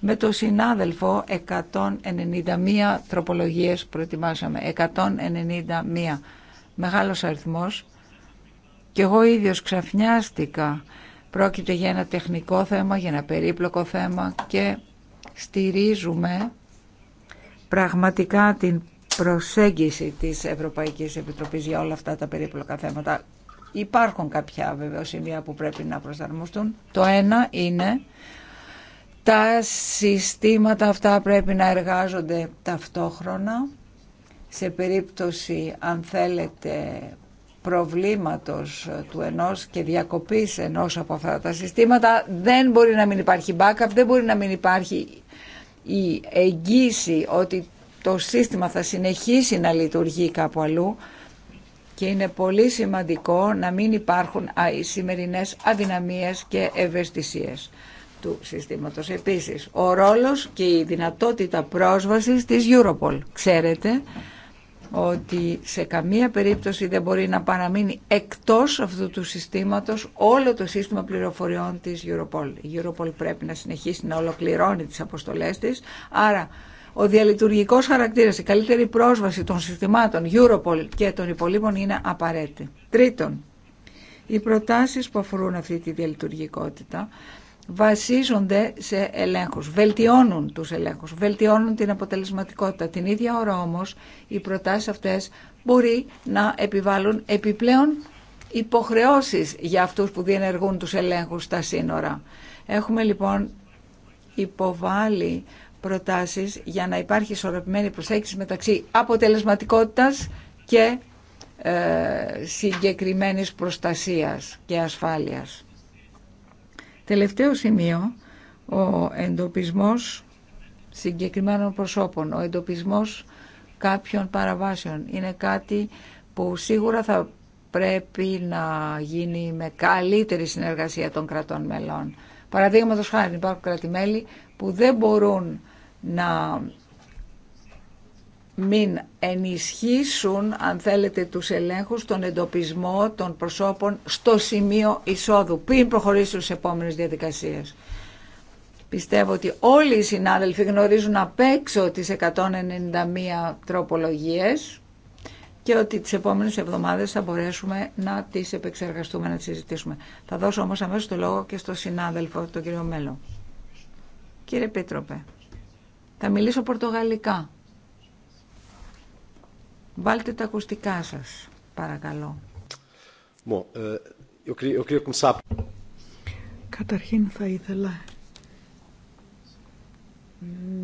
Με το συνάδελφο 191 τροπολογίες προετοιμάσαμε. 191. Μεγάλος αριθμός. Και εγώ ίδιος ξαφνιάστηκα. Πρόκειται για ένα τεχνικό θέμα, για ένα περίπλοκο θέμα και στηρίζουμε πραγματικά την προσέγγιση της Ευρωπαϊκής Επιτροπής για όλα αυτά τα περίπλοκα θέματα. Υπάρχουν κάποια βέβαια σημεία που πρέπει να προσαρμοστούν. Το ένα είναι τα συστήματα αυτά πρέπει να εργάζονται ταυτόχρονα σε περίπτωση αν θέλετε προβλήματος του ενός και διακοπής ενός από αυτά τα συστήματα δεν μπορεί να μην υπάρχει backup, δεν μπορεί να μην υπάρχει η εγγύηση ότι το σύστημα θα συνεχίσει να λειτουργεί κάπου αλλού και είναι πολύ σημαντικό να μην υπάρχουν οι σημερινές αδυναμίες και ευαισθησίες του συστήματος. Επίσης, ο ρόλος και η δυνατότητα πρόσβασης της Europol. Ξέρετε ότι σε καμία περίπτωση δεν μπορεί να παραμείνει εκτός αυτού του συστήματος όλο το σύστημα πληροφοριών της Europol. Η Europol πρέπει να συνεχίσει να ολοκληρώνει τις αποστολές της, άρα ο διαλειτουργικός χαρακτήρας, η καλύτερη πρόσβαση των συστημάτων Europol και των υπολείπων είναι απαραίτητη. Τρίτον, οι προτάσεις που αφορούν αυτή τη διαλειτουργικότητα βασίζονται σε ελέγχους, βελτιώνουν τους ελέγχους, βελτιώνουν την αποτελεσματικότητα. Την ίδια ώρα όμως οι προτάσεις αυτές μπορεί να επιβάλλουν επιπλέον υποχρεώσεις για αυτούς που διενεργούν τους ελέγχους στα σύνορα. Έχουμε λοιπόν υποβάλει προτάσεις για να υπάρχει ισορροπημένη προσέγγιση μεταξύ αποτελεσματικότητας και ε, συγκεκριμένης προστασίας και ασφάλειας. Τελευταίο σημείο, ο εντοπισμός συγκεκριμένων προσώπων, ο εντοπισμός κάποιων παραβάσεων. Είναι κάτι που σίγουρα θα πρέπει να γίνει με καλύτερη συνεργασία των κρατών μελών. μελών. χάρη υπάρχουν κρατημέλη που δεν μπορούν να μην ενισχύσουν, αν θέλετε, τους ελέγχους τον εντοπισμό των προσώπων στο σημείο εισόδου, πριν προχωρήσουν στις επόμενες διαδικασίες. Πιστεύω ότι όλοι οι συνάδελφοι γνωρίζουν απ' έξω τις 191 τροπολογίες και ότι τις επόμενες εβδομάδες θα μπορέσουμε να τις επεξεργαστούμε, να τις συζητήσουμε. Θα δώσω όμως αμέσως το λόγο και στο συνάδελφο, τον κύριο Μέλο. Κύριε Πίτροπε, θα μιλήσω πορτογαλικά. Βάλτε τα ακουστικά σας, παρακαλώ. Ε, Καταρχήν θα ήθελα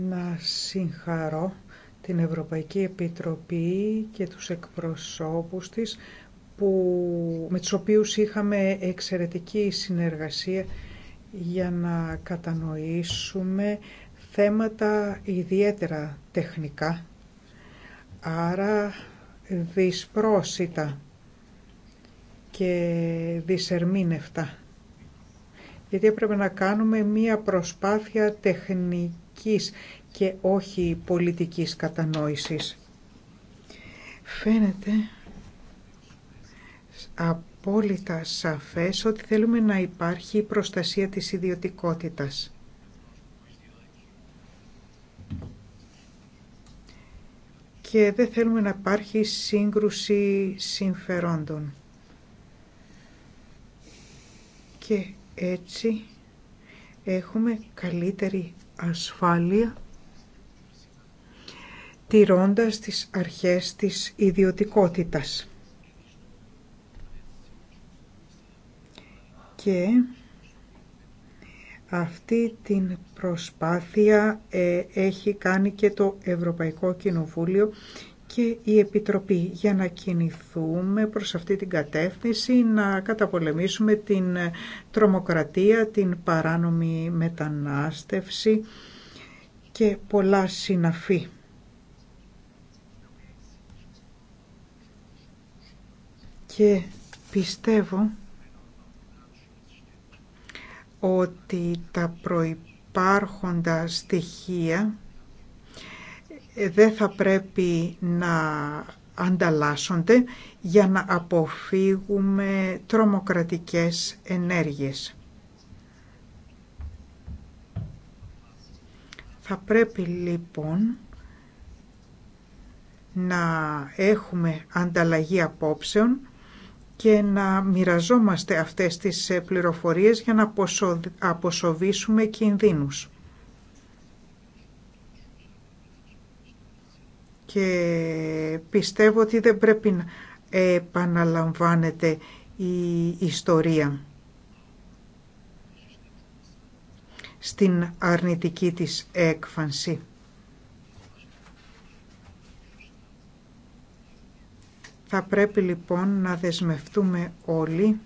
να συγχαρώ την Ευρωπαϊκή Επιτροπή και τους εκπροσώπους της που, με τους οποίους είχαμε εξαιρετική συνεργασία για να κατανοήσουμε θέματα ιδιαίτερα τεχνικά άρα δυσπρόσιτα και δυσερμήνευτα. Γιατί έπρεπε να κάνουμε μία προσπάθεια τεχνικής και όχι πολιτικής κατανόησης. Φαίνεται απόλυτα σαφές ότι θέλουμε να υπάρχει προστασία της ιδιωτικότητας. και δεν θέλουμε να υπάρχει σύγκρουση συμφερόντων. Και έτσι έχουμε καλύτερη ασφάλεια τηρώντας τις αρχές της ιδιωτικότητας. Και αυτή την προσπάθεια ε, έχει κάνει και το Ευρωπαϊκό Κοινοβούλιο και η Επιτροπή για να κινηθούμε προς αυτή την κατεύθυνση, να καταπολεμήσουμε την ε, τρομοκρατία, την παράνομη μετανάστευση και πολλά συναφή. Και πιστεύω ότι τα προϋπάρχοντα στοιχεία δεν θα πρέπει να ανταλλάσσονται για να αποφύγουμε τρομοκρατικές ενέργειες. Θα πρέπει λοιπόν να έχουμε ανταλλαγή απόψεων και να μοιραζόμαστε αυτές τις ε, πληροφορίες για να αποσοβήσουμε κινδύνους. Και πιστεύω ότι δεν πρέπει να επαναλαμβάνεται η ιστορία στην αρνητική της έκφανση. Θα πρέπει λοιπόν να δεσμευτούμε όλοι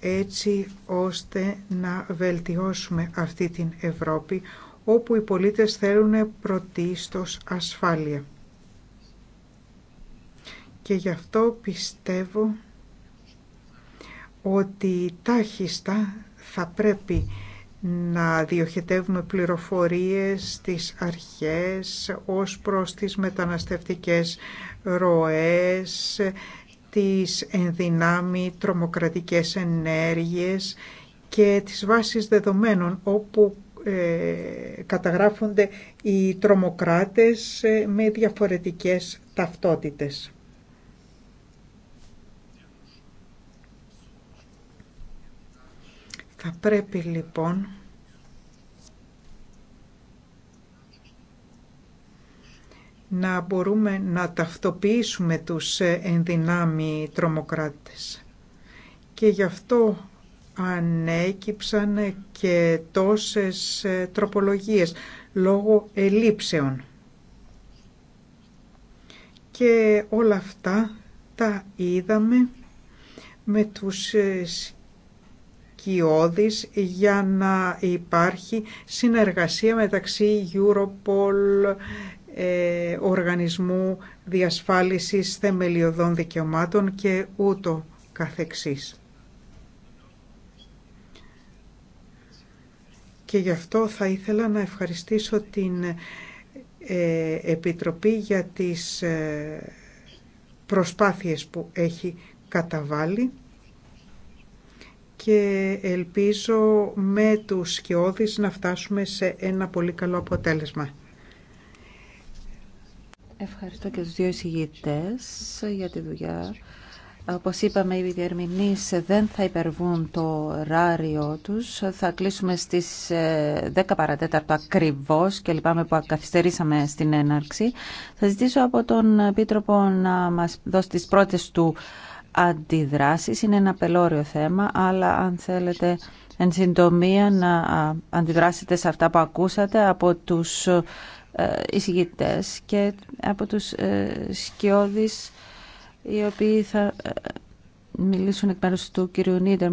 έτσι ώστε να βελτιώσουμε αυτή την Ευρώπη όπου οι πολίτες θέλουν πρωτίστως ασφάλεια. Και γι' αυτό πιστεύω ότι τάχιστα θα πρέπει να διοχετεύουμε πληροφορίες στις αρχές ως προς τις μεταναστευτικές ροές, τις ενδυνάμει τρομοκρατικές ενέργειες και τις βάσεις δεδομένων όπου ε, καταγράφονται οι τρομοκράτες ε, με διαφορετικές ταυτότητες. Θα πρέπει λοιπόν να μπορούμε να ταυτοποιήσουμε τους ε, ενδυνάμει τρομοκράτες. Και γι' αυτό ανέκυψαν και τόσες ε, τροπολογίες λόγω ελήψεων. Και όλα αυτά τα είδαμε με τους ε, σκιώδεις για να υπάρχει συνεργασία μεταξύ Europol, ε, οργανισμού Διασφάλισης Θεμελιωδών Δικαιωμάτων και ούτω καθεξής. Και γι' αυτό θα ήθελα να ευχαριστήσω την ε, Επιτροπή για τις ε, προσπάθειες που έχει καταβάλει και ελπίζω με τους σκιώδεις να φτάσουμε σε ένα πολύ καλό αποτέλεσμα. Ευχαριστώ και τους δύο εισηγητές για τη δουλειά. Όπως είπαμε, οι διερμηνείς δεν θα υπερβούν το ράριο τους. Θα κλείσουμε στις 10 ε, παρατέταρτο ακριβώς και λυπάμαι που καθυστερήσαμε στην έναρξη. Θα ζητήσω από τον Επίτροπο να μας δώσει τις πρώτες του αντιδράσεις. Είναι ένα πελώριο θέμα, αλλά αν θέλετε εν συντομία να αντιδράσετε σε αυτά που ακούσατε από τους ε, εισηγητές και από τους ε, σκιώδεις οι οποίοι θα ε, μιλήσουν εκ μέρους του κυρίου Νίτερ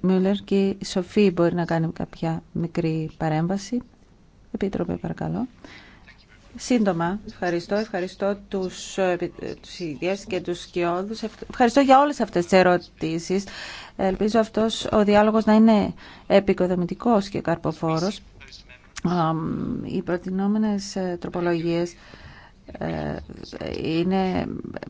Μιούλερ και η Σοφή μπορεί να κάνει κάποια μικρή παρέμβαση. Επίτροπε παρακαλώ. Σύντομα, ευχαριστώ. Ευχαριστώ τους, τους και τους σκιώδους. Ευχαριστώ για όλες αυτές τις ερωτήσεις. Ελπίζω αυτός ο διάλογος να είναι επικοδομητικός και καρποφόρος οι προτινόμενες ε, τροπολογίες ε, είναι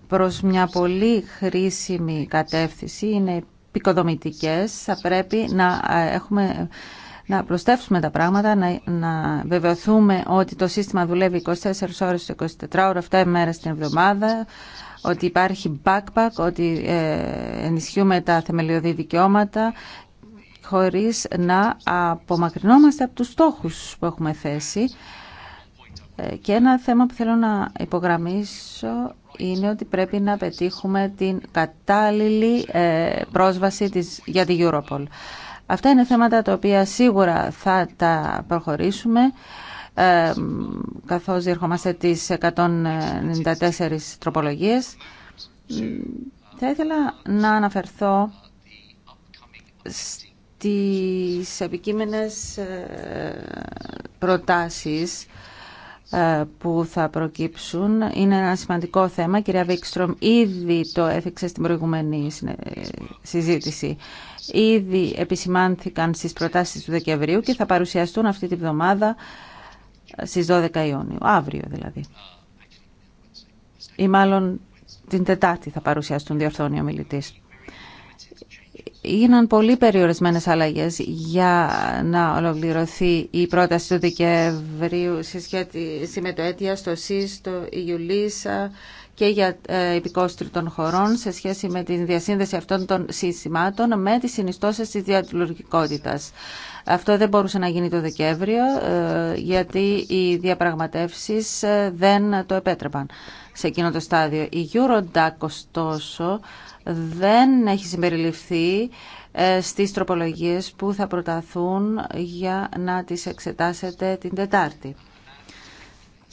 προς μια πολύ χρήσιμη κατεύθυνση, είναι πικοδομητικές, θα πρέπει να ε, έχουμε να προστεύσουμε τα πράγματα, να, να βεβαιωθούμε ότι το σύστημα δουλεύει 24 ώρες, 24 ώρες, 7 μέρες την εβδομάδα, ότι υπάρχει backpack, ότι ενισχύουμε τα θεμελιωδή δικαιώματα χωρίς να απομακρυνόμαστε από τους στόχους που έχουμε θέσει. Ε, και ένα θέμα που θέλω να υπογραμμίσω είναι ότι πρέπει να πετύχουμε την κατάλληλη ε, πρόσβαση της, για την Europol. Αυτά είναι θέματα τα οποία σίγουρα θα τα προχωρήσουμε ε, καθώς διερχόμαστε τις 194 τροπολογίες. Θα ήθελα να αναφερθώ τις επικείμενες ε, προτάσεις ε, που θα προκύψουν είναι ένα σημαντικό θέμα. Κυρία Βίξτρομ, ήδη το έφυξε στην προηγούμενη συζήτηση. Ήδη επισημάνθηκαν στις προτάσεις του Δεκεμβρίου και θα παρουσιαστούν αυτή τη βδομάδα ε, στις 12 Ιούνιου, αύριο δηλαδή. Ή μάλλον την Τετάρτη θα παρουσιαστούν διορθώνει ο μιλητής έγιναν πολύ περιορισμένες αλλαγές για να ολοκληρωθεί η πρόταση του Δεκεμβρίου σε σχέση με το αίτια στο ΣΥΣ, το Ιουλίσα και για επικόστρου των χωρών σε σχέση με την διασύνδεση αυτών των συστημάτων με τις συνιστώσεις της διατηλουργικότητας. Αυτό δεν μπορούσε να γίνει το Δεκέμβριο ε, γιατί οι διαπραγματεύσεις ε, δεν το επέτρεπαν σε εκείνο το στάδιο. Η Eurodac, ωστόσο, δεν έχει συμπεριληφθεί ε, στις τροπολογίες που θα προταθούν για να τις εξετάσετε την Τετάρτη.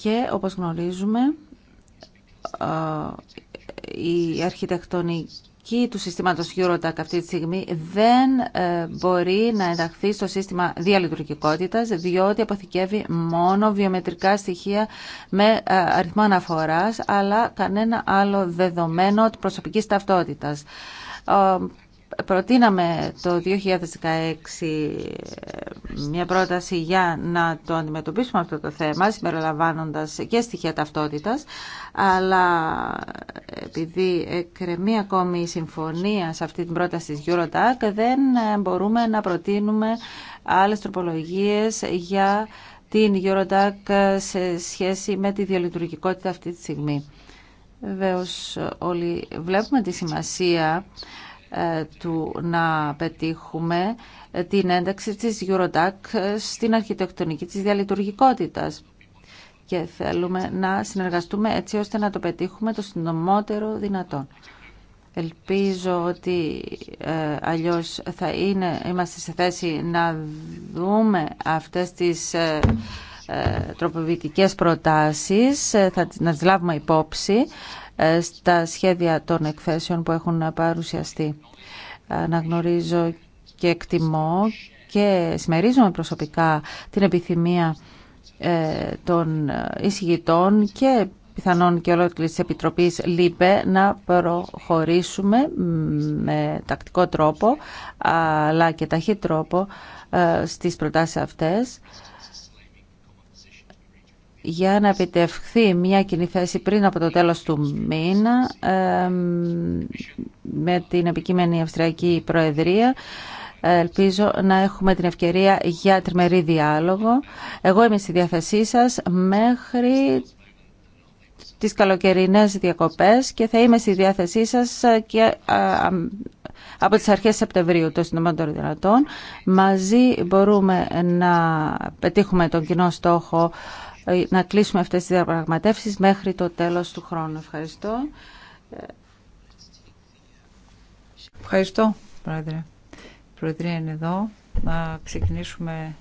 Και, όπως γνωρίζουμε, ε, η αρχιτεκτονική και του συστήματος Eurotac αυτή τη στιγμή δεν ε, μπορεί να ενταχθεί στο σύστημα διαλειτουργικότητας διότι αποθηκεύει μόνο βιομετρικά στοιχεία με ε, αριθμό αναφοράς αλλά κανένα άλλο δεδομένο προσωπικής ταυτότητας. Προτείναμε το 2016 ε, μια πρόταση για να το αντιμετωπίσουμε αυτό το θέμα, συμπεριλαμβάνοντας και στοιχεία ταυτότητας, αλλά επειδή κρεμεί ακόμη η συμφωνία σε αυτή την πρόταση της δεν ε, μπορούμε να προτείνουμε άλλες τροπολογίες για την Eurodac ε, σε σχέση με τη διαλειτουργικότητα αυτή τη στιγμή. Βεβαίω όλοι βλέπουμε τη σημασία ε, του να πετύχουμε ε, την ένταξη της Eurodac ε, στην αρχιτεκτονική της διαλειτουργικότητας. Και θέλουμε να συνεργαστούμε έτσι ώστε να το πετύχουμε το συντομότερο δυνατόν. Ελπίζω ότι ε, αλλιώς θα είναι, είμαστε σε θέση να δούμε αυτές τις ε, τροποποιητικές προτάσεις, θα να τις λάβουμε υπόψη ε, στα σχέδια των εκθέσεων που έχουν παρουσιαστεί. Αναγνωρίζω και εκτιμώ και συμμερίζομαι προσωπικά την επιθυμία ε, των εισηγητών και πιθανόν και ολόκληρη τη Επιτροπής ΛΥΠΕ να προχωρήσουμε με τακτικό τρόπο αλλά και ταχύ τρόπο ε, στις προτάσεις αυτές για να επιτευχθεί μια κοινή θέση πριν από το τέλος του μήνα με την επικείμενη Αυστριακή Προεδρία. Ελπίζω να έχουμε την ευκαιρία για τριμερή διάλογο. Εγώ είμαι στη διάθεσή σας μέχρι τις καλοκαιρινές διακοπές και θα είμαι στη διάθεσή σας και από τις αρχές Σεπτεμβρίου των Συντομών των Δυνατών. Μαζί μπορούμε να πετύχουμε τον κοινό στόχο να κλείσουμε αυτές τις διαπραγματεύσεις μέχρι το τέλος του χρόνου. Ευχαριστώ. Ευχαριστώ, Πρόεδρε. Η Προεδρία είναι εδώ. Να ξεκινήσουμε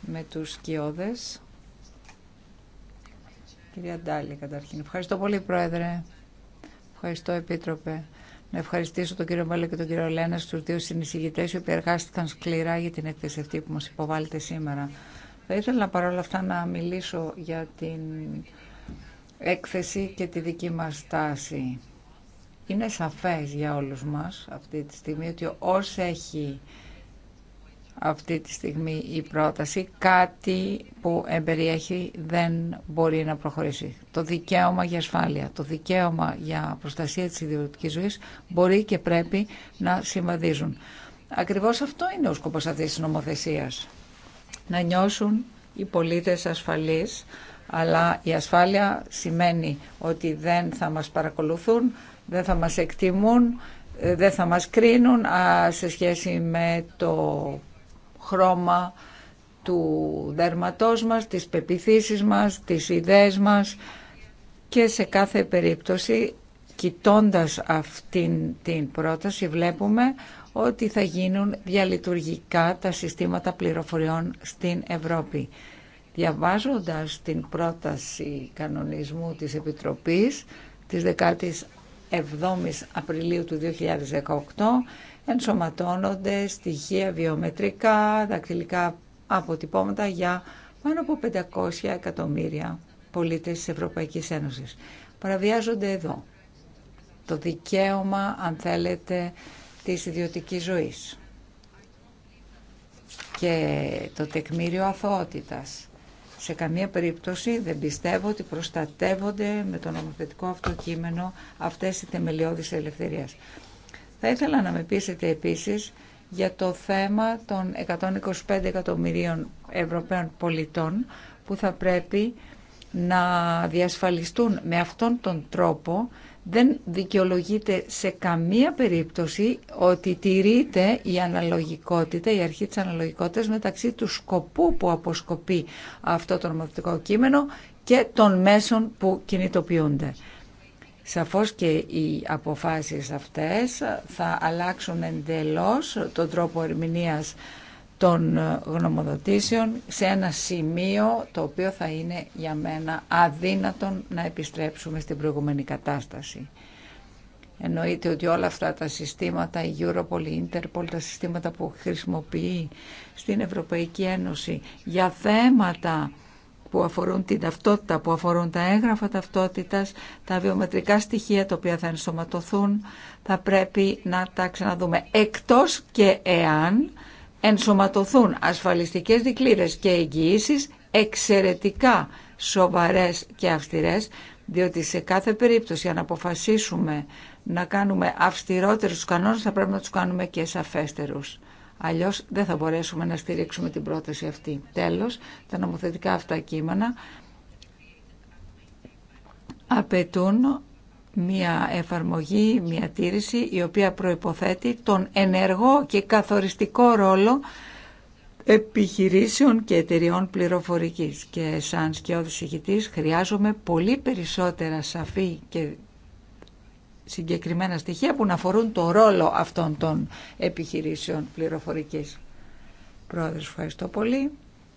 με τους σκιώδες. Κυρία Ντάλη, καταρχήν. Ευχαριστώ πολύ, Πρόεδρε. Ευχαριστώ, Επίτροπε. Να ευχαριστήσω τον κύριο Μπάλε και τον κύριο Λένα, του δύο συνεισηγητέ, οι οποίοι εργάστηκαν σκληρά για την έκθεση που μα υποβάλλεται σήμερα. Θα ήθελα παρόλα αυτά να μιλήσω για την έκθεση και τη δική μας στάση. Είναι σαφές για όλους μας αυτή τη στιγμή ότι όσο έχει αυτή τη στιγμή η πρόταση, κάτι που εμπεριέχει δεν μπορεί να προχωρήσει. Το δικαίωμα για ασφάλεια, το δικαίωμα για προστασία της ιδιωτικής ζωής μπορεί και πρέπει να συμβαδίζουν. Ακριβώς αυτό είναι ο σκοπός αυτής της νομοθεσίας να νιώσουν οι πολίτες ασφαλείς, αλλά η ασφάλεια σημαίνει ότι δεν θα μας παρακολουθούν, δεν θα μας εκτιμούν, ε, δεν θα μας κρίνουν σε σχέση με το χρώμα του δέρματός μας, τις πεπιθήσεις μας, τις ιδέες μας και σε κάθε περίπτωση κοιτώντας αυτήν την πρόταση βλέπουμε ότι θα γίνουν διαλειτουργικά τα συστήματα πληροφοριών στην Ευρώπη. Διαβάζοντας την πρόταση κανονισμού της Επιτροπής της 17ης Απριλίου του 2018 ενσωματώνονται στοιχεία βιομετρικά, δακτυλικά αποτυπώματα για πάνω από 500 εκατομμύρια πολίτες της Ευρωπαϊκής Ένωσης. Παραβιάζονται εδώ το δικαίωμα, αν θέλετε, της ιδιωτικής ζωής και το τεκμήριο αθωότητας. Σε καμία περίπτωση δεν πιστεύω ότι προστατεύονται με το νομοθετικό αυτό κείμενο αυτές οι θεμελιώδεις ελευθερίας. Θα ήθελα να με πείσετε επίσης για το θέμα των 125 εκατομμυρίων Ευρωπαίων πολιτών που θα πρέπει να διασφαλιστούν με αυτόν τον τρόπο δεν δικαιολογείται σε καμία περίπτωση ότι τηρείται η αναλογικότητα, η αρχή της αναλογικότητας μεταξύ του σκοπού που αποσκοπεί αυτό το νομοθετικό κείμενο και των μέσων που κινητοποιούνται. Σαφώς και οι αποφάσεις αυτές θα αλλάξουν εντελώς τον τρόπο ερμηνείας των ε, γνωμοδοτήσεων σε ένα σημείο το οποίο θα είναι για μένα αδύνατον να επιστρέψουμε στην προηγούμενη κατάσταση. Εννοείται ότι όλα αυτά τα συστήματα, η Europol, η Interpol, τα συστήματα που χρησιμοποιεί στην Ευρωπαϊκή Ένωση για θέματα που αφορούν την ταυτότητα, που αφορούν τα έγγραφα ταυτότητας, τα βιομετρικά στοιχεία τα οποία θα ενσωματωθούν, θα πρέπει να τα ξαναδούμε. Εκτός και εάν ενσωματωθούν ασφαλιστικές δικλείδες και εγγυήσεις εξαιρετικά σοβαρές και αυστηρές, διότι σε κάθε περίπτωση αν αποφασίσουμε να κάνουμε αυστηρότερους τους κανόνες θα πρέπει να τους κάνουμε και σαφέστερους. Αλλιώς δεν θα μπορέσουμε να στηρίξουμε την πρόταση αυτή. Τέλος, τα νομοθετικά αυτά κείμενα απαιτούν μια εφαρμογή, μια τήρηση η οποία προϋποθέτει τον ενεργό και καθοριστικό ρόλο επιχειρήσεων και εταιριών πληροφορικής. Και σαν σκιώδης ηγητής χρειάζομαι πολύ περισσότερα σαφή και συγκεκριμένα στοιχεία που να αφορούν το ρόλο αυτών των επιχειρήσεων πληροφορικής. Πρόεδρος, ευχαριστώ πολύ.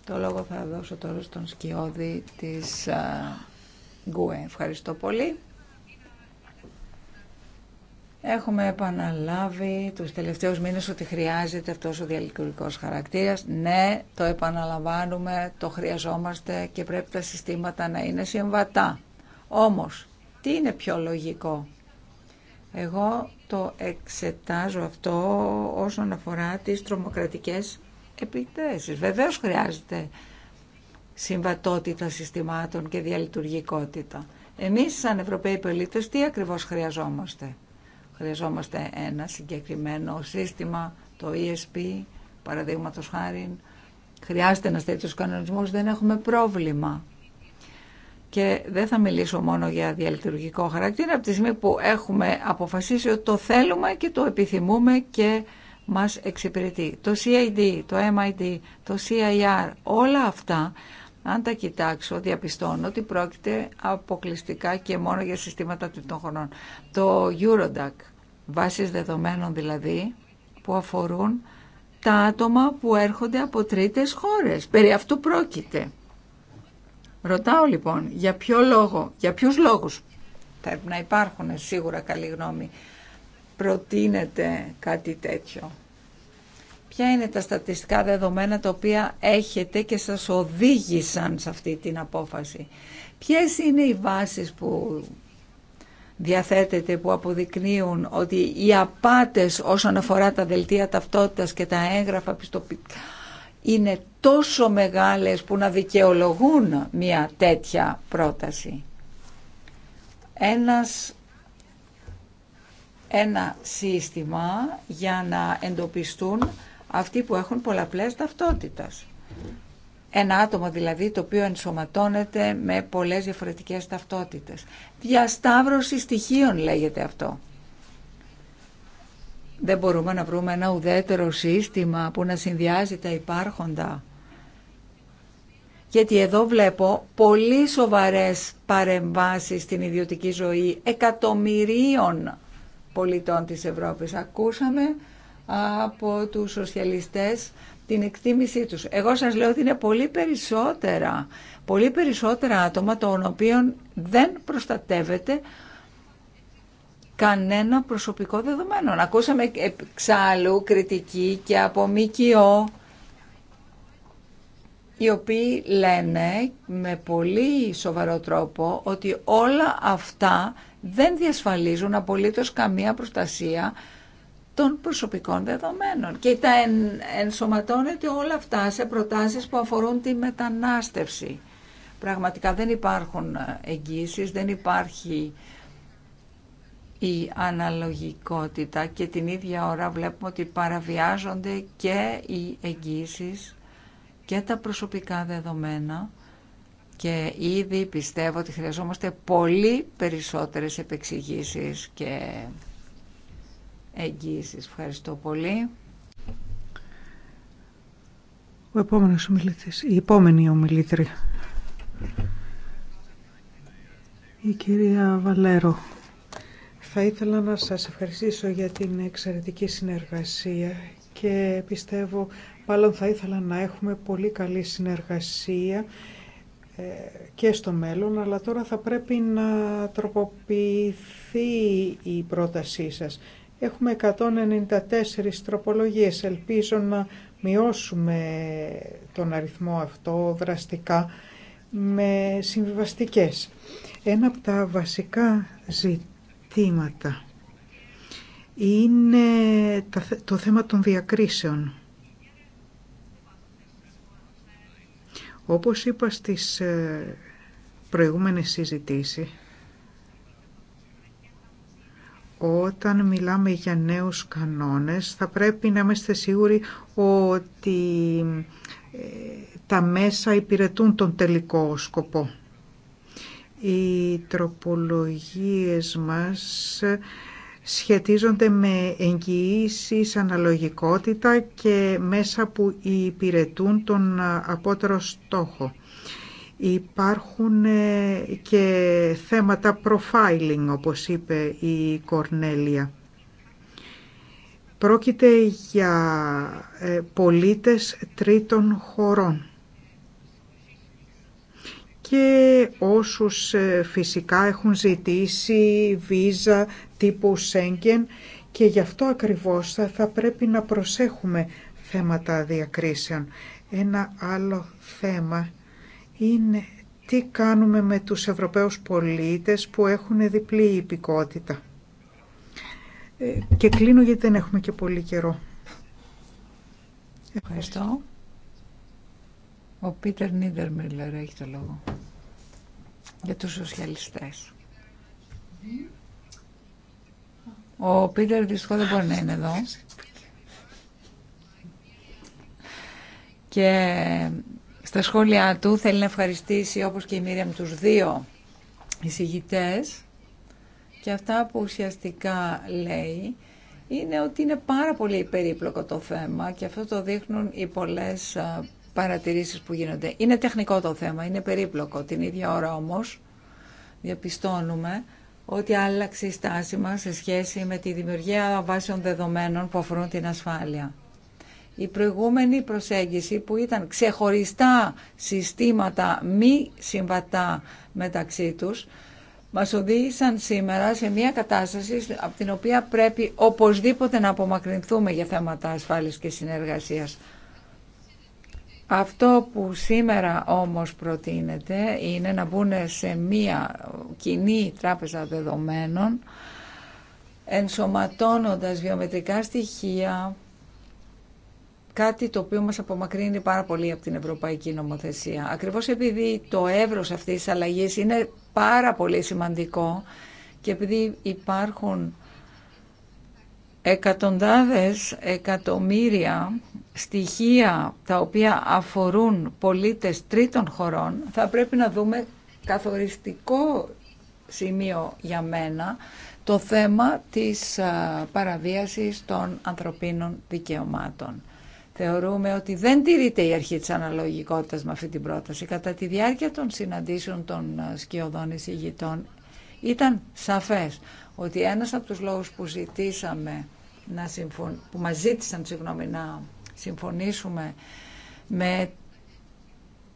Το λόγο θα δώσω τώρα στον σκιώδη της Γκουέ. Ευχαριστώ πολύ. Έχουμε επαναλάβει τους τελευταίους μήνες ότι χρειάζεται αυτός ο διαλειτουργικός χαρακτήρας. Ναι, το επαναλαμβάνουμε, το χρειαζόμαστε και πρέπει τα συστήματα να είναι συμβατά. Όμως, τι είναι πιο λογικό. Εγώ το εξετάζω αυτό όσον αφορά τις τρομοκρατικές επιθέσεις. Βεβαίως χρειάζεται συμβατότητα συστημάτων και διαλειτουργικότητα. Εμείς σαν Ευρωπαίοι πολίτες τι ακριβώς χρειαζόμαστε. Χρειαζόμαστε ένα συγκεκριμένο σύστημα, το ESP, παραδείγματο χάρη. Χρειάζεται ένα τέτοιο κανονισμό, δεν έχουμε πρόβλημα. Και δεν θα μιλήσω μόνο για διαλειτουργικό χαρακτήρα, από τη στιγμή που έχουμε αποφασίσει ότι το θέλουμε και το επιθυμούμε και μας εξυπηρετεί. Το CID, το MID, το CIR, όλα αυτά, αν τα κοιτάξω, διαπιστώνω ότι πρόκειται αποκλειστικά και μόνο για συστήματα τριτών χρονών. Το Eurodac, Βάσεις δεδομένων δηλαδή που αφορούν τα άτομα που έρχονται από τρίτες χώρες. Περί αυτού πρόκειται. Ρωτάω λοιπόν για ποιο λόγο, για ποιους λόγους θα να υπάρχουν σίγουρα καλή γνώμη προτείνεται κάτι τέτοιο. Ποια είναι τα στατιστικά δεδομένα τα οποία έχετε και σας οδήγησαν σε αυτή την απόφαση. Ποιες είναι οι βάσεις που διαθέτεται που αποδεικνύουν ότι οι απάτες όσον αφορά τα δελτία ταυτότητας και τα έγγραφα πιστοποιητικά είναι τόσο μεγάλες που να δικαιολογούν μια τέτοια πρόταση. Ένας, ένα σύστημα για να εντοπιστούν αυτοί που έχουν πολλαπλές ταυτότητας. Ένα άτομο δηλαδή το οποίο ενσωματώνεται με πολλές διαφορετικές ταυτότητες. Διασταύρωση στοιχείων λέγεται αυτό. Δεν μπορούμε να βρούμε ένα ουδέτερο σύστημα που να συνδυάζει τα υπάρχοντα. Γιατί εδώ βλέπω πολύ σοβαρές παρεμβάσεις στην ιδιωτική ζωή εκατομμυρίων πολιτών της Ευρώπης. Ακούσαμε από τους σοσιαλιστές την εκτίμησή τους. Εγώ σας λέω ότι είναι πολύ περισσότερα, πολύ περισσότερα άτομα των οποίων δεν προστατεύεται κανένα προσωπικό δεδομένο. Ακούσαμε εξάλλου κριτική και από ΜΚΟ οι οποίοι λένε με πολύ σοβαρό τρόπο ότι όλα αυτά δεν διασφαλίζουν απολύτως καμία προστασία των προσωπικών δεδομένων και τα εν, ενσωματώνεται όλα αυτά σε προτάσεις που αφορούν τη μετανάστευση. Πραγματικά δεν υπάρχουν ε, εγγύσεις, δεν υπάρχει η αναλογικότητα και την ίδια ώρα βλέπουμε ότι παραβιάζονται και οι εγγύσεις και τα προσωπικά δεδομένα και ήδη πιστεύω ότι χρειαζόμαστε πολύ περισσότερες επεξηγήσεις και εγγύησης. Ευχαριστώ πολύ. Ο επόμενος ομιλητής, η επόμενη ομιλήτρια. Η κυρία Βαλέρο. Θα ήθελα να σας ευχαριστήσω για την εξαιρετική συνεργασία και πιστεύω μάλλον θα ήθελα να έχουμε πολύ καλή συνεργασία ε, και στο μέλλον, αλλά τώρα θα πρέπει να τροποποιηθεί η πρότασή σας Έχουμε 194 τροπολογίες. Ελπίζω να μειώσουμε τον αριθμό αυτό δραστικά με συμβιβαστικές. Ένα από τα βασικά ζητήματα είναι το θέμα των διακρίσεων. Όπως είπα στις ε, προηγούμενες συζητήσεις, όταν μιλάμε για νέους κανόνες θα πρέπει να είμαστε σίγουροι ότι ε, τα μέσα υπηρετούν τον τελικό σκοπό. Οι τροπολογίες μας σχετίζονται με εγγυήσει, αναλογικότητα και μέσα που υπηρετούν τον ε, απότερο στόχο. Υπάρχουν ε, και θέματα profiling, όπως είπε η Κορνέλια. Πρόκειται για ε, πολίτες τρίτων χωρών και όσους ε, φυσικά έχουν ζητήσει βίζα τύπου Σέγγεν και γι' αυτό ακριβώς θα πρέπει να προσέχουμε θέματα διακρίσεων. Ένα άλλο θέμα είναι τι κάνουμε με τους Ευρωπαίους πολίτες που έχουν διπλή υπηκότητα. Ε, και κλείνω γιατί δεν έχουμε και πολύ καιρό. Ευχαριστώ. Ο Πίτερ Νίτερμιλ έχει το λόγο. Για τους σοσιαλιστές. Ο Πίτερ δυστυχώς δεν μπορεί να είναι εδώ. Και στα σχόλιά του θέλει να ευχαριστήσει όπως και η Μίρια τους δύο εισηγητές και αυτά που ουσιαστικά λέει είναι ότι είναι πάρα πολύ περίπλοκο το θέμα και αυτό το δείχνουν οι πολλές παρατηρήσεις που γίνονται. Είναι τεχνικό το θέμα, είναι περίπλοκο. Την ίδια ώρα όμως διαπιστώνουμε ότι άλλαξε η στάση μας σε σχέση με τη δημιουργία βάσεων δεδομένων που αφορούν την ασφάλεια. Η προηγούμενη προσέγγιση που ήταν ξεχωριστά συστήματα μη συμβατά μεταξύ τους μας οδήγησαν σήμερα σε μια κατάσταση από την οποία πρέπει οπωσδήποτε να απομακρυνθούμε για θέματα ασφάλειας και συνεργασίας. Αυτό που σήμερα όμως προτείνεται είναι να μπουν σε μία κοινή τράπεζα δεδομένων ενσωματώνοντας βιομετρικά στοιχεία κάτι το οποίο μας απομακρύνει πάρα πολύ από την ευρωπαϊκή νομοθεσία. Ακριβώς επειδή το εύρος αυτής της αλλαγής είναι πάρα πολύ σημαντικό και επειδή υπάρχουν εκατοντάδες εκατομμύρια στοιχεία τα οποία αφορούν πολίτες τρίτων χωρών, θα πρέπει να δούμε καθοριστικό σημείο για μένα το θέμα της παραβίασης των ανθρωπίνων δικαιωμάτων. Θεωρούμε ότι δεν τηρείται η αρχή της αναλογικότητας με αυτή την πρόταση. Κατά τη διάρκεια των συναντήσεων των ε, σκιωδών εισηγητών ήταν σαφές ότι ένας από τους λόγους που ζητήσαμε να που μας ζήτησαν να συμφωνήσουμε με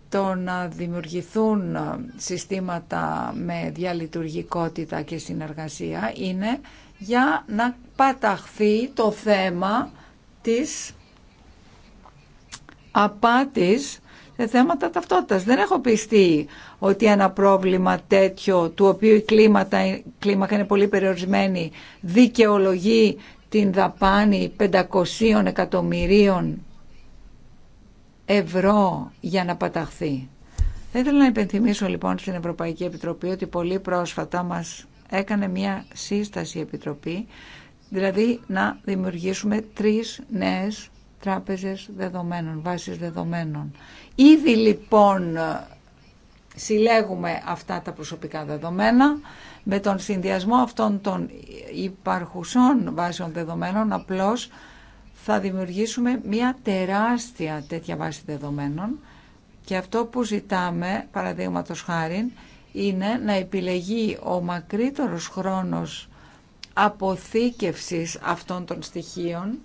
το να δημιουργηθούν ε, συστήματα με διαλειτουργικότητα και συνεργασία είναι για να παταχθεί το θέμα της απάτης σε θέματα ταυτότητας. Δεν έχω πιστεί ότι ένα πρόβλημα τέτοιο, του οποίου η, κλίματα, κλίμακα είναι πολύ περιορισμένη, δικαιολογεί την δαπάνη 500 εκατομμυρίων ευρώ για να παταχθεί. Θα ήθελα να υπενθυμίσω λοιπόν στην Ευρωπαϊκή Επιτροπή ότι πολύ πρόσφατα μας έκανε μια σύσταση η Επιτροπή, δηλαδή να δημιουργήσουμε τρεις νέες τράπεζες δεδομένων, βάσεις δεδομένων. Ήδη λοιπόν συλλέγουμε αυτά τα προσωπικά δεδομένα με τον συνδυασμό αυτών των υπαρχουσών βάσεων δεδομένων απλώς θα δημιουργήσουμε μια τεράστια τέτοια βάση δεδομένων και αυτό που ζητάμε παραδείγματο χάρη είναι να επιλεγεί ο μακρύτερος χρόνος αποθήκευσης αυτών των στοιχείων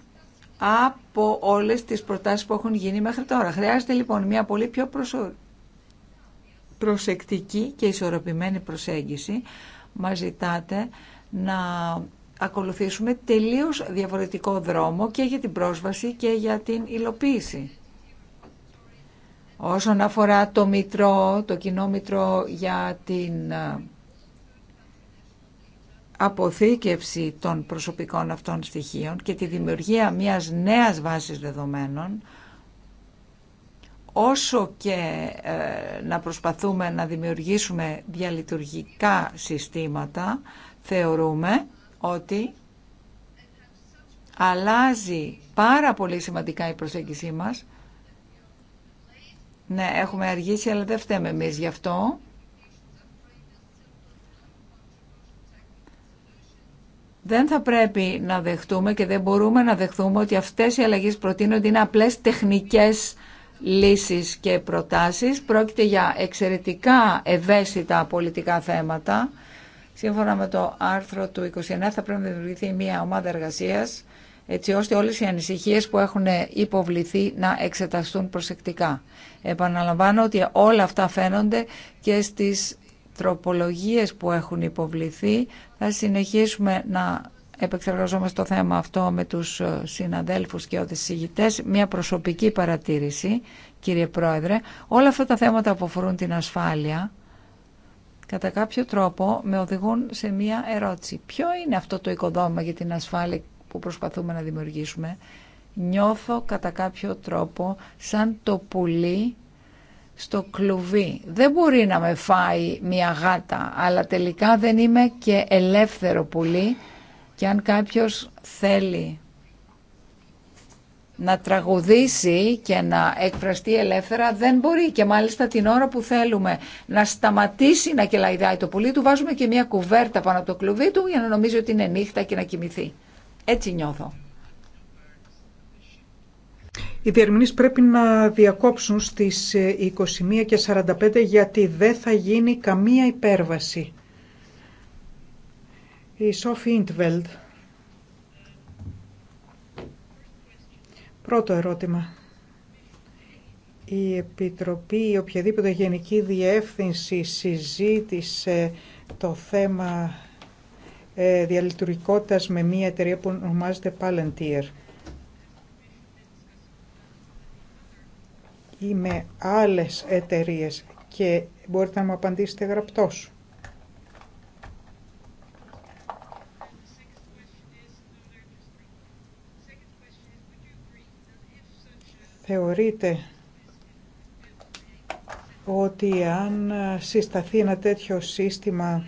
από όλες τις προτάσεις που έχουν γίνει μέχρι τώρα. Χρειάζεται λοιπόν μια πολύ πιο προσεκτική και ισορροπημένη προσέγγιση. Μα ζητάτε να ακολουθήσουμε τελείως διαφορετικό δρόμο και για την πρόσβαση και για την υλοποίηση. Όσον αφορά το μητρό, το κοινό μητρό για την αποθήκευση των προσωπικών αυτών στοιχείων και τη δημιουργία μιας νέας βάσης δεδομένων, όσο και ε, να προσπαθούμε να δημιουργήσουμε διαλειτουργικά συστήματα, θεωρούμε ότι αλλάζει πάρα πολύ σημαντικά η προσέγγιση μας. Ναι, έχουμε αργήσει, αλλά δεν φταίμε εμείς γι' αυτό. Δεν θα πρέπει να δεχτούμε και δεν μπορούμε να δεχθούμε ότι αυτές οι αλλαγές προτείνονται είναι απλές τεχνικές λύσεις και προτάσεις. Πρόκειται για εξαιρετικά ευαίσθητα πολιτικά θέματα. Σύμφωνα με το άρθρο του 29 θα πρέπει να δημιουργηθεί μια ομάδα εργασίας έτσι ώστε όλες οι ανησυχίες που έχουν υποβληθεί να εξεταστούν προσεκτικά. Επαναλαμβάνω ότι όλα αυτά φαίνονται και στις τροπολογίες που έχουν υποβληθεί. Θα συνεχίσουμε να επεξεργαζόμαστε το θέμα αυτό με τους ε, συναδέλφους και οδησηγητές. Μια προσωπική παρατήρηση, κύριε Πρόεδρε. Όλα αυτά τα θέματα που αφορούν την ασφάλεια, κατά κάποιο τρόπο με οδηγούν σε μια ερώτηση. Ποιο είναι αυτό το οικοδόμημα για την ασφάλεια που προσπαθούμε να δημιουργήσουμε. Νιώθω κατά κάποιο τρόπο σαν το πουλί στο κλουβί. Δεν μπορεί να με φάει μια γάτα, αλλά τελικά δεν είμαι και ελεύθερο πουλί και αν κάποιος θέλει να τραγουδήσει και να εκφραστεί ελεύθερα δεν μπορεί και μάλιστα την ώρα που θέλουμε να σταματήσει να κελαϊδάει το πουλί του βάζουμε και μια κουβέρτα πάνω από το κλουβί του για να νομίζει ότι είναι νύχτα και να κοιμηθεί. Έτσι νιώθω. Οι διερμηνείς πρέπει να διακόψουν στις 21 ε, και 45 γιατί δεν θα γίνει καμία υπέρβαση. Η Σόφι Ιντβελτ. Πρώτο ερώτημα. Η Επιτροπή ή οποιαδήποτε γενική διεύθυνση συζήτησε το θέμα ε, διαλειτουργικότητας με μια εταιρεία που ονομάζεται Palantir. ή με άλλες εταιρείες και μπορείτε να μου απαντήσετε γραπτός. Θεωρείτε ότι αν συσταθεί ένα τέτοιο σύστημα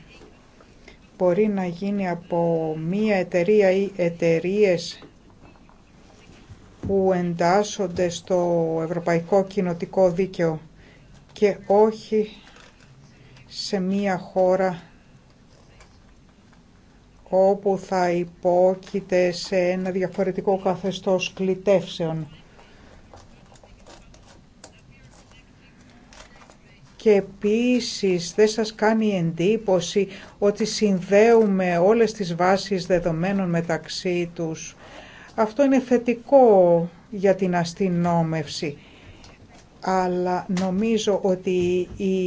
μπορεί να γίνει από μία εταιρεία ή εταιρείες που εντάσσονται στο ευρωπαϊκό κοινοτικό δίκαιο και όχι σε μία χώρα όπου θα υπόκειται σε ένα διαφορετικό καθεστώς κλητεύσεων. Και επίσης δεν σας κάνει εντύπωση ότι συνδέουμε όλες τις βάσεις δεδομένων μεταξύ τους αυτό είναι θετικό για την αστυνόμευση, αλλά νομίζω ότι η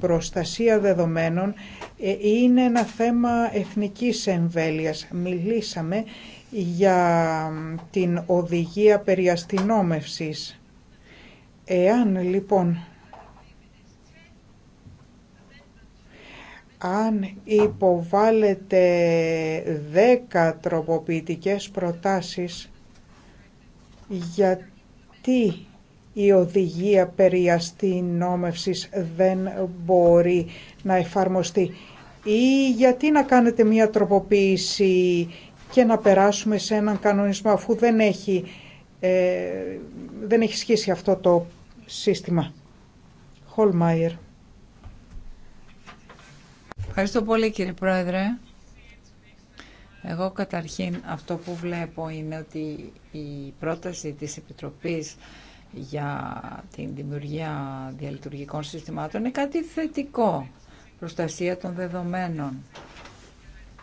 προστασία δεδομένων ε, είναι ένα θέμα εθνικής εμβέλειας. Μιλήσαμε για την οδηγία περί αστυνόμευσης. Εάν λοιπόν αν υποβάλλετε 10 τροποποιητικές προτάσεις γιατί η οδηγία περί αστυνόμευσης δεν μπορεί να εφαρμοστεί ή γιατί να κάνετε μία τροποποίηση και να περάσουμε σε έναν κανονισμό αφού δεν έχει, ε, δεν έχει σχίσει αυτό το σύστημα. Χολμάιερ. Ευχαριστώ πολύ κύριε Πρόεδρε. Εγώ καταρχήν αυτό που βλέπω είναι ότι η πρόταση της Επιτροπής για την δημιουργία διαλειτουργικών συστημάτων είναι κάτι θετικό. Προστασία των δεδομένων.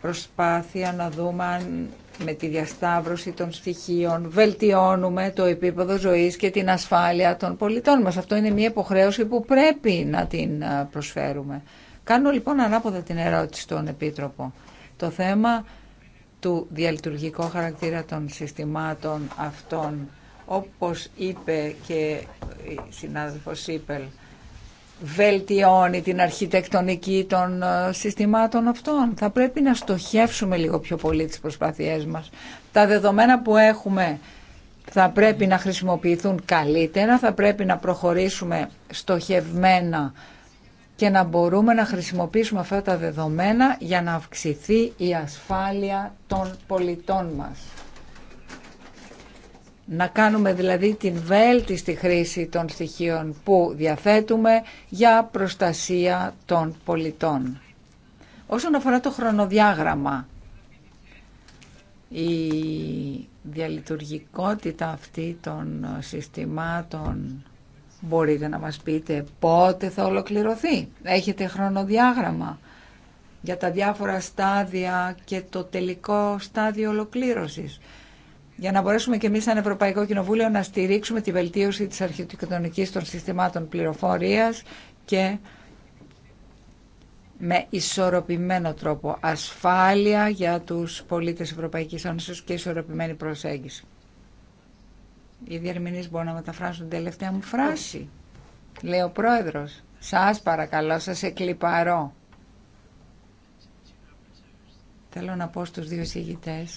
Προσπάθεια να δούμε αν με τη διασταύρωση των στοιχείων βελτιώνουμε το επίπεδο ζωής και την ασφάλεια των πολιτών μας. Αυτό είναι μια υποχρέωση που πρέπει να την ε, προσφέρουμε. Κάνω λοιπόν ανάποδα την ερώτηση στον Επίτροπο. Το θέμα του διαλειτουργικού χαρακτήρα των συστημάτων αυτών, όπως είπε και η συνάδελφος Σίπελ, βελτιώνει την αρχιτεκτονική των ε, συστημάτων αυτών. Θα πρέπει να στοχεύσουμε λίγο πιο πολύ τις προσπάθειές μας. Τα δεδομένα που έχουμε θα πρέπει να χρησιμοποιηθούν καλύτερα, θα πρέπει να προχωρήσουμε στοχευμένα και να μπορούμε να χρησιμοποιήσουμε αυτά τα δεδομένα για να αυξηθεί η ασφάλεια των πολιτών μας. Να κάνουμε δηλαδή την βέλτιστη χρήση των στοιχείων που διαθέτουμε για προστασία των πολιτών. Όσον αφορά το χρονοδιάγραμμα, η διαλειτουργικότητα αυτή των συστημάτων Μπορείτε να μας πείτε πότε θα ολοκληρωθεί. Έχετε χρονοδιάγραμμα για τα διάφορα στάδια και το τελικό στάδιο ολοκλήρωσης. Για να μπορέσουμε και εμείς σαν Ευρωπαϊκό Κοινοβούλιο να στηρίξουμε τη βελτίωση της αρχιτεκτονικής των συστημάτων πληροφορίας και με ισορροπημένο τρόπο ασφάλεια για τους πολίτες Ευρωπαϊκής Ένωσης και ισορροπημένη προσέγγιση. Οι διερμηνείς μπορούν να μεταφράσουν την τελευταία μου φράση. Λέει ο πρόεδρος. Σας παρακαλώ, σας εκλυπαρώ. Θέλω να πω στους δύο εισηγητέ,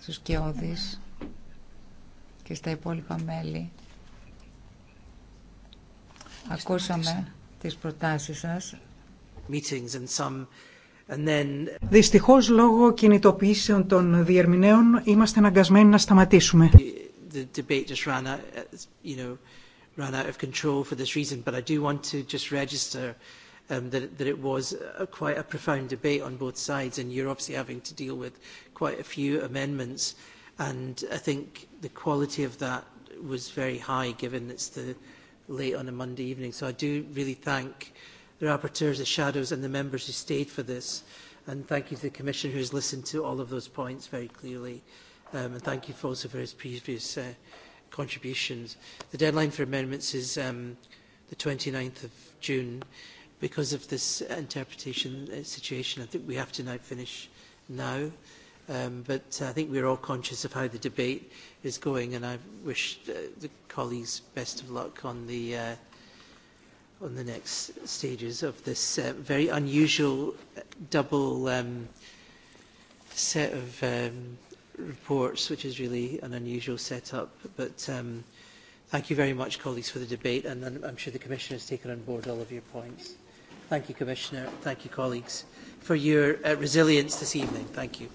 στους Κιώδης και στα υπόλοιπα μέλη. Ακούσαμε τις προτάσεις σας. Δυστυχώς λόγω κινητοποιήσεων των διερμηνέων είμαστε αναγκασμένοι να σταματήσουμε. Um, that, that it was a, quite a profound debate on both sides, and you're obviously having to deal with quite a few amendments. And I think the quality of that was very high, given it's the late on a Monday evening. So I do really thank the rapporteurs, the shadows and the members who stayed for this. And thank you to the Commission who has listened to all of those points very clearly. Um, and thank you also for his previous uh, contributions. The deadline for amendments is um, the 29th of June. Because of this interpretation situation, I think we have to now finish now. Um, but I think we're all conscious of how the debate is going, and I wish the colleagues best of luck on the uh on the next stages of this very unusual double set of reports, which is really an unusual setup. But thank you very much, colleagues, for the debate, and I'm sure the Commissioner has taken on board all of your points. Thank you, Commissioner. Thank you, colleagues, for your resilience this evening. Thank you.